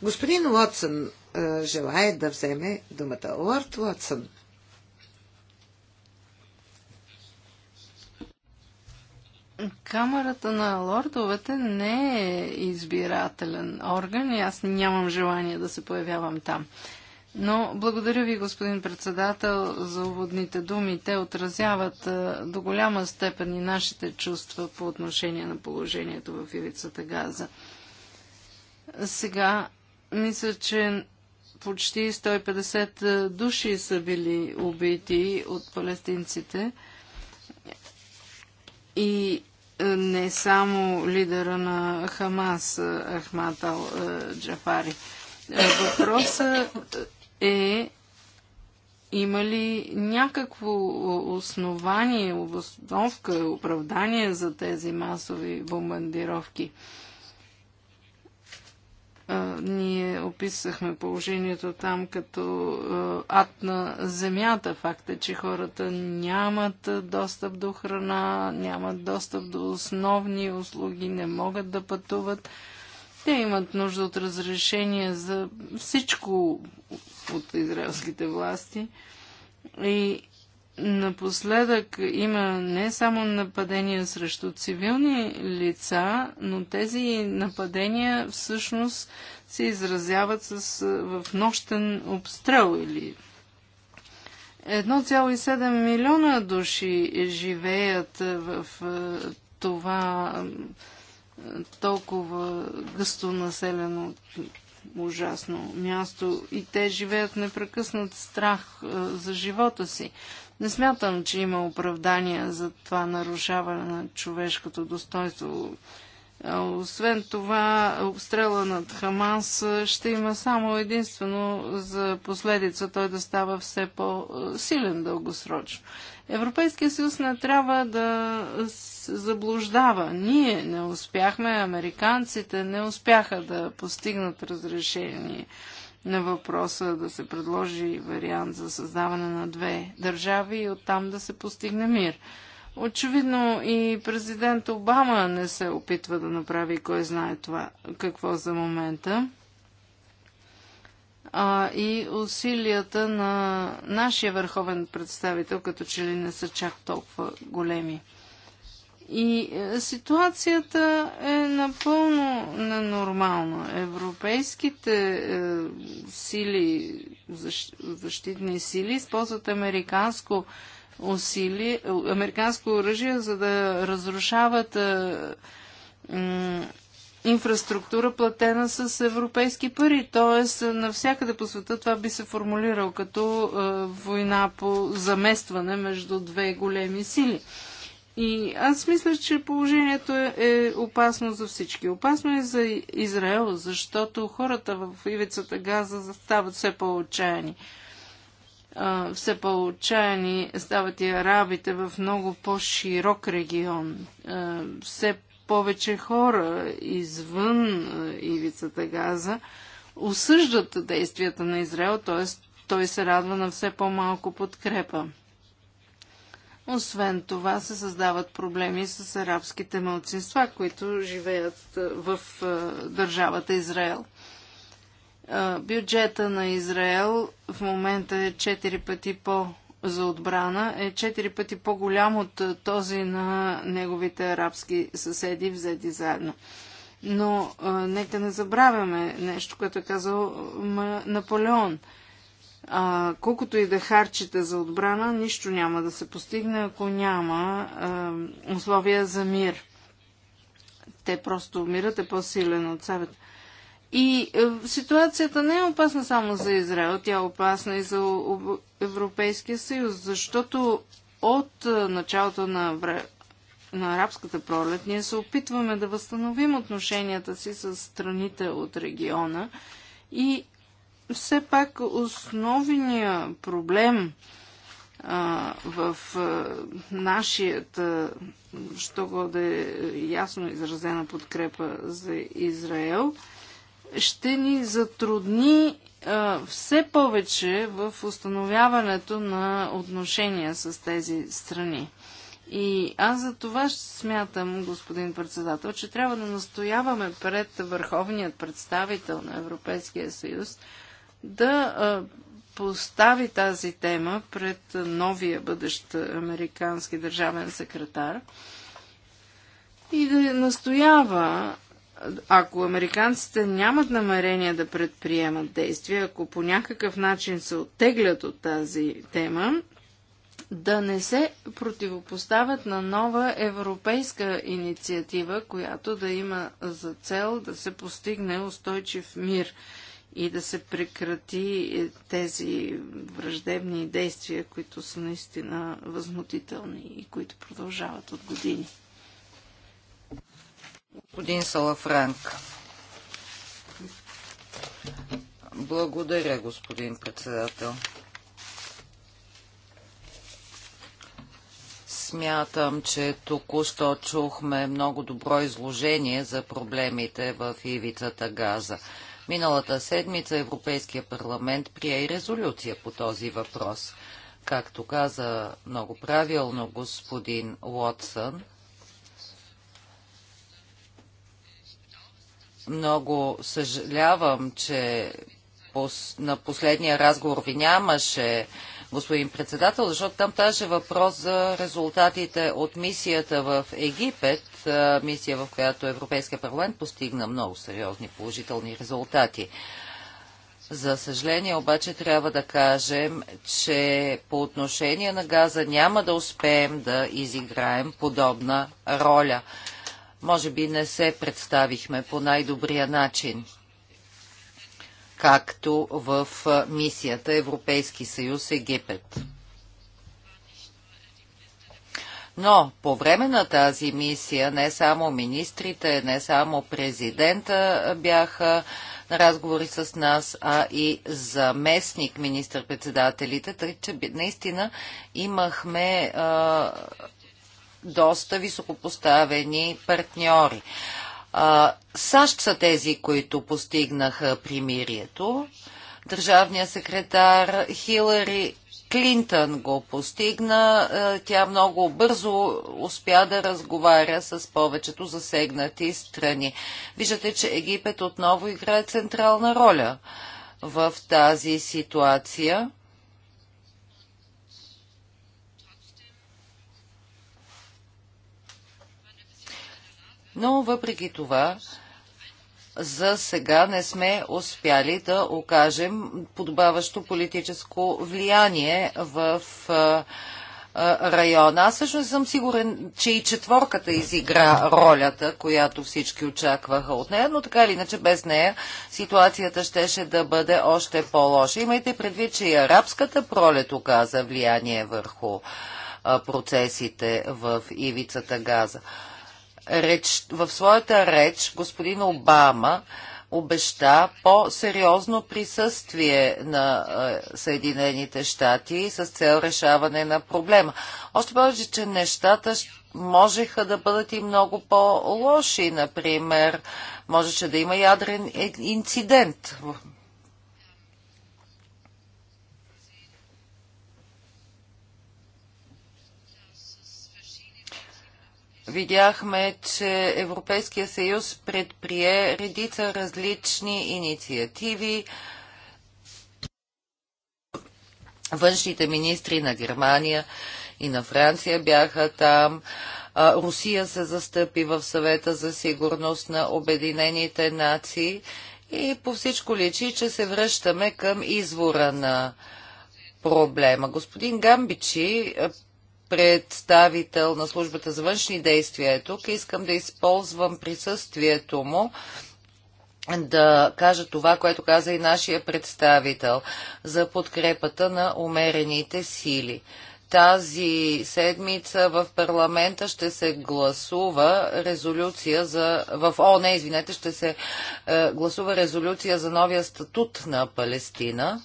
Господин Уотсън е, желая да вземе думата. Лорд Уотсън. Камерата на лордовете не е избирателен орган и аз нямам желание да се появявам там. Но благодаря ви, господин председател, за уводните думи. Те отразяват е, до голяма степен и нашите чувства по отношение на положението в Ивицата Газа. Сега, мисля, че почти 150 е, души са били убити от палестинците. И е, не само лидера на Хамас е, Ахматал Ал Джафари. Въпросът е има ли някакво основание, обосновка, оправдание за тези масови бомбардировки? ние описахме положението там като ад на земята. Факт е, че хората нямат достъп до храна, нямат достъп до основни услуги, не могат да пътуват. Те имат нужда от разрешение за всичко от израелските власти. И Напоследък има не само нападения срещу цивилни лица, но тези нападения всъщност се изразяват с, в нощен обстрел или 1,7 милиона души живеят в това толкова гъсто населено ужасно място и те живеят в непрекъснат страх за живота си. Не смятам, че има оправдания за това нарушаване на човешкото достоинство. Освен това, обстрела над Хамас ще има само единствено за последица той да става все по-силен дългосрочно. Европейския съюз не трябва да се заблуждава. Ние не успяхме, американците не успяха да постигнат разрешение на въпроса да се предложи вариант за създаване на две държави и оттам да се постигне мир. Очевидно и президент Обама не се опитва да направи кой знае това какво за момента. А, и усилията на нашия върховен представител като че ли не са чак толкова големи. И е, ситуацията е напълно ненормална. Европейските е, сили, защ, защитни сили използват американско усилие, е, американско оръжие, за да разрушават е, е, инфраструктура, платена с европейски пари. Тоест, е, навсякъде по света това би се формулирал като война по заместване между две големи сили. И аз мисля, че положението е, е, опасно за всички. Опасно е за Израел, защото хората в ивицата Газа стават все по-отчаяни. Все по-отчаяни стават и арабите в много по-широк регион. все повече хора извън ивицата Газа осъждат действията на Израел, т.е. той се радва на все по-малко подкрепа. Освен това се създават проблеми с арабските мълцинства, които живеят в държавата Израел. Бюджета на Израел в момента е 4 пъти по за отбрана е 4 пъти по-голям от този на неговите арабски съседи взети заедно. Но нека не забравяме нещо, което е казал Наполеон – а, колкото и да харчите за отбрана, нищо няма да се постигне, ако няма а, условия за мир. Те просто мирът е по-силен от себе. И е, ситуацията не е опасна само за Израел, тя е опасна и за Европейския съюз, защото от е, началото на, вре... на арабската пролет ние се опитваме да възстановим отношенията си с страните от региона и все пак основният проблем а, в а, нашият, що го да е ясно изразена подкрепа за Израел, ще ни затрудни а, все повече в установяването на отношения с тези страни. И аз за това смятам, господин председател, че трябва да настояваме пред върховният представител на Европейския съюз, да постави тази тема пред новия бъдещ американски държавен секретар и да настоява, ако американците нямат намерение да предприемат действия, ако по някакъв начин се оттеглят от тази тема, да не се противопоставят на нова европейска инициатива, която да има за цел да се постигне устойчив мир и да се прекрати е, тези враждебни действия, които са наистина възмутителни и които продължават от години. Господин Салафранк. Благодаря, господин председател. Смятам, че току-що чухме много добро изложение за проблемите в ивицата газа. Миналата седмица Европейския парламент прие и резолюция по този въпрос. Както каза много правилно господин Уотсън, много съжалявам, че на последния разговор ви нямаше господин председател, защото там тази въпрос за резултатите от мисията в Египет, мисия в която Европейския парламент постигна много сериозни положителни резултати. За съжаление обаче трябва да кажем, че по отношение на газа няма да успеем да изиграем подобна роля. Може би не се представихме по най-добрия начин както в мисията Европейски съюз Египет. Но по време на тази мисия не само министрите, не само президента бяха на разговори с нас, а и заместник министър-председателите, тъй че наистина имахме а, доста високопоставени партньори. А, САЩ са тези, които постигнаха примирието. Държавният секретар Хилари Клинтън го постигна. Тя много бързо успя да разговаря с повечето засегнати страни. Виждате, че Египет отново играе централна роля в тази ситуация. но въпреки това за сега не сме успяли да окажем подобаващо политическо влияние в района. Аз всъщност съм сигурен, че и четворката изигра ролята, която всички очакваха от нея, но така или иначе без нея ситуацията щеше да бъде още по-лоша. Имайте предвид, че и арабската пролет оказа влияние върху процесите в ивицата Газа реч, в своята реч господин Обама обеща по-сериозно присъствие на е, Съединените щати с цел решаване на проблема. Още повече, че нещата можеха да бъдат и много по-лоши. Например, можеше да има ядрен инцидент видяхме, че Европейския съюз предприе редица различни инициативи. Външните министри на Германия и на Франция бяха там. Русия се застъпи в съвета за сигурност на Обединените нации и по всичко личи, че се връщаме към извора на проблема. Господин Гамбичи представител на службата за външни действия е тук. Искам да използвам присъствието му да кажа това, което каза и нашия представител за подкрепата на умерените сили. Тази седмица в парламента ще се гласува резолюция за... В не, извинете, ще се е, гласува резолюция за новия статут на Палестина.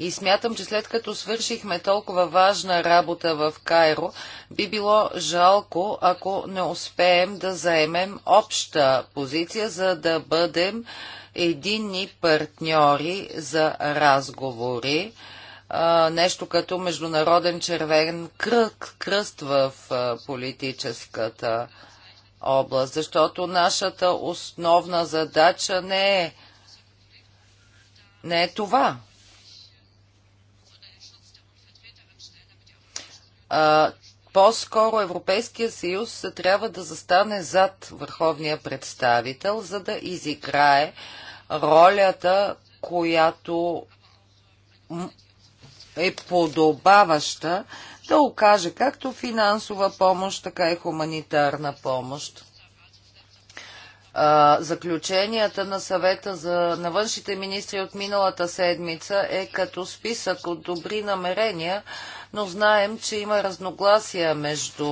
И смятам, че след като свършихме толкова важна работа в Кайро, би било жалко, ако не успеем да заемем обща позиция, за да бъдем единни партньори за разговори. нещо като Международен червен кръг, кръст в политическата област, защото нашата основна задача не е, не е това. по-скоро Европейския съюз трябва да застане зад върховния представител, за да изиграе ролята, която е подобаваща да окаже както финансова помощ, така и хуманитарна помощ. А, заключенията на съвета за, на външните министри от миналата седмица е като списък от добри намерения, но знаем, че има разногласия между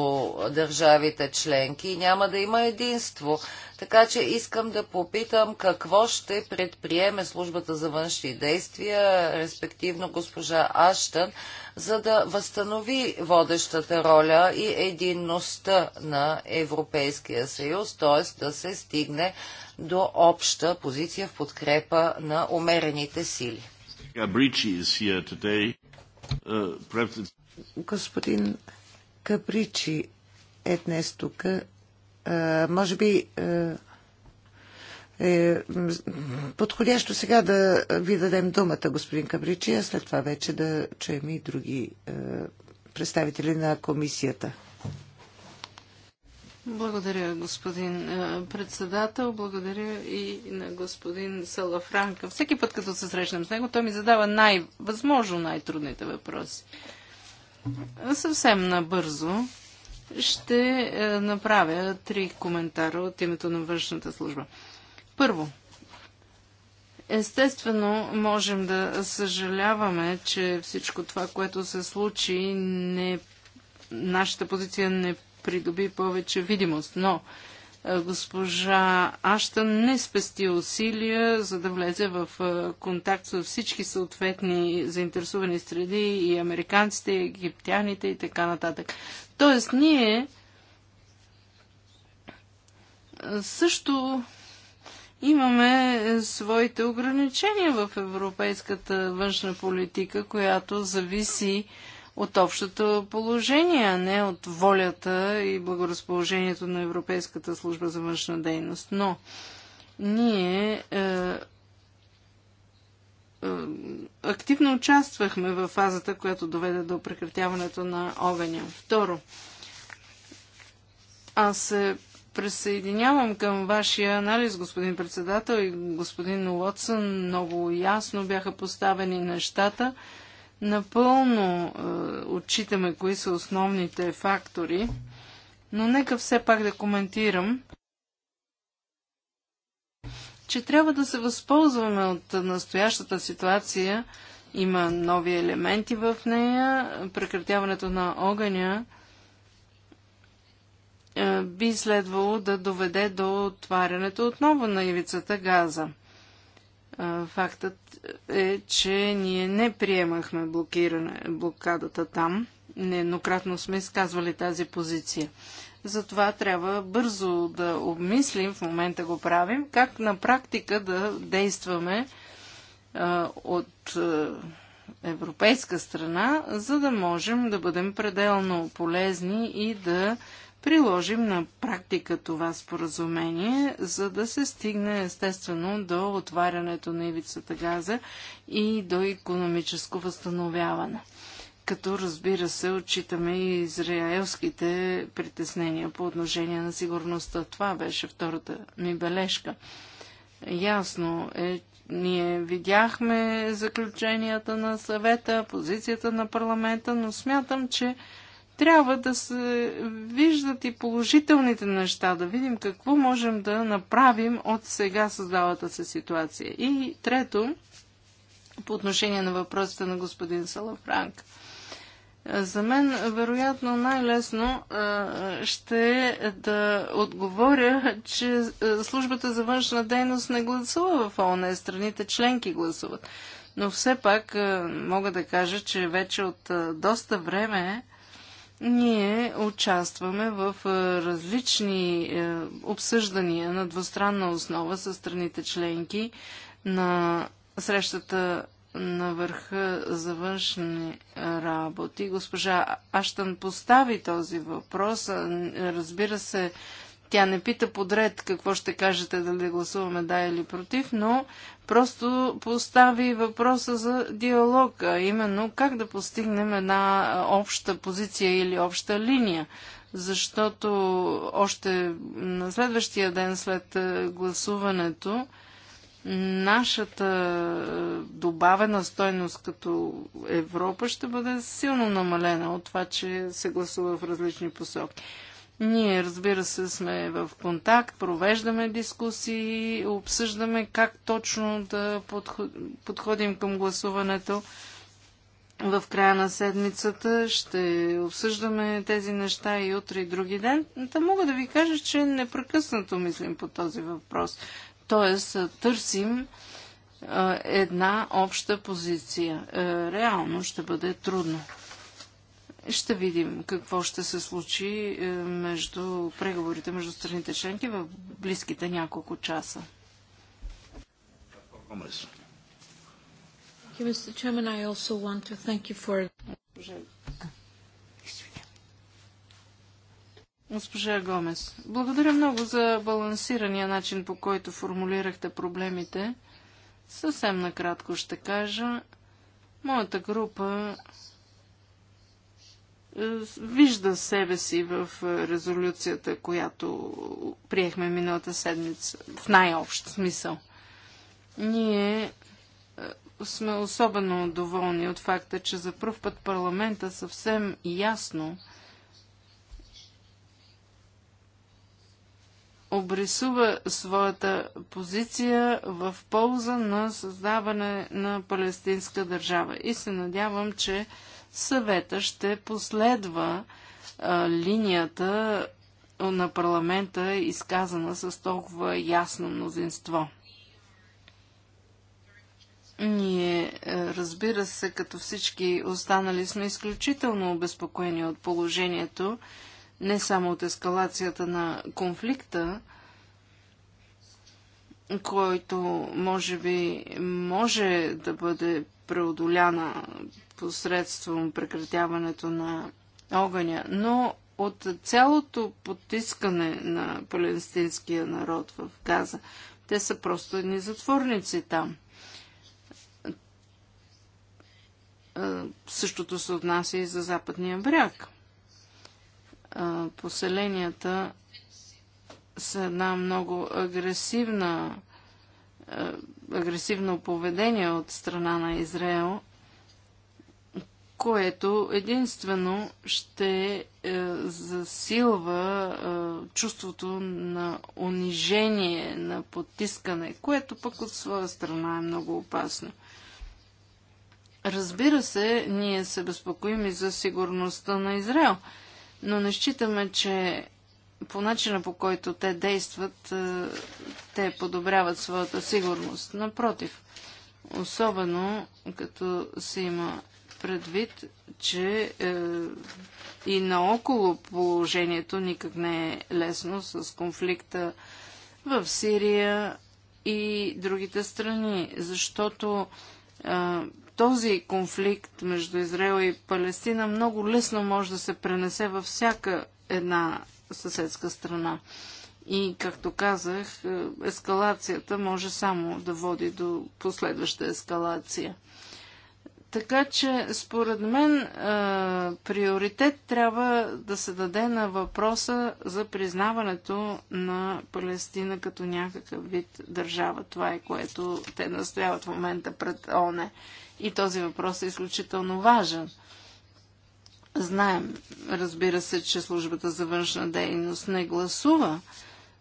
държавите членки и няма да има единство. Така че искам да попитам какво ще предприеме службата за външни действия, респективно госпожа Аштън, за да възстанови водещата роля и единността на Европейския съюз, т.е. да се стигне до обща позиция в подкрепа на умерените сили. Господин Капричи е днес тук. Може би е подходящо сега да ви дадем думата, господин Капричи, а след това вече да чуем и други представители на комисията. Благодаря, господин е, председател. Благодаря и на господин Салафранка. Всеки път, като се срещам с него, той ми задава най-възможно най-трудните въпроси. Съвсем набързо ще е, направя три коментара от името на външната служба. Първо, Естествено, можем да съжаляваме, че всичко това, което се случи, не, нашата позиция не придоби повече видимост. Но госпожа Аштън не спести усилия, за да влезе в контакт с всички съответни заинтересувани среди и американците, и египтяните и така нататък. Тоест, ние също имаме е, своите ограничения в европейската външна политика, която зависи от общото положение, а не от волята и благоразположението на Европейската служба за външна дейност. Но ние е, е, активно участвахме в фазата, която доведе до прекратяването на огъня. Второ, аз се присъединявам към вашия анализ, господин председател и господин Уотсън. Много ясно бяха поставени нещата. Напълно е, отчитаме кои са основните фактори, но нека все пак да коментирам, че трябва да се възползваме от настоящата ситуация. Има нови елементи в нея. Прекратяването на огъня е, би следвало да доведе до отварянето отново на ивицата газа. Фактът е, че ние не приемахме блокиране, блокадата там. Нееднократно сме изказвали тази позиция. Затова трябва бързо да обмислим, в момента го правим, как на практика да действаме а, от а, европейска страна, за да можем да бъдем пределно полезни и да приложим на практика това споразумение, за да се стигне естествено до отварянето на ивицата газа и до економическо възстановяване. Като разбира се, отчитаме и израелските притеснения по отношение на сигурността. Това беше втората ми бележка. Ясно е, ние видяхме заключенията на съвета, позицията на парламента, но смятам, че трябва да се виждат и положителните неща, да видим какво можем да направим от сега създалата се ситуация. И трето, по отношение на въпросите на господин Салафранк. За мен, вероятно, най-лесно ще е да отговоря, че службата за външна дейност не гласува в ООН, страните членки гласуват. Но все пак мога да кажа, че вече от доста време ние участваме в е, различни е, обсъждания на двустранна основа с страните членки на срещата на върха за външни работи. Госпожа Аштан постави този въпрос. Разбира се, тя не пита подред какво ще кажете дали гласуваме да или против, но просто постави въпроса за диалог, а именно как да постигнем една обща позиция или обща линия. Защото още на следващия ден след е, гласуването, нашата е, добавена стойност като Европа ще бъде силно намалена от това, че се гласува в различни посоки. Ние, разбира се, сме в контакт, провеждаме дискусии, обсъждаме как точно да подходим към гласуването. В края на седмицата ще обсъждаме тези неща и утре и други ден. Та мога да ви кажа, че непрекъснато мислим по този въпрос. Тоест, търсим една обща позиция. Е, реално ще бъде трудно. Ще видим какво ще се случи е, между преговорите между страните членки в близките няколко часа. Госпожа Гомес, благодаря много за балансирания начин, по който формулирахте проблемите. Съвсем накратко ще кажа. Моята група е, вижда себе си в е, резолюцията, която приехме миналата седмица, в най-общ смисъл. Ние е, сме особено доволни от факта, че за първ път парламента съвсем ясно обрисува своята позиция в полза на създаване на палестинска държава. И се надявам, че съвета ще последва а, линията на парламента, изказана с толкова ясно мнозинство. Ние, е, разбира се, като всички останали сме изключително обезпокоени от положението, не само от ескалацията на конфликта, който може би може да бъде преодоляна посредством прекратяването на огъня, но от цялото потискане на палестинския народ в Газа, те са просто едни затворници там. Същото се отнася и за Западния бряг. Поселенията с една много агресивна, е, агресивно поведение от страна на Израел, което единствено ще е, засилва е, чувството на унижение, на потискане, което пък от своя страна е много опасно. Разбира се, ние се безпокоим и за сигурността на Израел, но не считаме, че по начина по който те действат, е, те подобряват своята сигурност. Напротив, особено като се има предвид, че е, и наоколо положението никак не е лесно с конфликта в Сирия и другите страни, защото е, този конфликт между Израел и Палестина много лесно може да се пренесе във всяка една съседска страна. И, както казах, е, ескалацията може само да води до последваща ескалация. Така че, според мен, е, приоритет трябва да се даде на въпроса за признаването на Палестина като някакъв вид държава. Това е което те настояват в момента пред ОНЕ. И този въпрос е изключително важен. Знаем, разбира се, че службата за външна дейност не гласува,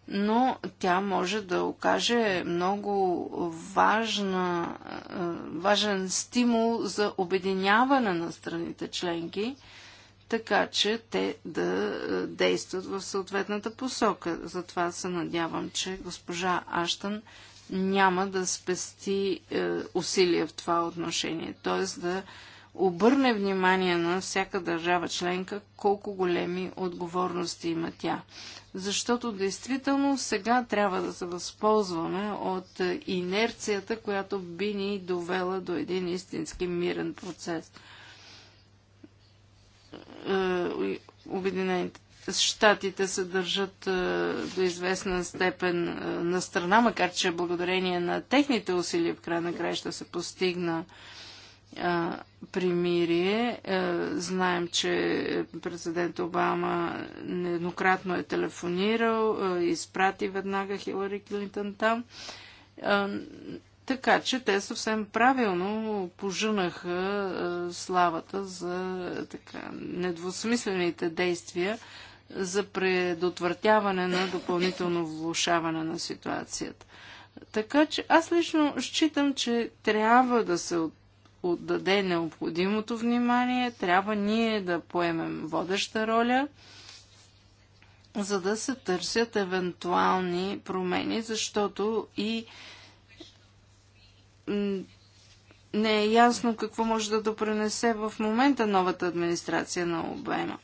но тя може да окаже много важна, е, важен стимул за обединяване на страните членки, така че те да е, действат в съответната посока. Затова се надявам, че госпожа Аштън няма да спести е, усилия в това отношение, т.е. да обърне внимание на всяка държава членка колко големи отговорности има тя. Защото действително сега трябва да се възползваме от инерцията, която би ни довела до един истински мирен процес. Е, Обединените щатите се държат е, до известна степен е, на страна, макар че благодарение на техните усилия в край на края ще се постигна примирие. Знаем, че президент Обама нееднократно е телефонирал, изпрати веднага Хилари Клинтон там. Така че те съвсем правилно пожънаха славата за така, недвусмислените действия за предотвратяване на допълнително влушаване на ситуацията. Така че аз лично считам, че трябва да се отдаде необходимото внимание, трябва ние да поемем водеща роля, за да се търсят евентуални промени, защото и не е ясно какво може да допренесе в момента новата администрация на обема.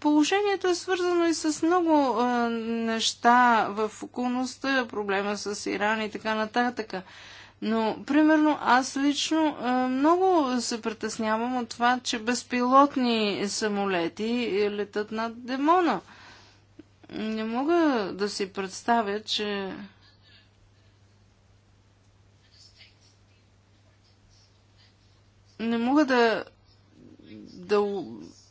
Положението е свързано и с много неща в околността, проблема с Иран и така нататък. Но, примерно, аз лично много се притеснявам от това, че безпилотни самолети летат над демона. Не мога да си представя, че не мога да, да,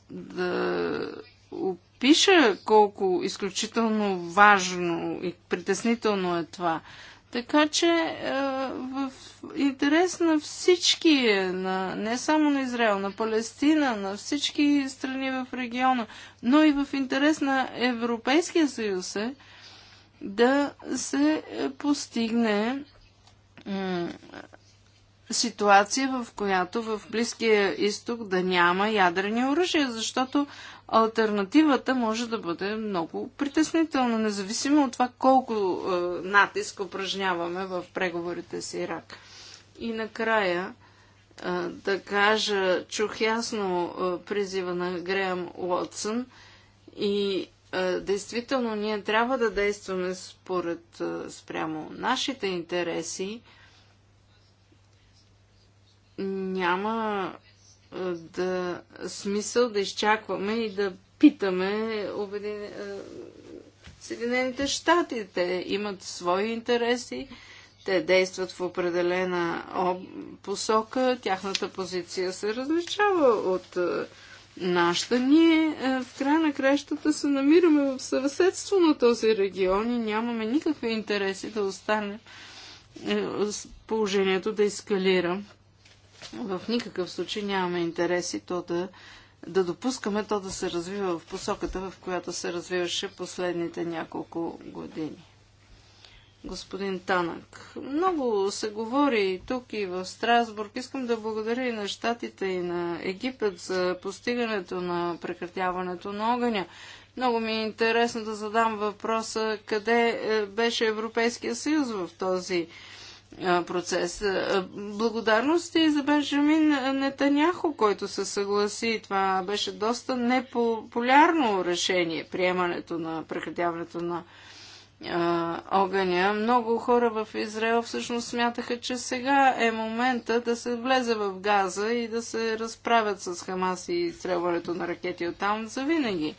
да опиша колко изключително важно и притеснително е това. Така че е, в интерес на всички, на, не само на Израел, на Палестина, на всички страни в региона, но и в интерес на Европейския съюз е да се е, постигне ситуация, в която в Близкия изток да няма ядрени оръжия, защото альтернативата може да бъде много притеснителна, независимо от това колко е, натиск упражняваме в преговорите с Ирак. И накрая е, да кажа, чух ясно е, призива на Греъм Уотсън и е, действително ние трябва да действаме според е, спрямо нашите интереси, няма да смисъл да изчакваме и да питаме обедин... Съединените щати. Те имат свои интереси, те действат в определена посока, тяхната позиция се различава от нашата. Ние в края на крещата се намираме в съвседство на този регион и нямаме никакви интереси да остане положението да ескалира в никакъв случай нямаме интереси то да, да допускаме то да се развива в посоката, в която се развиваше последните няколко години. Господин Танък, много се говори и тук и в Страсбург. Искам да благодаря и на Штатите и на Египет за постигането на прекратяването на огъня. Много ми е интересно да задам въпроса къде е, беше Европейския съюз в този процес. Благодарност и за Бенджамин Нетаняхо, който се съгласи. Това беше доста непопулярно решение, приемането на прекратяването на а, огъня. Много хора в Израел всъщност смятаха, че сега е момента да се влезе в Газа и да се разправят с Хамас и стрелването на ракети оттам завинаги. винаги.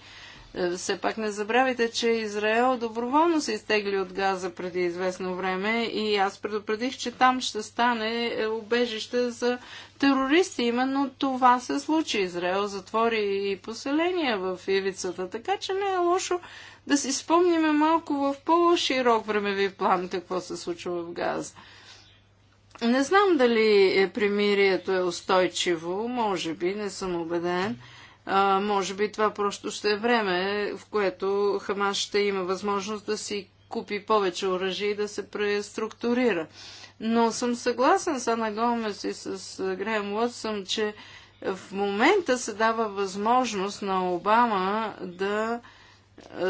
Е, все пак не забравяйте, че Израел доброволно се изтегли от Газа преди известно време и аз предупредих, че там ще стане е, убежище за терористи. Именно това се случи. Израел затвори и поселения в ивицата, така че не е лошо да си спомниме малко в по-широк времеви план какво се случва в Газа. Не знам дали е, примирието е устойчиво, може би, не съм убеден. А, може би това просто ще е време, в което Хамас ще има възможност да си купи повече оръжие и да се преструктурира. Но съм съгласен с Ана Гомес и с Греем Уотсъм, че в момента се дава възможност на Обама да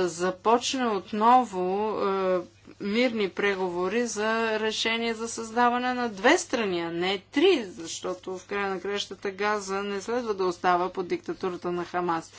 започне отново е, мирни преговори за решение за създаване на две страни, а не три, защото в края на крещата Газа не следва да остава под диктатурата на Хамас.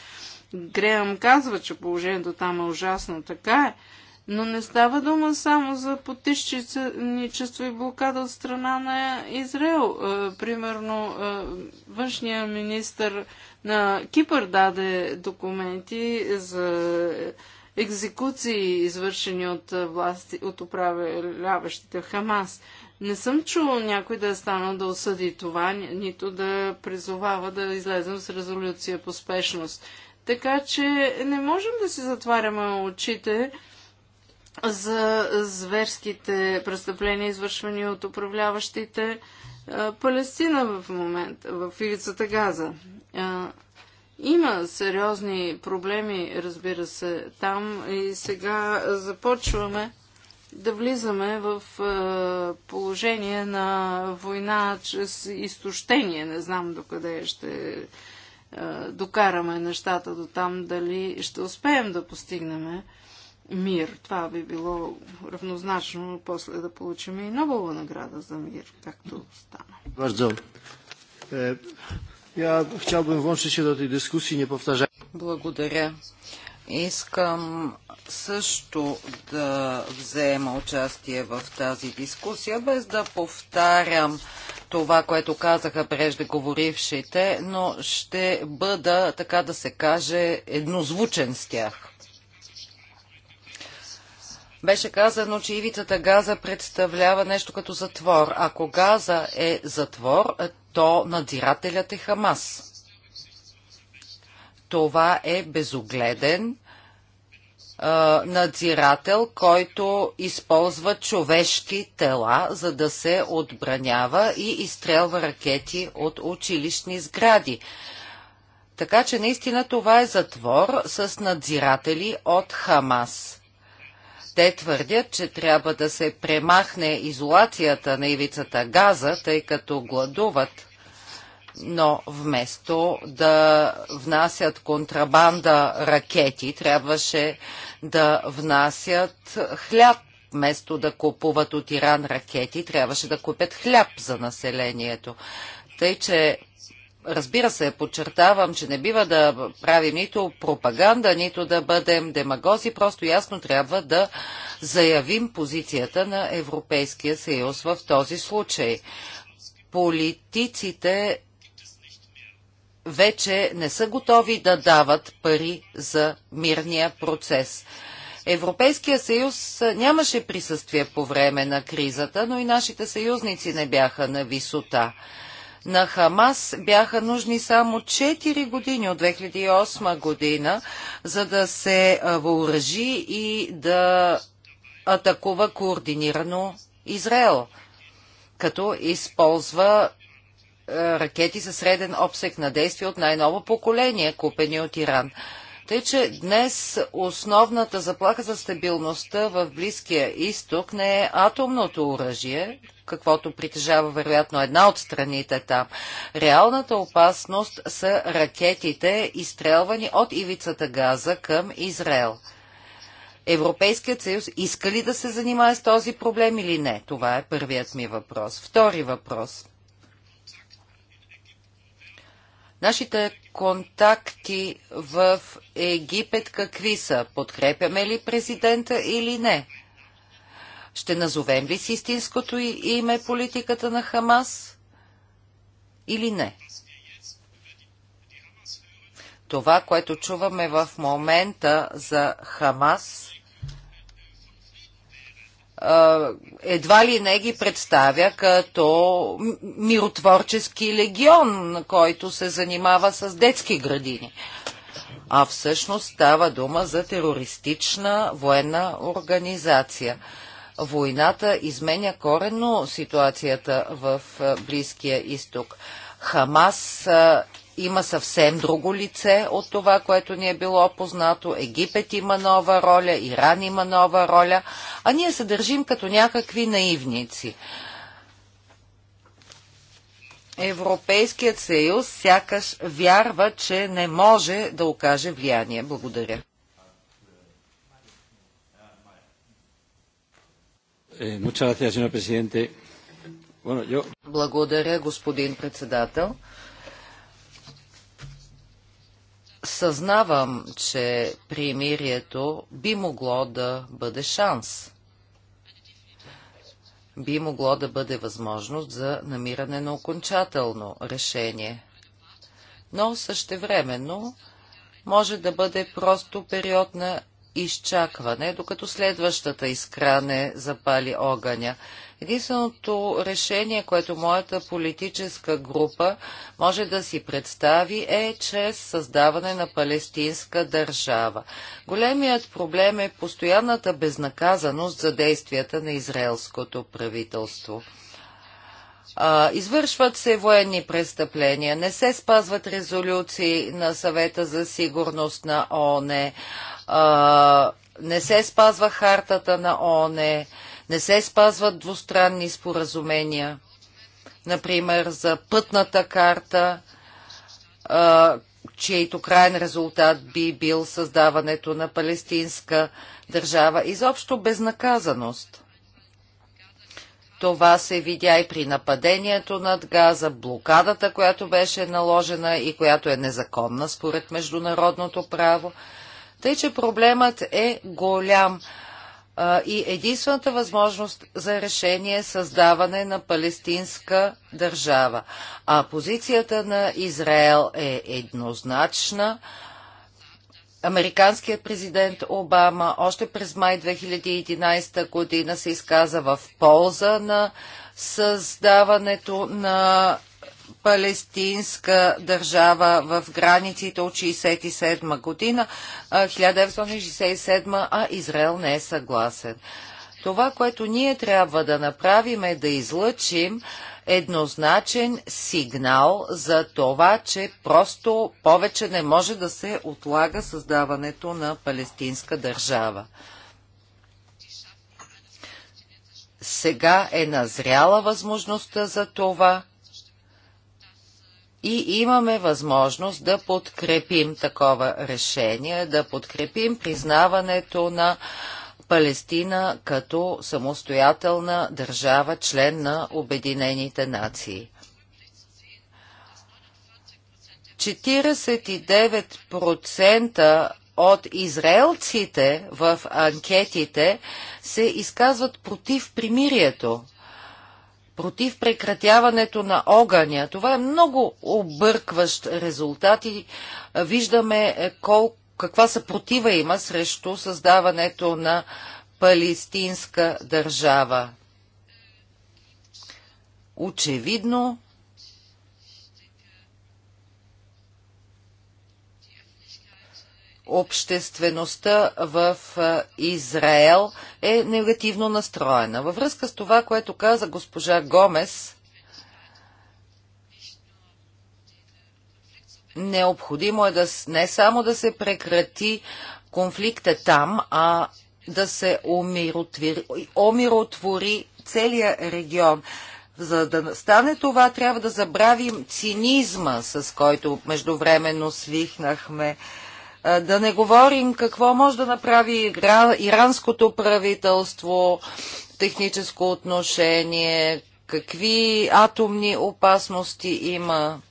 Греъм казва, че положението там е ужасно, така е, но не става дума само за потищничество и блокада от страна на Израел. Е, примерно, е, външния министр на Кипър даде документи за екзекуции, извършени от власти, от управляващите Хамас. Не съм чул някой да е станал да осъди това, нито да призовава да излезем с резолюция по спешност. Така че не можем да си затваряме очите за зверските престъпления, извършвани от управляващите Палестина в момента, в ивицата Газа. Има сериозни проблеми, разбира се, там и сега започваме да влизаме в е, положение на война чрез изтощение. Не знам докъде ще е, докараме нещата до там, дали ще успеем да постигнем мир. Това би било равнозначно после да получим и Нобелова награда за мир, както стана. Ja chciałbym włączyć się do tej dyskusji, Благодаря. Искам също да взема участие в тази дискусия, без да повтарям това, което казаха преждеговорившите, но ще бъда, така да се каже, еднозвучен с тях. Беше казано, че ивицата газа представлява нещо като затвор. Ако газа е затвор, то надзирателят е Хамас. Това е безогледен а, надзирател, който използва човешки тела, за да се отбранява и изстрелва ракети от училищни сгради. Така че наистина това е затвор с надзиратели от Хамас. Те твърдят, че трябва да се премахне изолацията на ивицата газа, тъй като гладуват но вместо да внасят контрабанда ракети, трябваше да внасят хляб. Вместо да купуват от Иран ракети, трябваше да купят хляб за населението. Тъй, че Разбира се, подчертавам, че не бива да правим нито пропаганда, нито да бъдем демагози, просто ясно трябва да заявим позицията на Европейския съюз в този случай. Политиците вече не са готови да дават пари за мирния процес. Европейския съюз нямаше присъствие по време на кризата, но и нашите съюзници не бяха на висота на Хамас бяха нужни само 4 години от 2008 година, за да се въоръжи и да атакува координирано Израел, като използва ракети със среден обсек на действие от най-ново поколение, купени от Иран. Тъй, че днес основната заплаха за стабилността в Близкия изток не е атомното оръжие, каквото притежава вероятно една от страните там. Реалната опасност са ракетите, изстрелвани от ивицата Газа към Израел. Европейският съюз иска ли да се занимае с този проблем или не? Това е първият ми въпрос. Втори въпрос. Нашите контакти в Египет какви са? Подкрепяме ли президента или не? Ще назовем ли с истинското име политиката на Хамас или не? Това, което чуваме в момента за Хамас, едва ли не ги представя като миротворчески легион, който се занимава с детски градини. А всъщност става дума за терористична военна организация. Войната изменя коренно ситуацията в Близкия изток. Хамас има съвсем друго лице от това, което ни е било познато. Египет има нова роля, Иран има нова роля, а ние се държим като някакви наивници. Европейският съюз сякаш вярва, че не може да окаже влияние. Благодаря. Eh, Благодаря, господин председател. Съзнавам, че примирието би могло да бъде шанс. Би могло да бъде възможност за намиране на окончателно решение. Но същевременно може да бъде просто период на изчакване, докато следващата искра не запали огъня. Единственото решение, което моята политическа група може да си представи е чрез създаване на палестинска държава. Големият проблем е постоянната безнаказаност за действията на израелското правителство. А, извършват се военни престъпления, не се спазват резолюции на съвета за сигурност на ОНЕ, а, не се спазва хартата на ОНЕ, не се спазват двустранни споразумения, например за пътната карта, а, чието крайен резултат би бил създаването на палестинска държава. Изобщо безнаказаност. Това се видя и при нападението над Газа, блокадата, която беше наложена и която е незаконна според международното право. Тъй, че проблемът е голям а, и единствената възможност за решение е създаване на палестинска държава. А позицията на Израел е еднозначна. Американският президент Обама още през май 2011 година се изказа в полза на създаването на палестинска държава в границите от 1967 година, 1967, а Израел не е съгласен. Това, което ние трябва да направим е да излъчим еднозначен сигнал за това, че просто повече не може да се отлага създаването на палестинска държава. Сега е назряла възможността за това и имаме възможност да подкрепим такова решение, да подкрепим признаването на Палестина като самостоятелна държава, член на Обединените нации. 49% от израелците в анкетите се изказват против примирието, против прекратяването на огъня. Това е много объркващ резултат и виждаме колко каква съпротива има срещу създаването на палестинска държава. Очевидно, обществеността в Израел е негативно настроена. Във връзка с това, което каза госпожа Гомес, Необходимо е да не само да се прекрати конфликта там, а да се омиротвори, целият регион. За да стане това, трябва да забравим цинизма, с който междувременно свихнахме. Да не говорим какво може да направи иранското правителство, техническо отношение, какви атомни опасности има.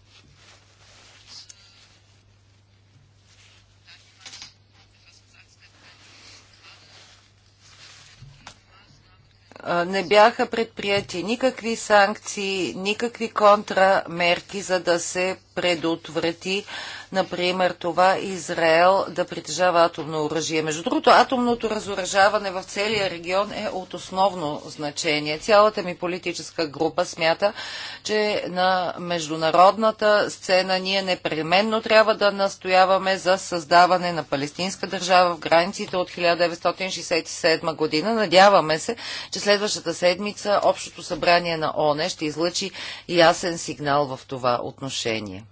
не бяха предприяти никакви санкции, никакви контрамерки, за да се предотврати, например, това Израел да притежава атомно оръжие. Между другото, атомното разоръжаване в целия регион е от основно значение. Цялата ми политическа група смята, че на международната сцена ние непременно трябва да настояваме за създаване на палестинска държава в границите от 1967 година. Надяваме се, че следващата седмица Общото събрание на ОНЕ ще излъчи ясен сигнал в това отношение.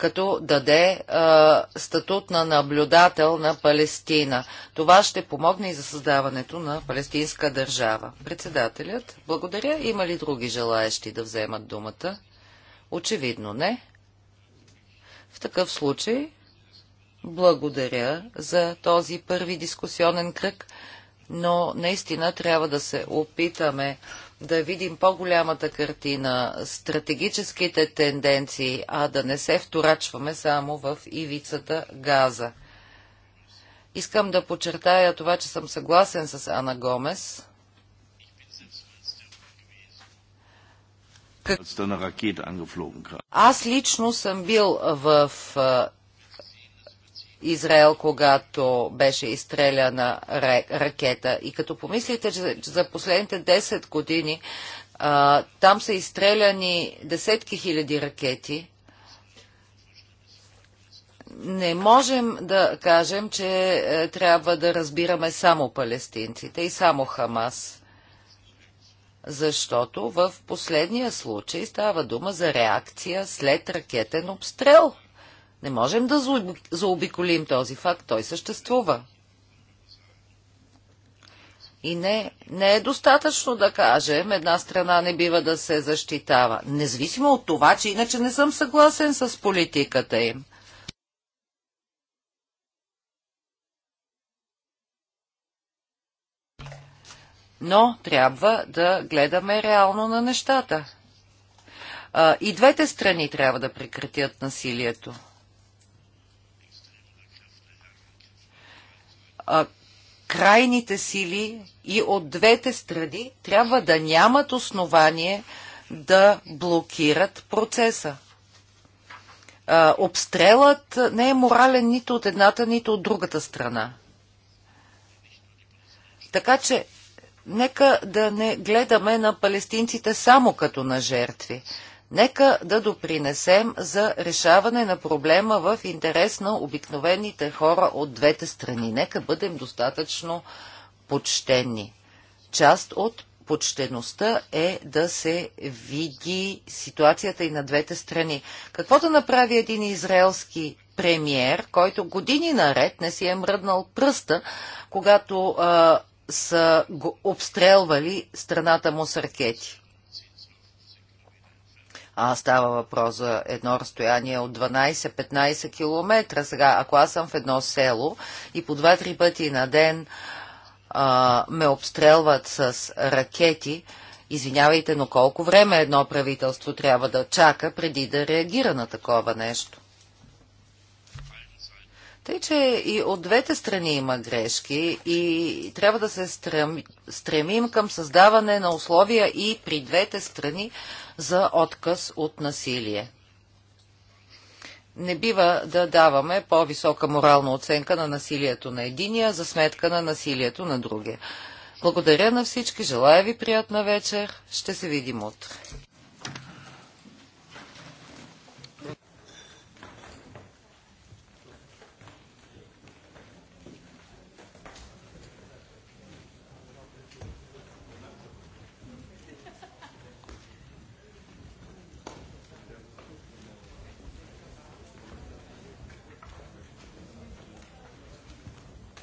като даде а, статут на наблюдател на Палестина. Това ще помогне и за създаването на палестинска държава. Председателят, благодаря. Има ли други желаещи да вземат думата? Очевидно не. В такъв случай, благодаря за този първи дискусионен кръг, но наистина трябва да се опитаме да видим по-голямата картина, стратегическите тенденции, а да не се вторачваме само в ивицата газа. Искам да подчертая това, че съм съгласен с Ана Гомес. Как... Аз лично съм бил в Израел, когато беше изстреляна ракета. И като помислите, че за последните 10 години а, там са изстреляни десетки хиляди ракети, не можем да кажем, че е, трябва да разбираме само палестинците и само Хамас. Защото в последния случай става дума за реакция след ракетен обстрел. Не можем да заобиколим този факт, той съществува. И не, не е достатъчно да кажем, една страна не бива да се защитава, независимо от това, че иначе не съм съгласен с политиката им. Но трябва да гледаме реално на нещата. И двете страни трябва да прекратят насилието. а, крайните сили и от двете страни трябва да нямат основание да блокират процеса. А, обстрелът не е морален нито от едната, нито от другата страна. Така че, нека да не гледаме на палестинците само като на жертви. Нека да допринесем за решаване на проблема в интерес на обикновените хора от двете страни. Нека бъдем достатъчно почтени. Част от почтеността е да се види ситуацията и на двете страни. Какво да направи един израелски премьер, който години наред не си е мръднал пръста, когато а, са го обстрелвали страната му с ракети? а става въпрос за едно разстояние от 12-15 км. Сега, ако аз съм в едно село и по 2-3 пъти на ден а, ме обстрелват с ракети, извинявайте, но колко време едно правителство трябва да чака преди да реагира на такова нещо? Тъй, че и от двете страни има грешки и трябва да се стремим към създаване на условия и при двете страни за отказ от насилие. Не бива да даваме по-висока морална оценка на насилието на единия за сметка на насилието на другия. Благодаря на всички, желая ви приятна вечер, ще се видим утре.